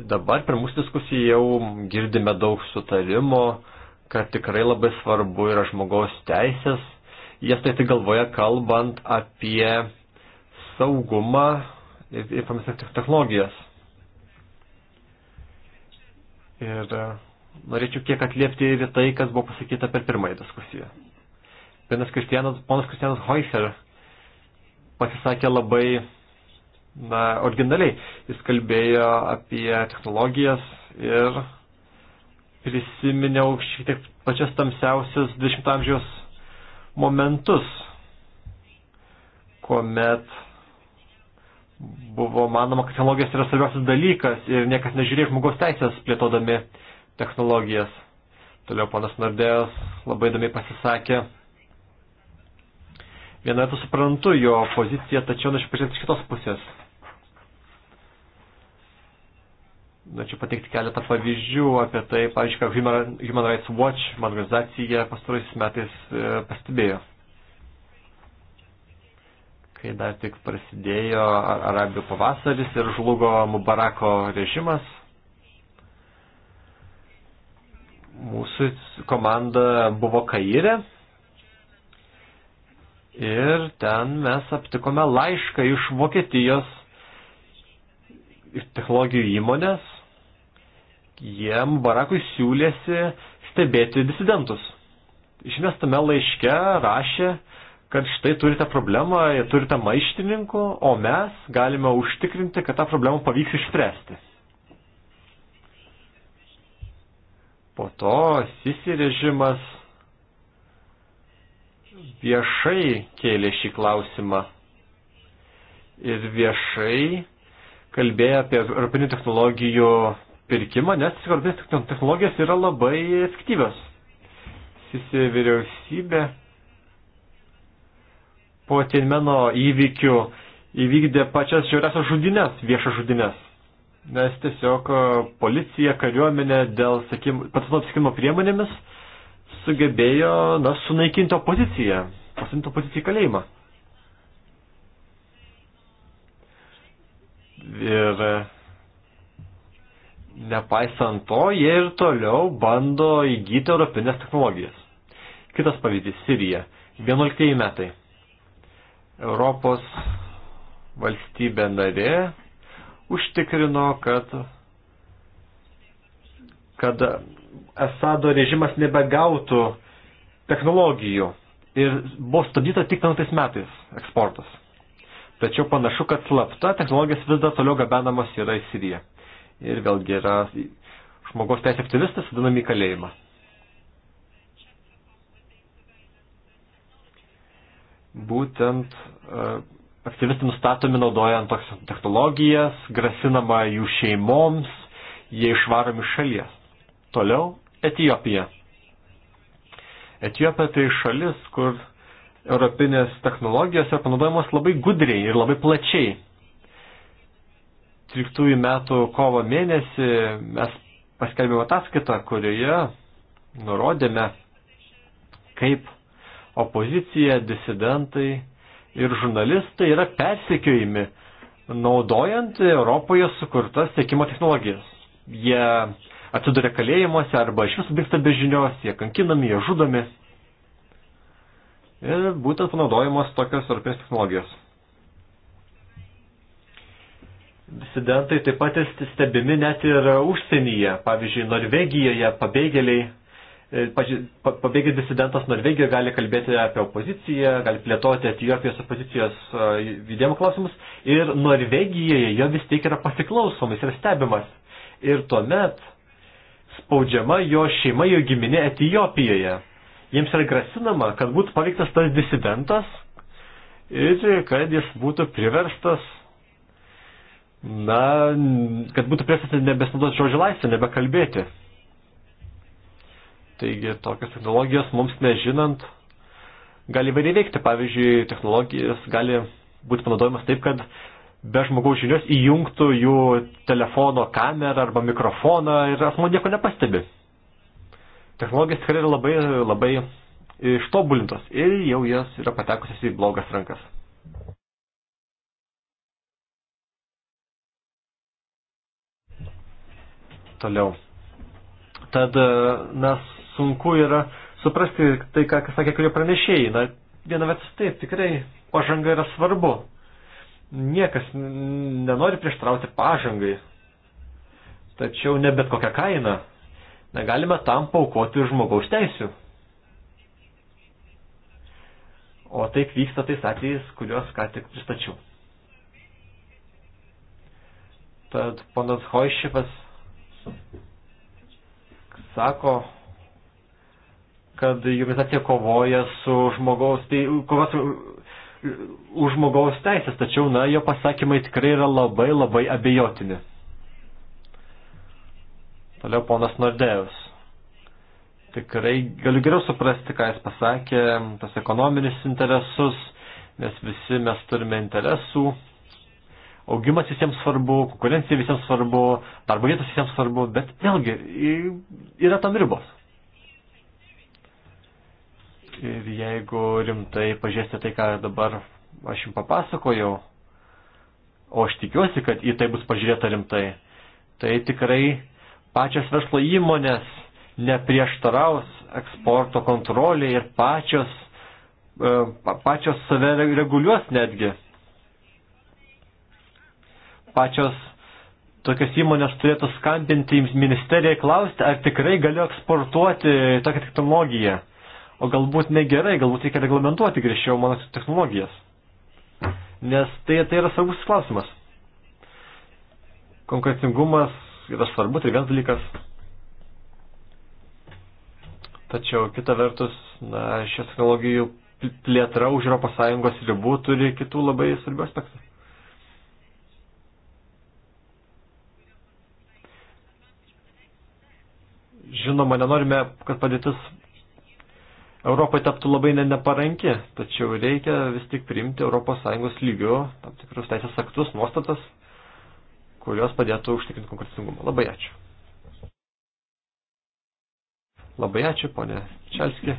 Dabar per mūsų diskusiją jau girdime daug sutarimo, kad tikrai labai svarbu yra žmogaus teisės. Jas tai tai galvoja kalbant apie saugumą ir informacinės technologijas. Ir e, norėčiau kiek atliepti ir tai, kas buvo pasakyta per pirmąją diskusiją. Vienas Kristianas, ponas Kristianas Hoiser pasisakė labai na, originaliai. Jis kalbėjo apie technologijas ir prisiminiau šiek tiek pačias tamsiausias 20 amžiaus momentus, kuomet buvo manoma, kad technologijos yra svarbiausias dalykas ir niekas nežiūrėjo žmogaus teisės plėtodami technologijas. Toliau ponas Nardėjas labai įdomiai pasisakė. Viena tu suprantu jo poziciją, tačiau norėčiau pažiūrėti iš kitos pusės. Norėčiau pateikti keletą pavyzdžių apie tai, pavyzdžiui, ką Human Rights Watch, man organizacija pastaruosius metais e, pastebėjo kai dar tik prasidėjo Arabijų pavasaris ir žlugo Mubarako režimas. Mūsų komanda buvo Kairė ir ten mes aptikome laišką iš Vokietijos technologijų įmonės. Jie Mubarakui siūlėsi stebėti disidentus. Iš mes tame laiške rašė, kad štai turite problemą, turite maištininkų, o mes galime užtikrinti, kad tą problemą pavyks išspręsti. Po to Sisi režimas viešai kėlė šį klausimą ir viešai kalbėjo apie europinių technologijų pirkimą, nes europinės technologijos yra labai efektyvios. Sisi vyriausybė po Tienmeno įvykių įvykdė pačias žiauriasias žudinės, viešas žudinės. Nes tiesiog e, policija, kariuomenė dėl patino apsikimo priemonėmis sugebėjo na, sunaikinti opoziciją, pasimti opoziciją į kalėjimą. Ir e, nepaisant to, jie ir toliau bando įgyti europinės technologijas. Kitas pavyzdys - Sirija. 11 metai. Europos valstybė narė užtikrino, kad, kad Asado režimas nebegautų technologijų ir buvo stabdyta tik 15 metais eksportas. Tačiau panašu, kad slapta technologijas vis dar toliau gabenamos yra į Siriją. Ir vėlgi yra žmogaus teisė aktyvistas, vadinami į kalėjimą. būtent e, aktyvistai nustatomi naudojant toks technologijas, grasinama jų šeimoms, jie išvaromi šalies. Toliau Etijopija. Etijopija tai šalis, kur europinės technologijos yra panaudojamos labai gudriai ir labai plačiai. 13 metų kovo mėnesį mes paskelbėme ataskaitą, kurioje nurodėme, kaip opozicija, disidentai ir žurnalistai yra persekiojami naudojant Europoje sukurtas tiekimo technologijas. Jie atsiduria kalėjimuose arba iš viso dingsta be žinios, jie kankinami, jie žudomi. Ir būtent panaudojamos tokios europinės technologijos. Disidentai taip pat stebimi net ir užsienyje, pavyzdžiui, Norvegijoje pabėgėliai E, Pabėgęs disidentas Norvegijoje gali kalbėti apie opoziciją, gali plėtoti Etijopijos opozicijos e, judėjimo klausimus ir Norvegijoje jo vis tiek yra pasiklausomas ir stebimas. Ir tuomet spaudžiama jo šeima, jo giminė Etijopijoje. Jiems yra grasinama, kad būtų paveiktas tas disidentas ir kad jis būtų priverstas, na, kad būtų priverstas nebesnaudoti žodžio laisvę, nebekalbėti. Taigi tokios technologijos mums nežinant gali įvairiai veikti. Pavyzdžiui, technologijos gali būti panaudojamas taip, kad be žmogaus žinios įjungtų jų telefono kamerą arba mikrofoną ir asmo nieko nepastebi. Technologijos tikrai yra labai, labai ištobulintos ir jau jas yra patekusios į blogas rankas. Toliau. Tad e, mes sunku yra suprasti tai, ką sakė kurie pranešėjai. Na, viena vertus taip, tikrai pažanga yra svarbu. Niekas nenori prieštrauti pažangai. Tačiau ne bet kokią kainą. Negalime tam paukoti žmogaus teisių. O taip vyksta tais atvejais, kuriuos ką tik pristačiau. Tad ponas Hoišyvas sako, kad jubilizacija kovoja su žmogaus, tai kova su už žmogaus teisės, tačiau, na, jo pasakymai tikrai yra labai labai abejotini. Toliau ponas Nordėjus. Tikrai galiu geriau suprasti, ką jis pasakė, tas ekonominis interesus, nes visi mes turime interesų. Augimas visiems svarbu, konkurencija visiems svarbu, darbo vietos visiems svarbu, bet vėlgi yra tam ribos. Ir jeigu rimtai pažiūrėsite tai, ką dabar aš jums papasakojau, o aš tikiuosi, kad į tai bus pažiūrėta rimtai, tai tikrai pačios verslo įmonės neprieštaraus eksporto kontrolė ir pačios, e, pačios save reguliuos netgi. Pačios tokios įmonės turėtų skambinti ministerijai klausti, ar tikrai galiu eksportuoti tokią technologiją o galbūt negerai, galbūt reikia reglamentuoti griežčiau mano technologijas. Nes tai, tai yra svarbus klausimas. Konkurencingumas yra svarbu, tai vienas dalykas. Tačiau kita vertus, na, šios technologijų plėtra už Europos Sąjungos ribų turi kitų labai svarbių aspektų. Žinoma, nenorime, kad padėtis Europai taptų labai neparanki, tačiau reikia vis tik priimti ES lygių tam tikrus teisės aktus, nuostatas, kurios padėtų užtikrinti konkursingumą. Labai ačiū. Labai ačiū, ponė Čelski.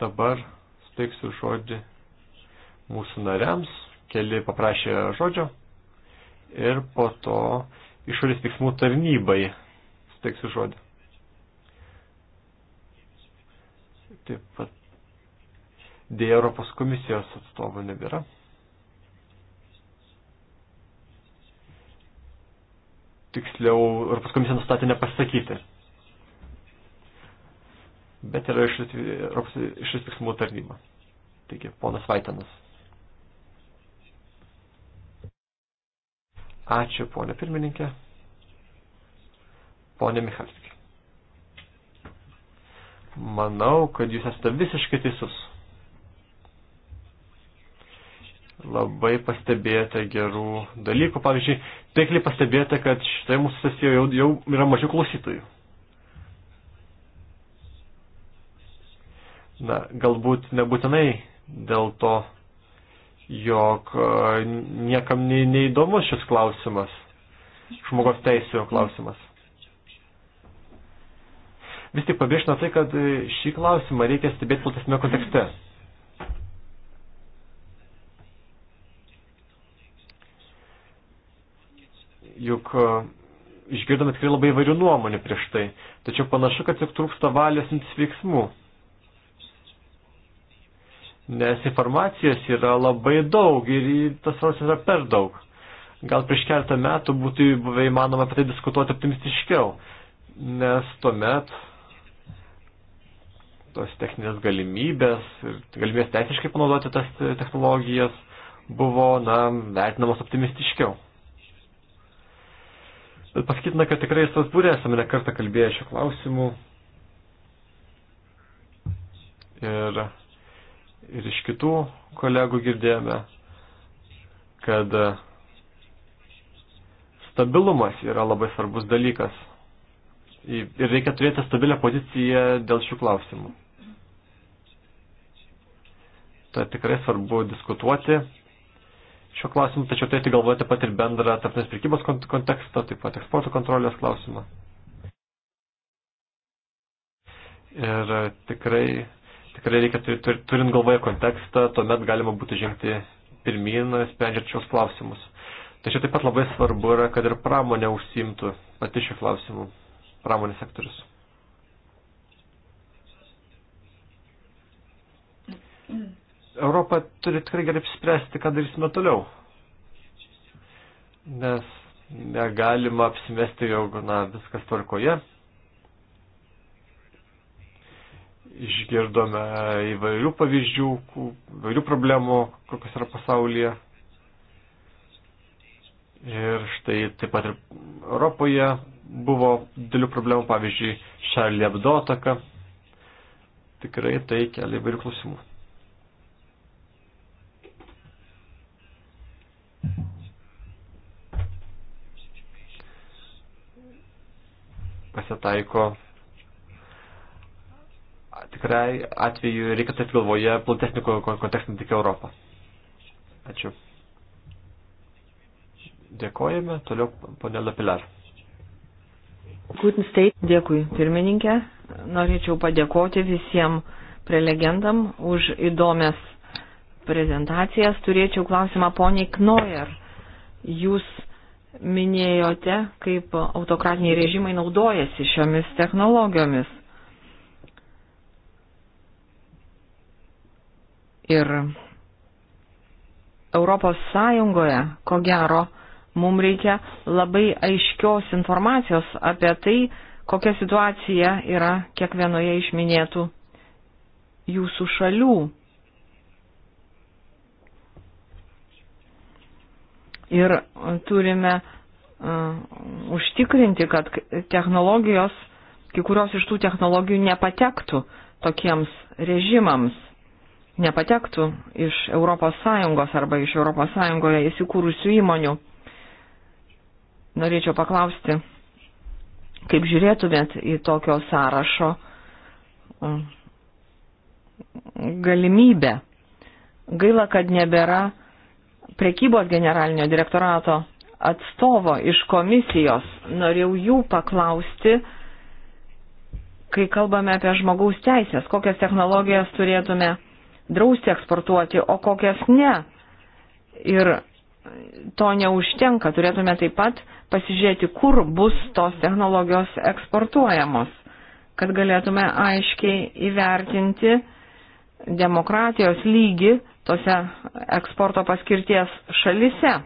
Dabar steiksiu žodį mūsų nariams. Keli paprašė žodžio. Ir po to išorės tiksmų tarnybai steiksiu žodį. Taip pat dėja Europos komisijos atstovo nebėra. Tiksliau, Europos komisija nustatė nepasakyti. Bet yra išlis, Europos išlis tikslumo tarnyba. Taigi, ponas Vaitanas. Ačiū, ponė pirmininkė. Ponė Michalskė. Manau, kad jūs esate visiškai teisus. Labai pastebėjote gerų dalykų. Pavyzdžiui, taikliai pastebėjote, kad štai mūsų sesijoje jau, jau yra mažiau klausytojų. Na, galbūt nebūtinai dėl to, jog e, niekam neįdomus šis klausimas, žmogaus teisėjo klausimas vis tik pabrėžtina tai, kad e, šį klausimą reikia stebėti platesnėme kontekste. Juk e, išgirdome tikrai labai įvairių nuomonių prieš tai, tačiau panašu, kad tik trūksta valios imtis veiksmų. Nes informacijos yra labai daug ir tas informacijos yra per daug. Gal prieš keletą metų būtų buvę įmanoma apie tai diskutuoti optimistiškiau, nes tuomet tos techninės galimybės ir galimybės teisiškai panaudoti tas technologijas buvo, na, vertinamos optimistiškiau. Bet pasakytina, kad tikrai Strasbūrė esame nekartą kalbėję šio klausimu. Ir, ir iš kitų kolegų girdėjome, kad stabilumas yra labai svarbus dalykas. Ir reikia turėti stabilę poziciją dėl šių klausimų. Tai tikrai svarbu diskutuoti šio klausimu, tačiau turėti galvoje taip pat ir bendrą tarptautinės prekybos kontekstą, taip pat eksporto kontrolės klausimą. Ir tikrai, tikrai reikia turint galvoje kontekstą, tuomet galima būtų žengti pirmin, sprendžiant šios klausimus. Tačiau taip pat labai svarbu yra, kad ir pramonė užsimtų pati šių klausimų pramonės sektorius. Europa turi tikrai gerai apspręsti, ką darysime toliau. Nes negalima apsimesti, jog na, viskas tvarkoje. Išgirdome įvairių pavyzdžių, įvairių problemų, kokios yra pasaulyje. Ir štai taip pat ir Europoje buvo didelių problemų, pavyzdžiui, Šarlį Abdo ataka. Tikrai tai kelia įvairių klausimų. Pasitaiko tikrai atveju reikia taip galvoje platesnį kontekstą tik Europą. Ačiū. Dėkojame. Toliau ponė Lapilar. Dėkui, pirmininkė. Norėčiau padėkoti visiems prelegentam už įdomias prezentacijas. Turėčiau klausimą poniai Knojer. Jūs minėjote, kaip autokratiniai režimai naudojasi šiomis technologijomis. Ir Europos Sąjungoje, ko gero, Mums reikia labai aiškios informacijos apie tai, kokia situacija yra kiekvienoje iš minėtų jūsų šalių. Ir uh, turime uh, užtikrinti, kad technologijos, kai kurios iš tų technologijų nepatektų tokiems režimams, nepatektų iš ES arba iš ES įsikūrusių įmonių norėčiau paklausti, kaip žiūrėtumėt į tokio sąrašo um, galimybę. Gaila, kad nebėra prekybos generalinio direktorato atstovo iš komisijos. Norėjau jų paklausti, kai kalbame apie žmogaus teisės, kokias technologijas turėtume drausti eksportuoti, o kokias ne. Ir to neužtenka. Turėtume taip pat pasižiūrėti, kur bus tos technologijos eksportuojamos, kad galėtume aiškiai įvertinti demokratijos lygį tose eksporto paskirties šalise.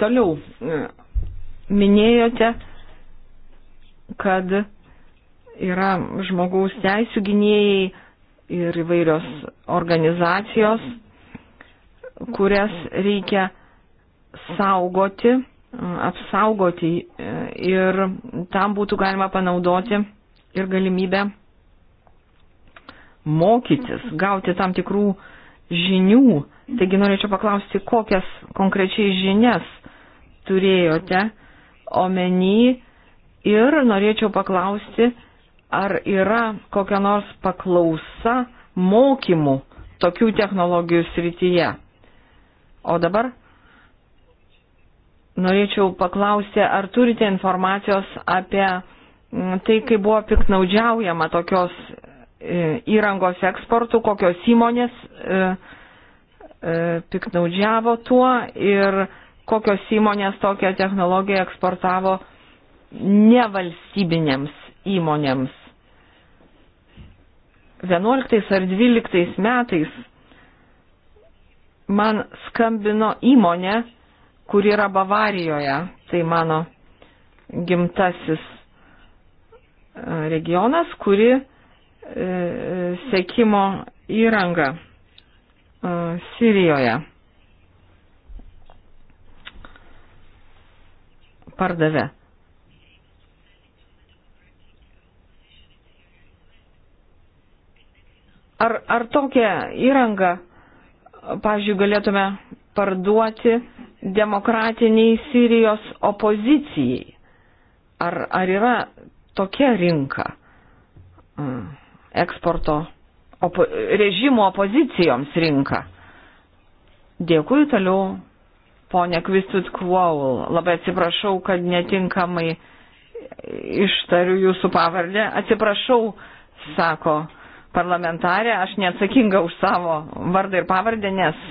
Toliau e, minėjote kad yra žmogaus teisų gynėjai ir įvairios organizacijos, kurias reikia saugoti, apsaugoti ir tam būtų galima panaudoti ir galimybę mokytis, gauti tam tikrų žinių. Taigi norėčiau paklausti, kokias konkrečiai žinias turėjote omeny Ir norėčiau paklausti, ar yra kokia nors paklausa mokymų tokių technologijų srityje. O dabar norėčiau paklausti, ar turite informacijos apie mm, tai, kaip buvo piknaudžiaujama tokios e, įrangos eksportų, kokios įmonės e, e, piknaudžiavo tuo ir kokios įmonės tokią technologiją eksportavo nevalstybinėms įmonėms. 11 ar 12 metais man skambino įmonė, kur yra Bavarijoje, tai mano gimtasis e, regionas, kuri e, sekimo įranga e, Sirijoje pardavė. Ar, ar tokią įrangą, pažiūrėjau, galėtume parduoti demokratiniai Sirijos opozicijai? Ar, ar yra tokia rinka mm, eksporto opo, režimo opozicijoms rinka? Dėkui toliau, ponė Kvistut Kvaul. Labai atsiprašau, kad netinkamai ištariu jūsų pavardę. Atsiprašau, sako parlamentarė, aš neatsakinga už savo vardą ir pavardę, nes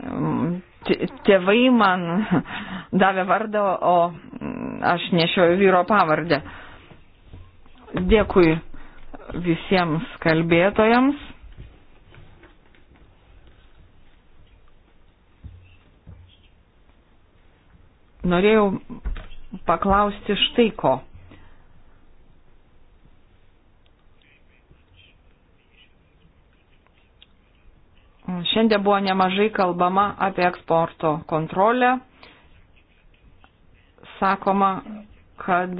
mm, tėvai man davė vardą, o mm, aš nešioju vyro pavardę. Dėkui visiems kalbėtojams. Norėjau paklausti štai ko. Šiandien buvo nemažai kalbama apie eksporto kontrolę. Sakoma, kad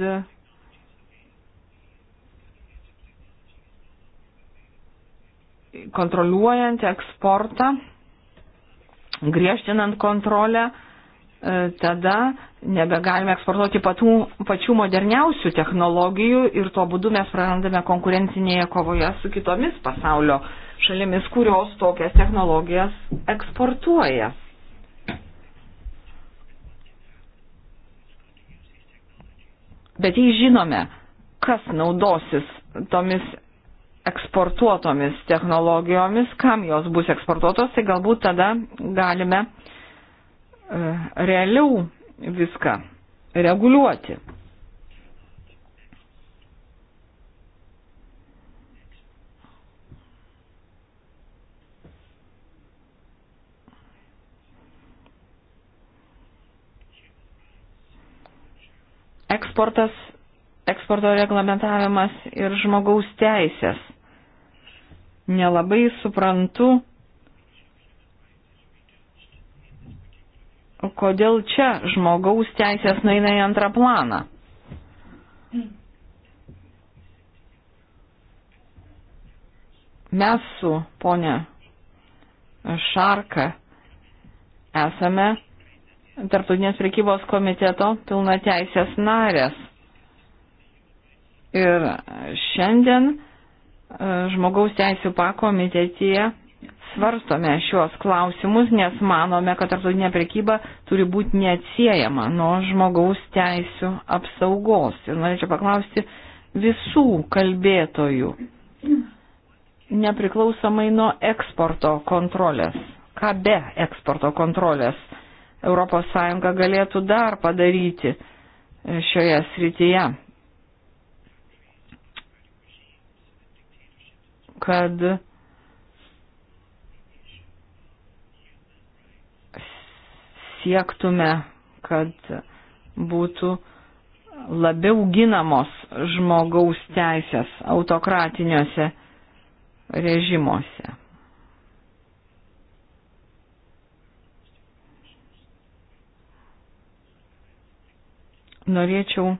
kontroliuojant eksportą, griežtinant kontrolę, e, tada nebegalime eksportuoti patų, pačių moderniausių technologijų ir tuo būdu mes prarandame konkurencinėje kovoje su kitomis pasaulio šalimis, kurios tokias technologijas eksportuoja. Bet jei žinome, kas naudosis tomis eksportuotomis technologijomis, kam jos bus eksportuotos, tai galbūt tada galime e, realiau viską reguliuoti. eksportas, eksporto reglamentavimas ir žmogaus teisės. Nelabai suprantu, kodėl čia žmogaus teisės naina į antrą planą. Mes su ponė Šarka esame Tarptautinės prekybos komiteto pilna teisės narės. Ir šiandien e, žmogaus teisų pakomitetyje svarstome šios klausimus, nes manome, kad tarptautinė prekyba turi būti neatsiejama nuo žmogaus teisų apsaugos. Ir norėčiau paklausti visų kalbėtojų, nepriklausomai nuo eksporto kontrolės, ką be eksporto kontrolės ES galėtų dar padaryti e, šioje srityje. Kad siektume, kad būtų labiau ginamos žmogaus teisės autokratiniuose režimuose. norėčiau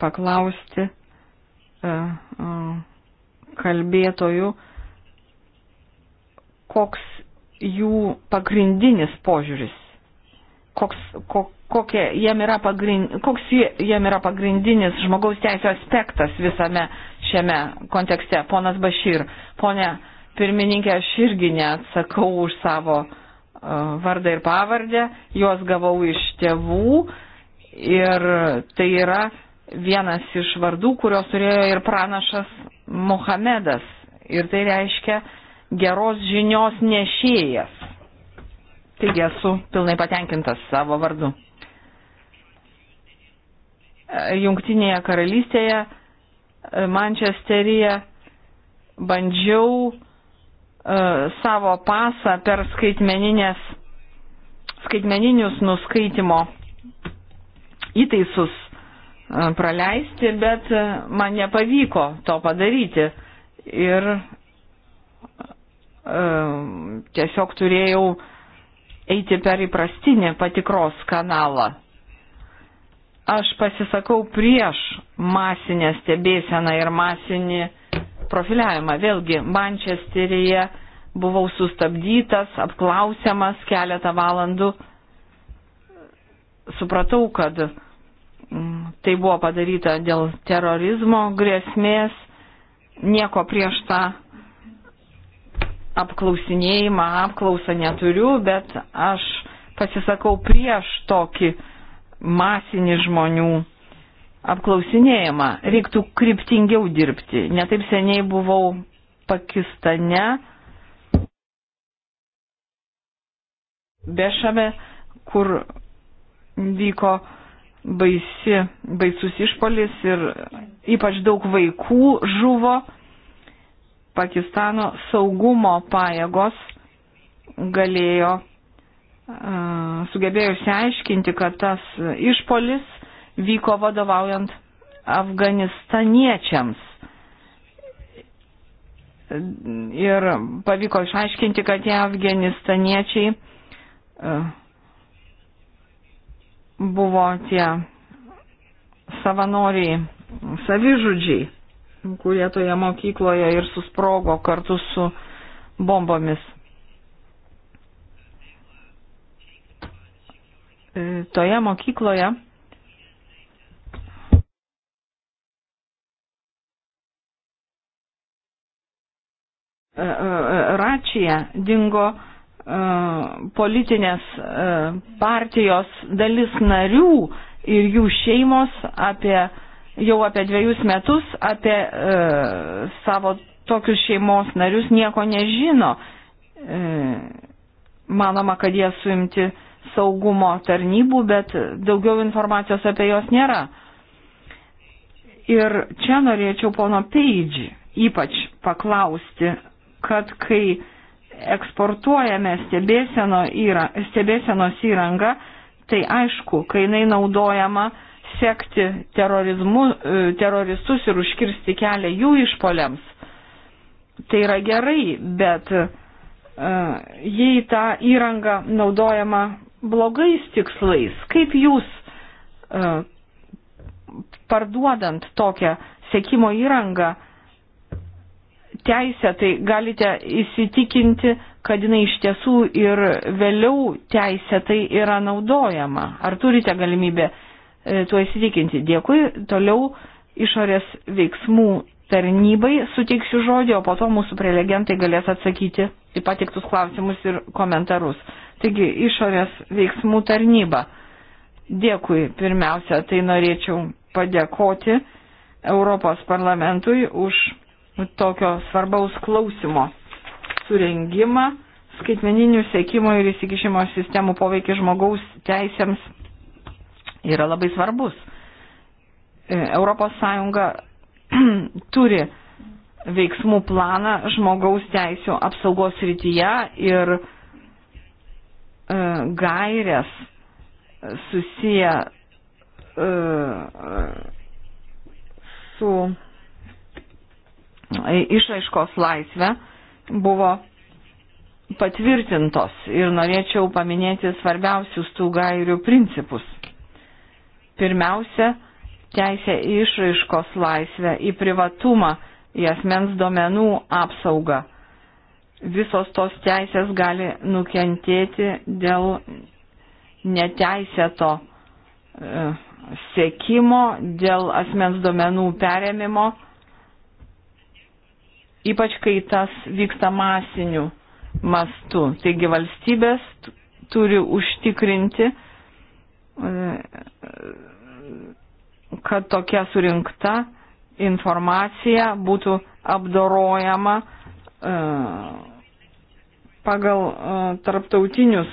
paklausti e, e, kalbėtojų, koks jų pagrindinis požiūris, koks, ko, kokie jiem yra pagrind, koks jiem yra pagrindinis žmogaus teisų aspektas visame šiame kontekste. Ponas Bašyr, ponė pirmininkė, aš irgi neatsakau už savo uh, vardą ir pavardę, juos gavau iš tėvų ir tai yra vienas iš vardų, kurios turėjo ir pranašas Muhamedas. Ir tai reiškia geros žinios nešėjas. Taigi esu pilnai patenkintas savo vardu. Jungtinėje karalystėje, Mančesteryje bandžiau E, savo pasą per skaitmeninės, skaitmeninius nuskaitimo įtaisus e, praleisti, bet e, man nepavyko to padaryti. Ir tiesiog turėjau eiti per įprastinį patikros kanalą. Aš pasisakau prieš masinę stebėseną ir masinį uh, profiliavimą. Vėlgi, Mančesteryje buvau sustabdytas, apklausiamas keletą valandų. Supratau, kad mm, tai buvo padaryta dėl terorizmo grėsmės, nieko prieš tą apklausinėjimą, apklausą neturiu, bet aš pasisakau prieš tokį masinį žmonių apklausinėjama. Reiktų kryptingiau dirbti. Netaip seniai buvau Pakistane, Bešame, kur vyko baisi, baisus išpolis ir ypač daug vaikų žuvo. Pakistano saugumo pajėgos galėjo, sugebėjo išsiaiškinti, kad tas išpolis vyko vadovaujant afganistaniečiams. Ir pavyko išaiškinti, kad tie afganistaniečiai e, buvo tie savanoriai, savižudžiai, kurie toje mokykloje ir susprogo kartu su bombomis. E, toje mokykloje E, e, račija dingo e, politinės partijos dalis narių ir jų šeimos apie jau apie dviejus metus apie e, savo tokius šeimos narius nieko nežino. E, manoma, kad jie suimti saugumo tarnybų, bet daugiau informacijos apie jos nėra. Ir čia norėčiau pono Peidžį ypač paklausti, kad kai eksportuojame stebėseno įra, stebėsenos įrangą, tai aišku, kai jinai naudojama sekti e, teroristus ir užkirsti kelią jų išpoliams, tai yra gerai, bet uh, jei ta įranga naudojama blogais tikslais, kaip jūs uh, parduodant tokią sekimo įrangą, teisę, tai galite įsitikinti, kad jinai iš tiesų ir vėliau teisė tai yra naudojama. Ar turite galimybę e, tuo įsitikinti? Dėkui. Toliau išorės veiksmų tarnybai suteiksiu žodį, o po to mūsų prelegentai galės atsakyti į patiktus klausimus ir komentarus. Taigi, išorės veiksmų tarnyba. Dėkui. Pirmiausia, tai norėčiau padėkoti Europos parlamentui už tokio svarbaus klausimo surengimą skaitmeninių sėkimo ir įsikišimo sistemų poveikis žmogaus teisėms yra labai svarbus. E, Europos Sąjunga turi veiksmų planą žmogaus teisų apsaugos rytyje ir e, gairės susiję e, e su išaiškos laisvę buvo patvirtintos ir norėčiau paminėti svarbiausius tų gairių principus. Pirmiausia, teisė į išraiškos laisvę, į privatumą, į asmens duomenų apsaugą. Visos tos teisės gali nukentėti dėl neteisėto e, sėkimo, dėl asmens duomenų perėmimo ypač kai tas vyksta masiniu mastu. Taigi valstybės turi užtikrinti, e, kad tokia surinkta informacija būtų apdorojama e, pagal e, tarptautinius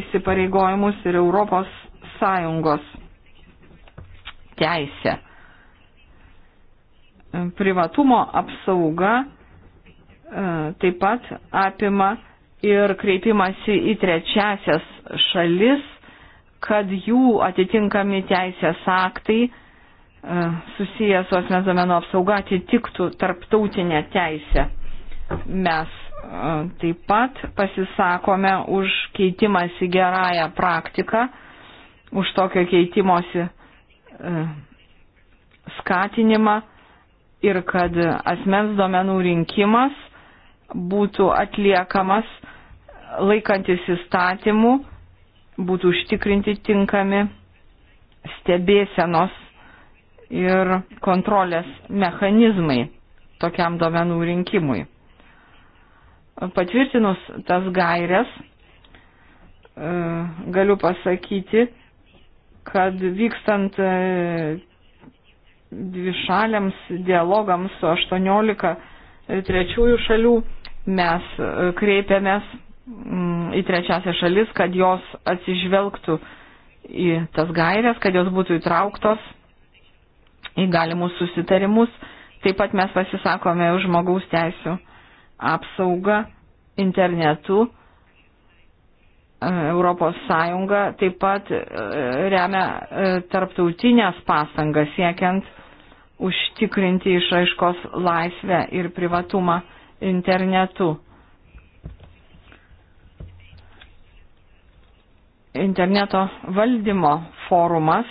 įsipareigojimus ir Europos Sąjungos teisę. Privatumo apsauga taip pat apima ir kreipimasi į trečiasias šalis, kad jų atitinkami teisės aktai e, susijęs su asmens domenų apsauga atitiktų tarptautinę teisę. Mes e, taip pat pasisakome už keitimąsi gerąją praktiką, už tokio keitimosi e, skatinimą ir kad asmens domenų rinkimas būtų atliekamas laikantis įstatymų, būtų užtikrinti tinkami stebėsenos ir kontrolės mechanizmai tokiam duomenų rinkimui. Patvirtinus tas gairias, e, galiu pasakyti, kad vykstant e, dvišaliams dialogams su 18 e, trečiųjų šalių mes e, kreipiamės mm, į trečiasią šalis, kad jos atsižvelgtų į tas gairias, kad jos būtų įtrauktos į galimus susitarimus. Taip pat mes pasisakome už žmogaus teisų apsaugą internetu. E, Europos Sąjunga taip pat e, remia tarptautinės pastangas siekiant užtikrinti išraiškos laisvę ir privatumą internetu. Interneto valdymo forumas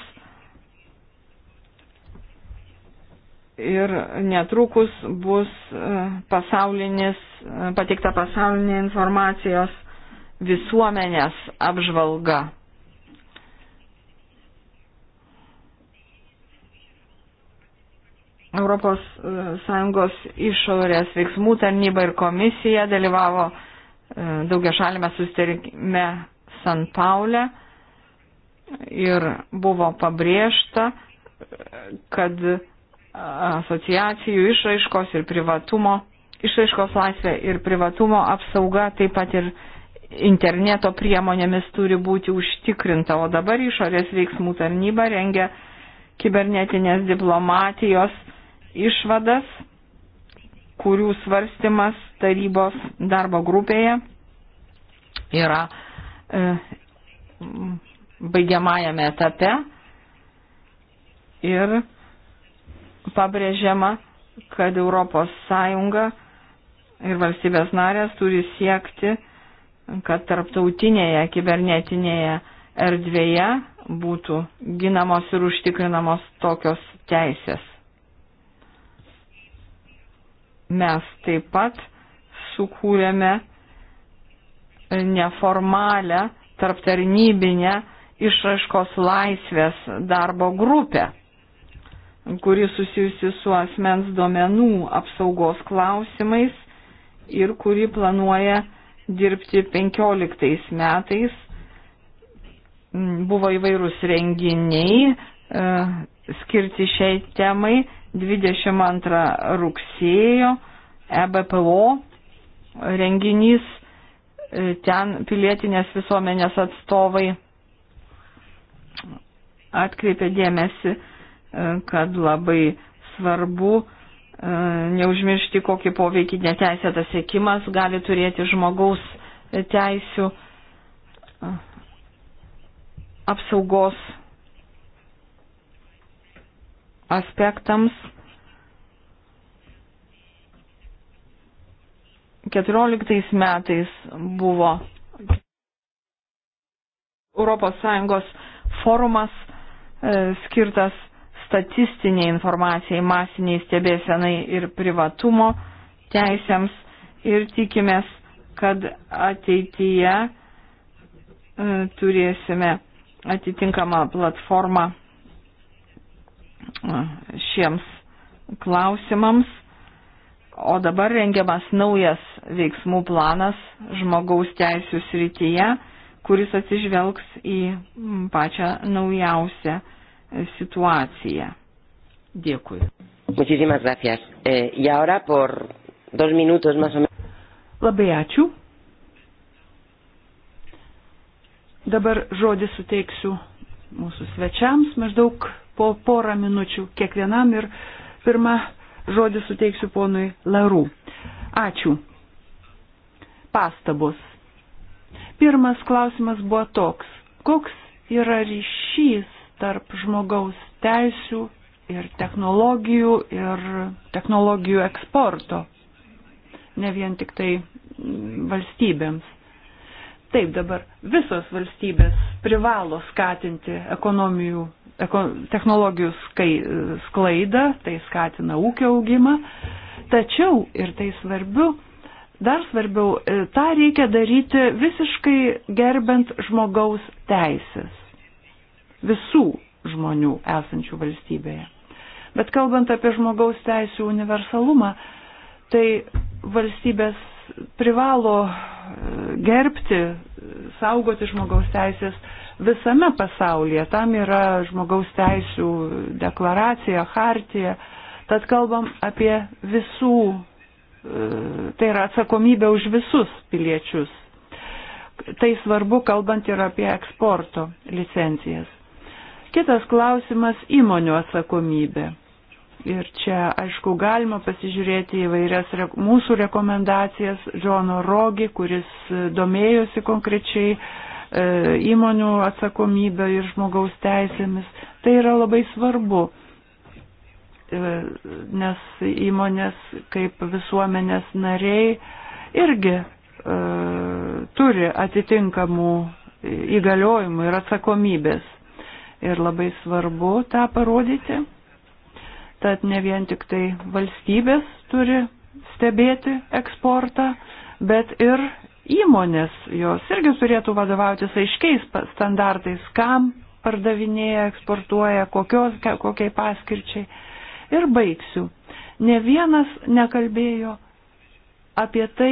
ir netrukus bus e, pasaulinis, e, pateikta pasaulinė informacijos visuomenės apžvalga. ES e, išorės veiksmų tarnyba ir komisija dalyvavo e, daugia šalime susitarime San Paulė ir buvo pabrėžta, kad asociacijų išraiškos ir privatumo, išraiškos laisvė ir privatumo apsauga taip pat ir interneto priemonėmis turi būti užtikrinta, o dabar išorės veiksmų tarnyba rengia kibernetinės diplomatijos išvadas, kurių svarstymas tarybos darbo grupėje yra e, baigiamajame etape ir pabrėžiama, kad Europos Sąjunga ir valstybės narės turi siekti, kad tarptautinėje kibernetinėje erdvėje būtų ginamos ir užtikrinamos tokios teisės. Mes taip pat sukūrėme neformalę tarptarnybinę išraškos laisvės darbo grupę, kuri susijusi su asmens duomenų apsaugos klausimais ir kuri planuoja dirbti 15 metais. Buvo įvairūs renginiai e, skirti šiai temai 22 rugsėjo EBPO renginys, e, ten pilietinės visuomenės atstovai atkreipė dėmesį, e, kad labai svarbu e, neužmiršti, kokį poveikį neteisėtas sėkimas gali turėti žmogaus teisių apsaugos aspektams. 14 metais buvo ES forumas e, skirtas statistiniai informacijai, masiniai stebėsenai ir privatumo teisėms ir tikimės, kad ateityje e, turėsime atitinkamą platformą šiems klausimams. O dabar rengiamas naujas veiksmų planas žmogaus teisų srityje, kuris atsižvelgs į pačią naujausią situaciją. Dėkui. Muchísimas gracias. Eh, y ahora por dos minutos más o menos. Labai ačiū. Dabar žodį suteiksiu mūsų svečiams maždaug po porą minučių kiekvienam ir pirmą žodį suteiksiu ponui Larų. Ačiū. Pastabos. Pirmas klausimas buvo toks. Koks yra ryšys tarp žmogaus teisių ir technologijų ir technologijų eksporto? Ne vien tik tai valstybėms. Taip dabar visos valstybės privalo skatinti ekonomijų technologijų sklaidą, tai skatina ūkio augimą. Tačiau, ir tai svarbiu, dar svarbiau, e, tą reikia daryti visiškai gerbent žmogaus teisės visų žmonių esančių valstybėje. Bet kalbant apie žmogaus teisų universalumą, tai valstybės privalo e, gerbti, saugoti žmogaus teisės visame pasaulyje. Tam yra žmogaus teisų deklaracija, hartija. Tad kalbam apie visų, e, tai yra atsakomybė už visus piliečius. Tai svarbu, kalbant ir apie eksporto licencijas. Kitas klausimas - įmonių atsakomybė. Ir čia, aišku, galima pasižiūrėti įvairias mūsų rekomendacijas, Džono Rogi, kuris domėjosi konkrečiai E, įmonių atsakomybę ir žmogaus teisėmis. Tai yra labai svarbu, e, nes įmonės kaip visuomenės nariai irgi e, turi atitinkamų įgaliojimų ir atsakomybės. Ir labai svarbu tą parodyti. Tad ne vien tik tai valstybės turi stebėti eksportą, bet ir įmonės, jos irgi turėtų vadovautis aiškiais standartais, kam pardavinėja, eksportuoja, kokios, kokiai paskirčiai. Ir baigsiu. Ne vienas nekalbėjo apie tai,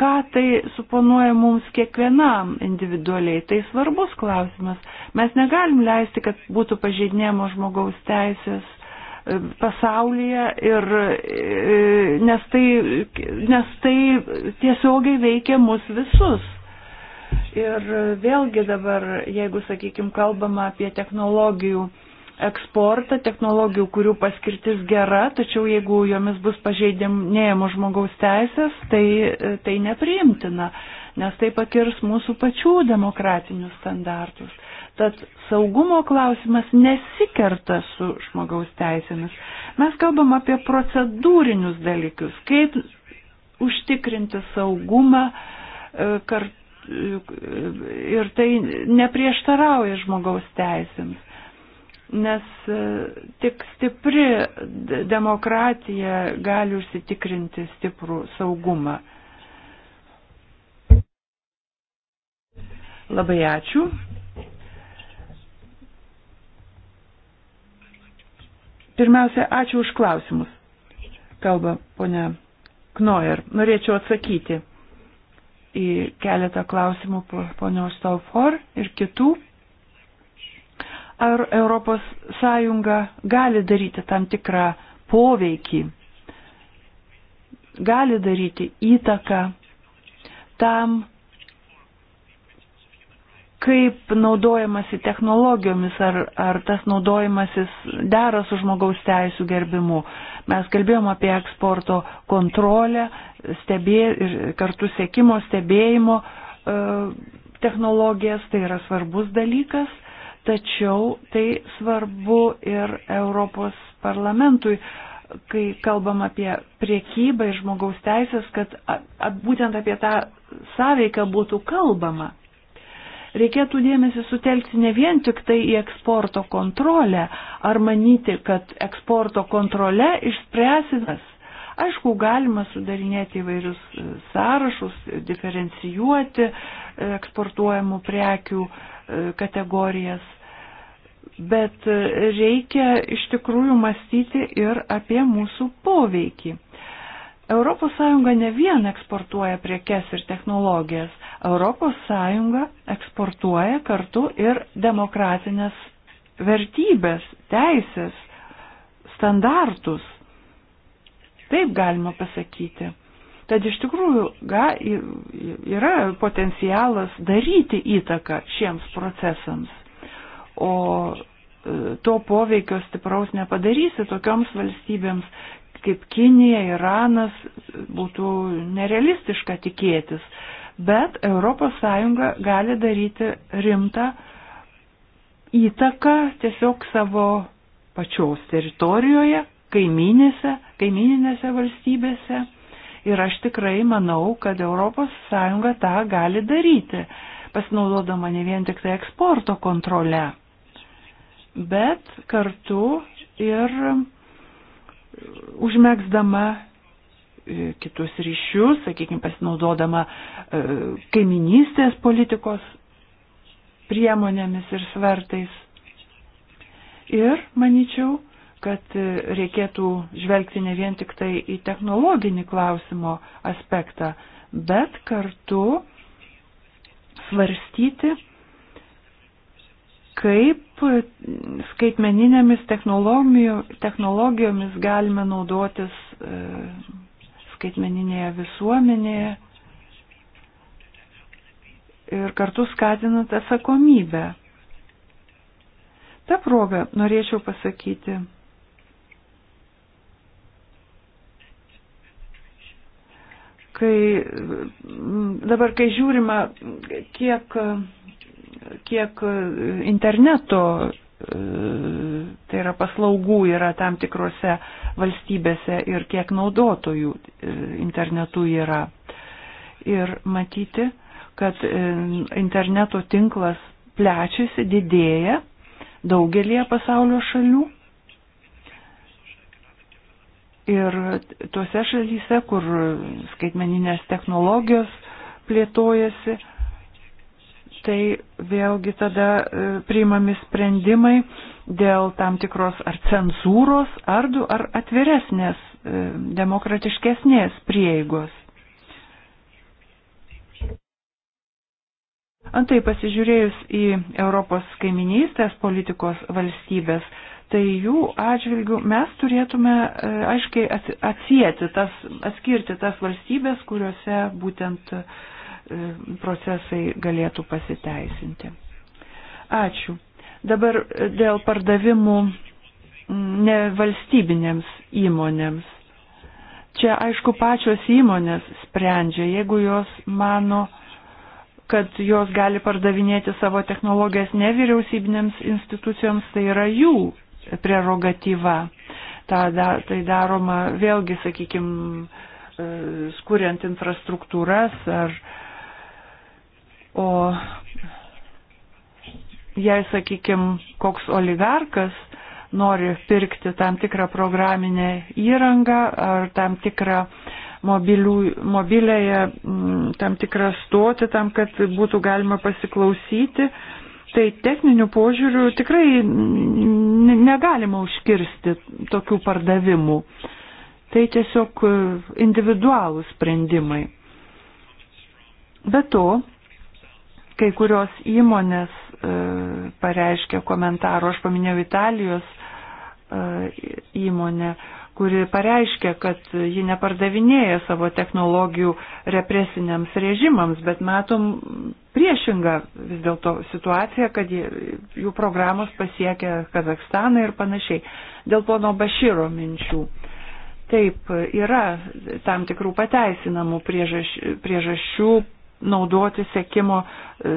ką tai suponuoja mums kiekvienam individualiai. Tai svarbus klausimas. Mes negalim leisti, kad būtų pažeidinėjamos žmogaus teisės pasaulyje ir e, nes tai, nes tai tiesiogiai veikia mus visus. Ir vėlgi dabar, jeigu, sakykime, kalbama apie technologijų eksportą, technologijų, kurių paskirtis gera, tačiau jeigu jomis bus pažeidinėjamos žmogaus teisės, tai, tai nepriimtina, nes tai pakirs mūsų pačių demokratinius standartus. Tad saugumo klausimas nesikerta su žmogaus teisėmis. Mes kalbam apie procedūrinius dalykius, kaip užtikrinti saugumą e, kartu. E, ir tai neprieštarauja žmogaus teisėms, nes e, tik stipri demokratija gali užsitikrinti stiprų saugumą. Labai ačiū. Pirmiausia, ačiū už klausimus. Kalba ponia Knoer. Norėčiau atsakyti į keletą klausimų ponios Stalfor ir kitų. Ar ES gali daryti tam tikrą poveikį, gali daryti įtaką tam, kaip naudojamasi technologijomis, ar, ar tas naudojimasis dera su žmogaus teisų gerbimu. Mes kalbėjom apie eksporto kontrolę, stebė, kartu sėkimo stebėjimo e, technologijas, tai yra svarbus dalykas, tačiau tai svarbu ir Europos parlamentui kai kalbam apie priekybą ir žmogaus teisės, kad a, a, būtent apie tą sąveiką būtų kalbama reikėtų dėmesį sutelkti ne vien tik tai į eksporto kontrolę, ar manyti, kad eksporto kontrole išspręsimas. Aišku, galima sudarinėti įvairius e, sąrašus, diferencijuoti e, eksportuojamų prekių e, kategorijas, bet reikia iš tikrųjų mąstyti ir apie mūsų poveikį. ES ne vien eksportuoja priekes ir technologijas, ES eksportuoja kartu ir demokratinės vertybės, teisės, standartus. Taip galima pasakyti. Tad iš tikrųjų ga, yra potencialas daryti įtaką šiems procesams. O e, to poveikio stipraus nepadarysi tokioms valstybėms kaip Kinija, Iranas, būtų nerealistiška tikėtis. Bet ES gali daryti rimtą įtaką tiesiog savo pačios teritorijoje, kaiminėse, kaimininėse valstybėse. Ir aš tikrai manau, kad ES tą gali daryti, pasinaudodama ne vien tik tai eksporto kontrole, bet kartu ir užmėgsdama e, kitus ryšius, sakykime, pasinaudodama e, kaiminystės politikos priemonėmis ir svertais. Ir manyčiau, kad e, reikėtų žvelgti ne vien tik tai į technologinį klausimo aspektą, bet kartu svarstyti, kaip skaitmeninėmis technologijomis galime naudotis e, skaitmeninėje visuomenėje ir kartu skatinant atsakomybę. Ta proga norėčiau pasakyti, kai dabar, kai žiūrima, kiek kiek e, interneto e, tai yra paslaugų yra tam tikrose valstybėse ir kiek naudotojų e, internetu yra. Ir matyti, kad interneto tinklas plečiasi, didėja daugelie pasaulio šalių. Ir tuose šalyse, kur skaitmeninės technologijos plėtojasi, tai vėlgi tada e, priimami sprendimai dėl tam tikros ar cenzūros, ar, ar atviresnės, e, demokratiškesnės prieigos. Antai pasižiūrėjus į Europos kaiminystės politikos valstybės, tai jų atžvilgių mes turėtume e, aiškiai atsijėti, tas, atskirti tas valstybės, kuriuose būtent uh, E, procesai galėtų pasiteisinti. Ačiū. Dabar e, dėl pardavimų nevalstybinėms įmonėms. Čia aišku pačios įmonės sprendžia, jeigu jos mano, kad jos gali pardavinėti savo technologijas nevyriausybinėms institucijoms, tai yra jų prerogatyva. Ta, da, tai daroma vėlgi, sakykime, skuriant infrastruktūras ar, O jei, sakykime, koks oligarkas nori pirkti tam tikrą programinę įrangą ar tam tikrą mobilių, mobilėje, mm, tam tikrą stotį, tam, kad būtų galima pasiklausyti, tai techninių požiūrių tikrai negalima užkirsti tokių pardavimų. Tai tiesiog individualūs sprendimai. Be to, kai kurios įmonės e, pareiškė komentarų, aš paminėjau Italijos e, įmonę, kuri pareiškė, kad ji nepardavinėja savo technologijų represiniams režimams, bet matom priešingą vis dėlto situaciją, kad jų programos pasiekia Kazakstaną ir panašiai. Dėl pono Bašyro minčių. Taip, yra tam tikrų pateisinamų priežasčių naudoti sekimo e,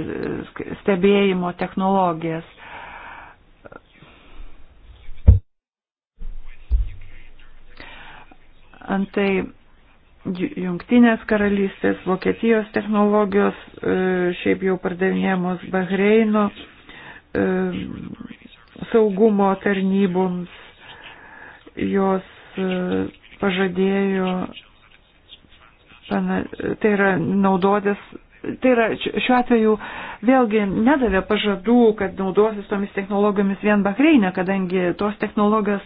stebėjimo technologijas. Antai Jungtinės karalystės, Vokietijos technologijos e, šiaip jau pardavinėjamos Bahreino e, saugumo tarnyboms. Jos pažadėjo tai yra naudotis, tai yra šiuo atveju vėlgi nedavė pažadų, kad naudosis tomis technologijomis vien Bahreinė, kadangi tos technologijos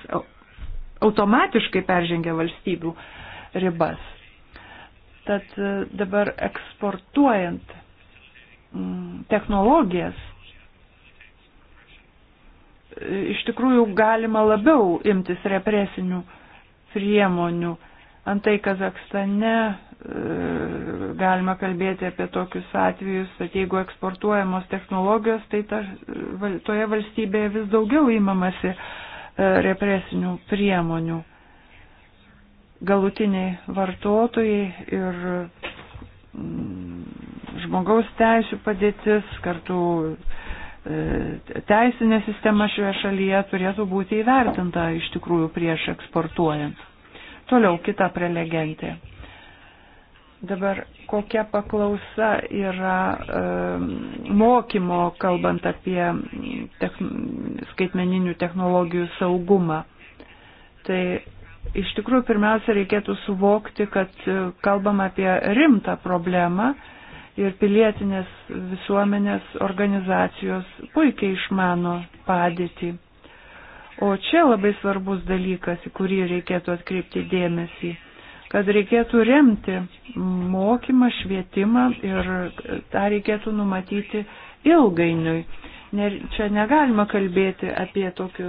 automatiškai peržengia valstybių ribas. Tad e, dabar eksportuojant mm, technologijas, e, iš tikrųjų galima labiau imtis represinių priemonių. Antai Kazakstane E, galima kalbėti apie tokius atvejus, kad jeigu eksportuojamos technologijos, tai ta, toje valstybėje vis daugiau įmamasi e, represinių priemonių. Galutiniai vartotojai ir mm, žmogaus teisų padėtis, kartu e, teisinė sistema šioje šalyje turėtų būti įvertinta iš tikrųjų prieš eksportuojant. Toliau kita prelegentė. Dabar kokia paklausa yra e, mokymo, kalbant apie techn, skaitmeninių technologijų saugumą. Tai iš tikrųjų pirmiausia reikėtų suvokti, kad e, kalbam apie rimtą problemą ir pilietinės visuomenės organizacijos puikiai išmano padėtį. O čia labai svarbus dalykas, į kurį reikėtų atkreipti dėmesį kad reikėtų remti mokymą, švietimą ir tą reikėtų numatyti ilgainiui. Ne, čia negalima kalbėti apie tokių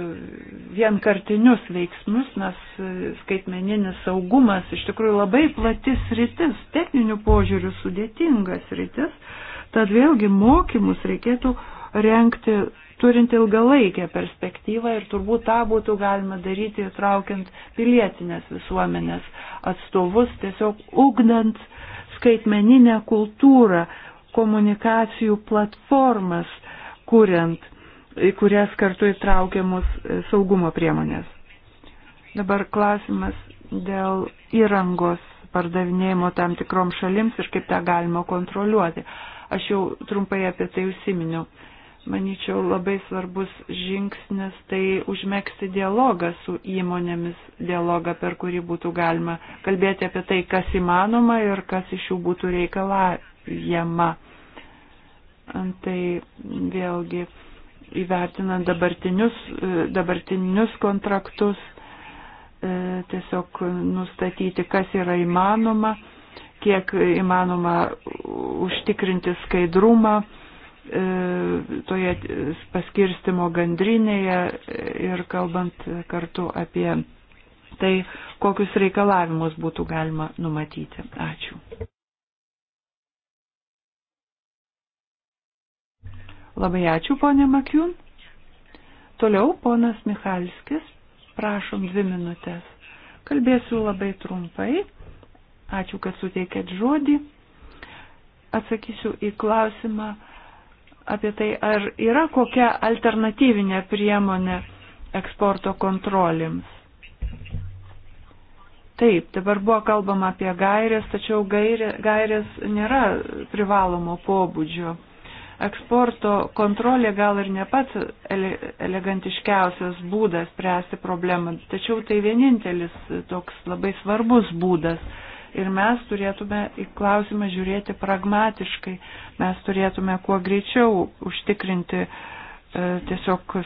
vienkartinius veiksmus, nes skaitmeninis saugumas iš tikrųjų labai platis rytis, techninių požiūrių sudėtingas rytis, tad vėlgi mokymus reikėtų renkti turint ilgalaikę perspektyvą ir turbūt tą būtų galima daryti įtraukiant pilietinės visuomenės atstovus, tiesiog ugdant skaitmeninę kultūrą, komunikacijų platformas, kuriant, kurias kartu įtraukiamus e, saugumo priemonės. Dabar klausimas dėl įrangos pardavinėjimo tam tikrom šalims ir kaip tą galima kontroliuoti. Aš jau trumpai apie tai užsiminiau manyčiau, labai svarbus žingsnis tai užmėgsti dialogą su įmonėmis, dialogą, per kurį būtų galima kalbėti apie tai, kas įmanoma ir kas iš jų būtų reikalaujama. Tai vėlgi įvertinant dabartinius, dabartinius kontraktus, e, tiesiog nustatyti, kas yra įmanoma, kiek įmanoma užtikrinti skaidrumą E, toje paskirstimo gandrinėje ir kalbant kartu apie tai, kokius reikalavimus būtų galima numatyti. Ačiū. Labai ačiū, ponė Makiun. Toliau ponas Michalskis, prašom dvi minutės. Kalbėsiu labai trumpai. Ačiū, kad suteikėt žodį. Atsakysiu į klausimą apie tai, ar yra kokia alternatyvinė priemonė eksporto kontrolėms. Taip, dabar buvo kalbama apie gairės, tačiau gairė, gairės nėra privalomo pobūdžio. Eksporto kontrolė gal ir ne pats ele, elegantiškiausias būdas spręsti problemą, tačiau tai vienintelis toks labai svarbus būdas ir mes turėtume į klausimą žiūrėti pragmatiškai. Mes turėtume kuo greičiau užtikrinti e, tiesiog e,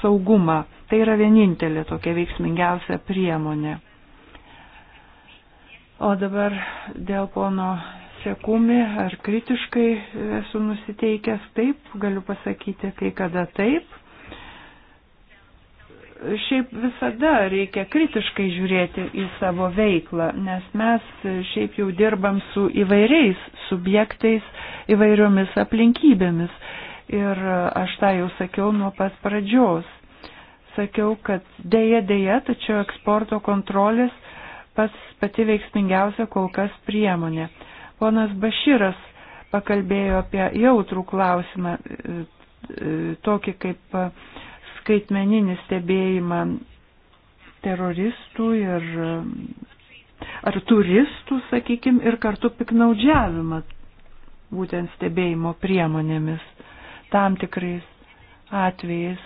saugumą. Tai yra vienintelė tokia veiksmingiausia priemonė. O dabar dėl pono sekumi ar kritiškai esu nusiteikęs taip, galiu pasakyti kai kada taip, šiaip visada reikia kritiškai žiūrėti į savo veiklą, nes mes šiaip jau dirbam su įvairiais subjektais, įvairiomis aplinkybėmis. Ir aš tą jau sakiau nuo pat pradžios. Sakiau, kad dėja, dėja, tačiau eksporto kontrolės pats pati veiksmingiausia kol kas priemonė. Ponas Baširas pakalbėjo apie jautrų klausimą, e, e, tokį kaip skaitmeninį stebėjimą teroristų ir ar turistų, sakykime, ir kartu piknaudžiavimą būtent stebėjimo priemonėmis tam tikrais atvejais.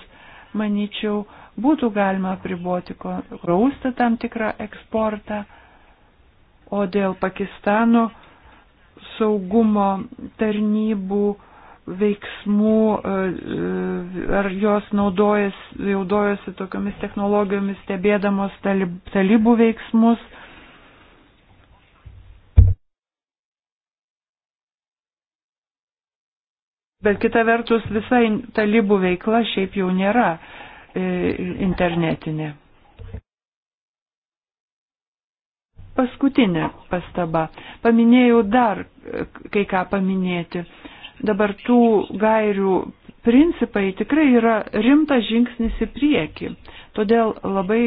Manyčiau, būtų galima priboti rausti tam tikrą eksportą, o dėl Pakistano saugumo tarnybų veiksmų, e, e, ar jos naudojasi, naudojasi tokiamis technologijomis, stebėdamos talib, talibų veiksmus. Bet kita vertus, visai talibų veikla šiaip jau nėra e, internetinė. Paskutinė pastaba. Paminėjau dar kai ką paminėti dabar tų gairių principai tikrai yra rimtas žingsnis į priekį. Todėl labai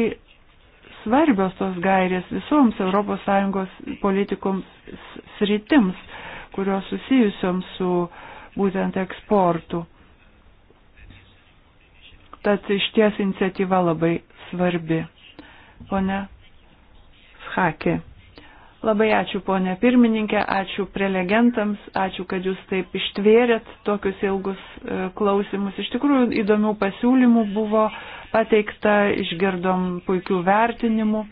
svarbios tos gairės visoms ES politikoms sritims, kurios susijusioms su būtent eksportu. Tad iš ties iniciatyva labai svarbi. Pone Schakė. Labai ačiū ponė pirmininkė, ačiū prelegentams, ačiū, kad jūs taip ištvėrėt tokius ilgus e, klausimus. Iš tikrųjų įdomių pasiūlymų buvo pateikta, išgirdom puikių vertinimų.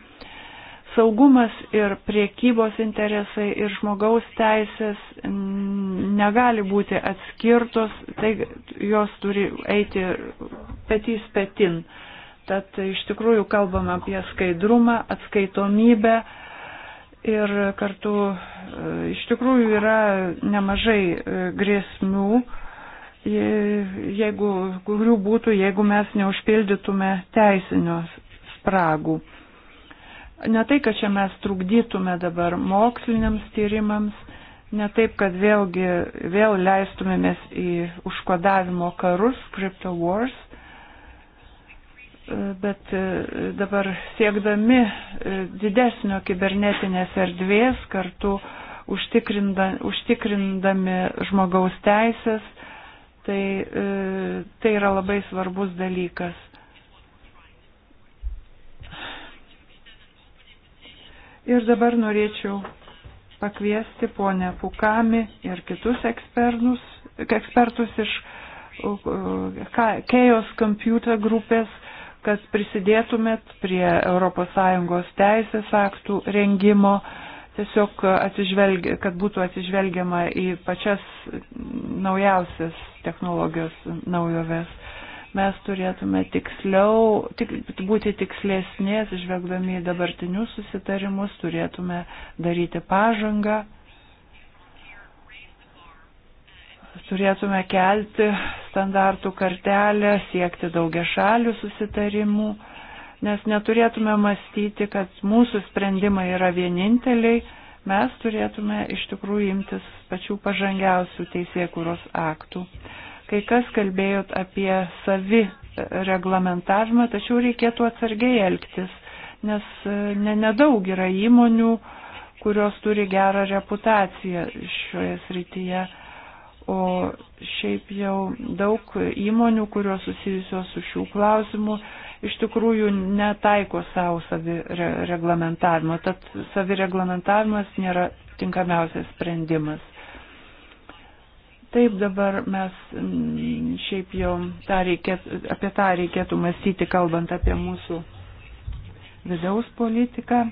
Saugumas ir priekybos interesai ir žmogaus teisės negali būti atskirtos, tai jos turi eiti petys petin. Tad iš tikrųjų kalbam apie skaidrumą, atskaitomybę ir kartu e, iš tikrųjų yra nemažai e, grėsmių, jeigu, kurių būtų, jeigu mes neužpildytume teisinio spragų. Ne tai, kad čia mes trukdytume dabar moksliniams tyrimams, ne taip, kad vėlgi vėl leistumėmės į užkodavimo karus, crypto wars, bet e, dabar siekdami e, didesnio kibernetinės erdvės kartu užtikrindami žmogaus teisės, tai, e, tai yra labai svarbus dalykas. Ir dabar norėčiau pakviesti ponę Pukami ir kitus ekspertus, ekspertus iš Chaos Computer grupės, kad prisidėtumėt prie ES teisės aktų rengimo, tiesiog atsižvelgia, kad būtų atsižvelgiama į pačias naujausias technologijos naujoves. Mes turėtume tiksliau, tik, būti tikslesnės, žvelgdami į dabartinius susitarimus, turėtume daryti pažangą turėtume kelti standartų kartelę, siekti daugia šalių susitarimų, nes neturėtume mąstyti, kad mūsų sprendimai yra vieninteliai, mes turėtume iš tikrųjų imtis pačių pažangiausių teisėkūros aktų. Kai kas kalbėjot apie savi e, reglamentavimą, tačiau reikėtų atsargiai elgtis, nes e, ne, nedaug yra įmonių, kurios turi gerą reputaciją šioje srityje O šiaip jau daug įmonių, kurios susijusios su šių klausimų, iš tikrųjų netaiko savo savireglamentavimo. Tad savireglamentavimas nėra tinkamiausias sprendimas. Taip dabar mes mm, šiaip jau tą reikėt, apie tą reikėtų mąstyti, kalbant apie mūsų vidaus politiką.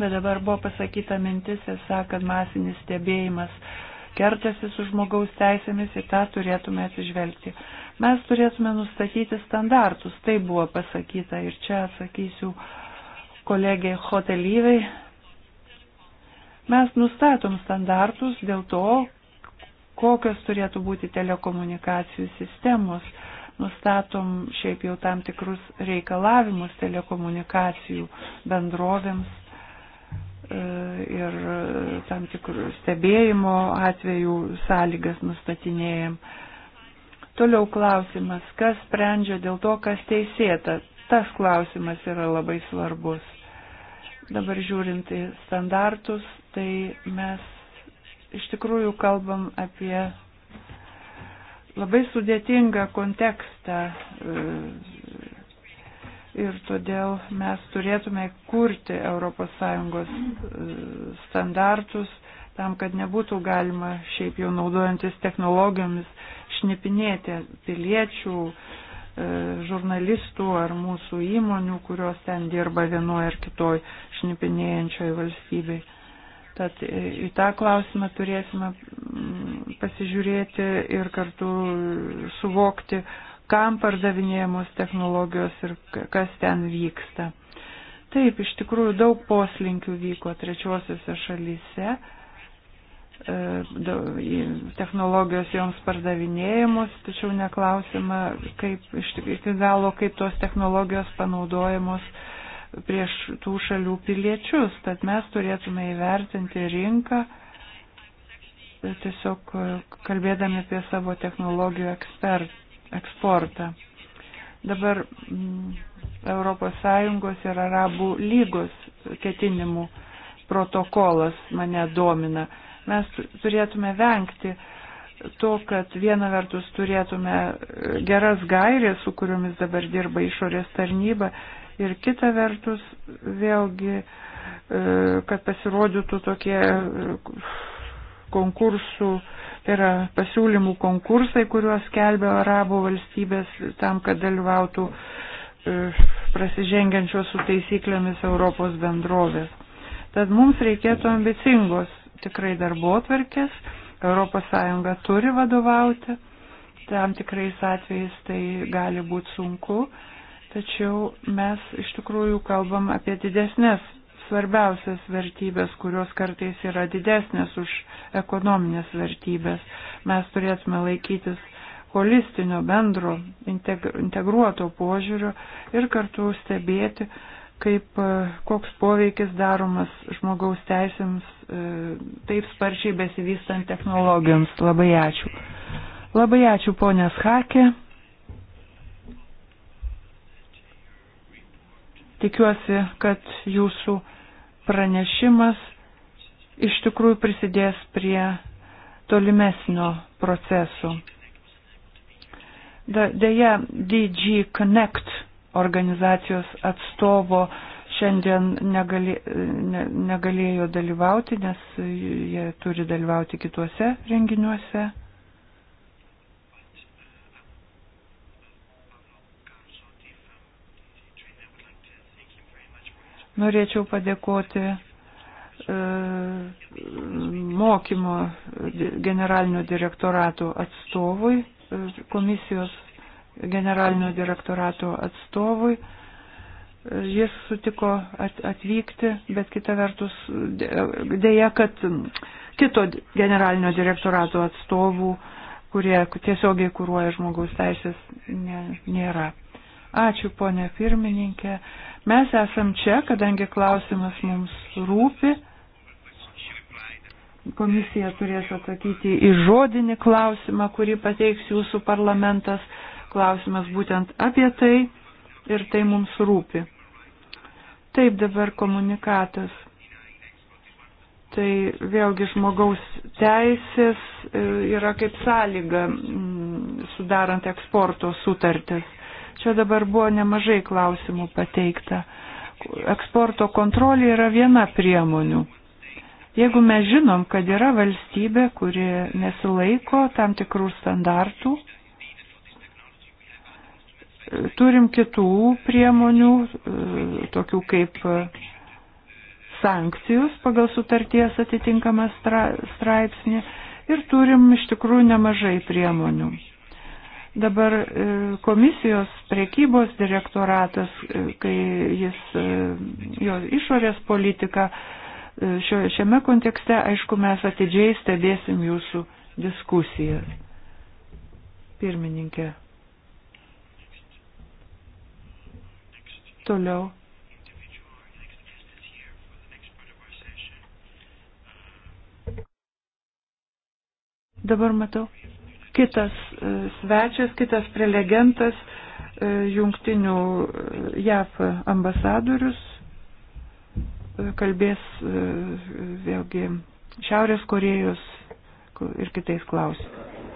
Bet dabar buvo pasakyta mintis, esą, kad masinis stebėjimas kertasi su žmogaus teisėmis, į tą turėtume atsižvelgti. Mes turėtume nustatyti standartus, tai buvo pasakyta ir čia atsakysiu kolegiai hotelyviai. Mes nustatom standartus dėl to, kokios turėtų būti telekomunikacijų sistemos nustatom šiaip jau tam tikrus reikalavimus telekomunikacijų bendrovėms E, ir e, tam tikrų stebėjimo atvejų sąlygas nustatinėjom. Toliau klausimas, kas sprendžia dėl to, kas teisėta. Tas klausimas yra labai svarbus. Dabar žiūrint į standartus, tai mes iš tikrųjų kalbam apie labai sudėtingą kontekstą e, ir todėl mes turėtume kurti ES e, standartus tam, kad nebūtų galima šiaip jau naudojantis technologijomis šnipinėti piliečių, e, žurnalistų ar mūsų įmonių, kurios ten dirba vienoje ar kitoje šnipinėjančioje valstybei. Tad e, į tą klausimą turėsime mm, pasižiūrėti ir kartu suvokti, kam pardavinėjamos technologijos ir kas ten vyksta. Taip, iš tikrųjų daug poslinkių vyko trečiosiuose šalyse, e, technologijos joms pardavinėjamos, tačiau neklausima, kaip iš iki galo, kaip tos technologijos panaudojamos prieš tų šalių piliečius, tad mes turėtume įvertinti rinką, tiesiog kalbėdami apie savo technologijų ekspertus eksportą. Dabar mm, ES ir Arabų lygos ketinimų protokolas mane domina. Mes turėtume vengti to, kad viena vertus turėtume e, geras gairės, su kuriomis dabar dirba išorės tarnyba, ir kita vertus vėlgi, e, kad pasirodytų tokie e, konkursų Tai yra pasiūlymų konkursai, kuriuos skelbia arabų valstybės tam, kad dalyvautų e, prasižengiančios su taisyklėmis Europos bendrovės. Tad mums reikėtų ambicingos tikrai darbo atverkės, ES turi vadovauti, tam tikrais atvejais tai gali būti sunku, tačiau mes iš tikrųjų kalbam apie didesnės svarbiausias vertybės, kurios kartais yra didesnės už ekonominės vertybės. Mes turėtume laikytis holistinio bendro integruoto požiūrio ir kartu stebėti, kaip e, koks poveikis daromas žmogaus teisėms e, taip sparčiai besivystant technologijoms. Labai ačiū. Labai ačiū ponės Hakė. Tikiuosi, kad jūsų pranešimas iš tikrųjų prisidės prie tolimesnio procesų. Deja, DG Connect organizacijos atstovo šiandien negali, ne, negalėjo dalyvauti, nes jie turi dalyvauti kituose renginiuose. norėčiau padėkoti e, mokymo generalinio direktorato atstovui, e, komisijos generalinio direktorato atstovui. E, jis sutiko atvykti, bet kita vertus dėja, kad kito generalinio direktorato atstovų, kurie tiesiogiai kūruoja žmogaus teisės, nėra. Ačiū, ponė pirmininkė. Mes esam čia, kadangi klausimas mums rūpi. Komisija turės atsakyti į žodinį klausimą, kurį pateiks jūsų parlamentas. Klausimas būtent apie tai ir tai mums rūpi. Taip dabar komunikatas. Tai vėlgi žmogaus teisės e, yra kaip sąlyga mm, sudarant eksporto sutartis Čia dabar buvo nemažai klausimų pateikta. Eksporto kontrolė yra viena priemonių. Jeigu mes žinom, kad yra valstybė, kuri nesilaiko tam tikrų standartų, turim kitų priemonių, tokių kaip sankcijus pagal sutarties atitinkamą straipsnį ir turim iš tikrųjų nemažai priemonių. Dabar e, komisijos priekybos direktoratas, e, kai jis, e, jo išorės politika, šio, šiame kontekste, aišku, mes atidžiai stebėsim jūsų diskusijas. Pirmininkė. Toliau. Dabar matau kitas e, svečias, kitas prelegentas, e, jungtinių e, JAV ambasadorius, kalbės vėlgi Šiaurės Korejos ir kitais klausimais.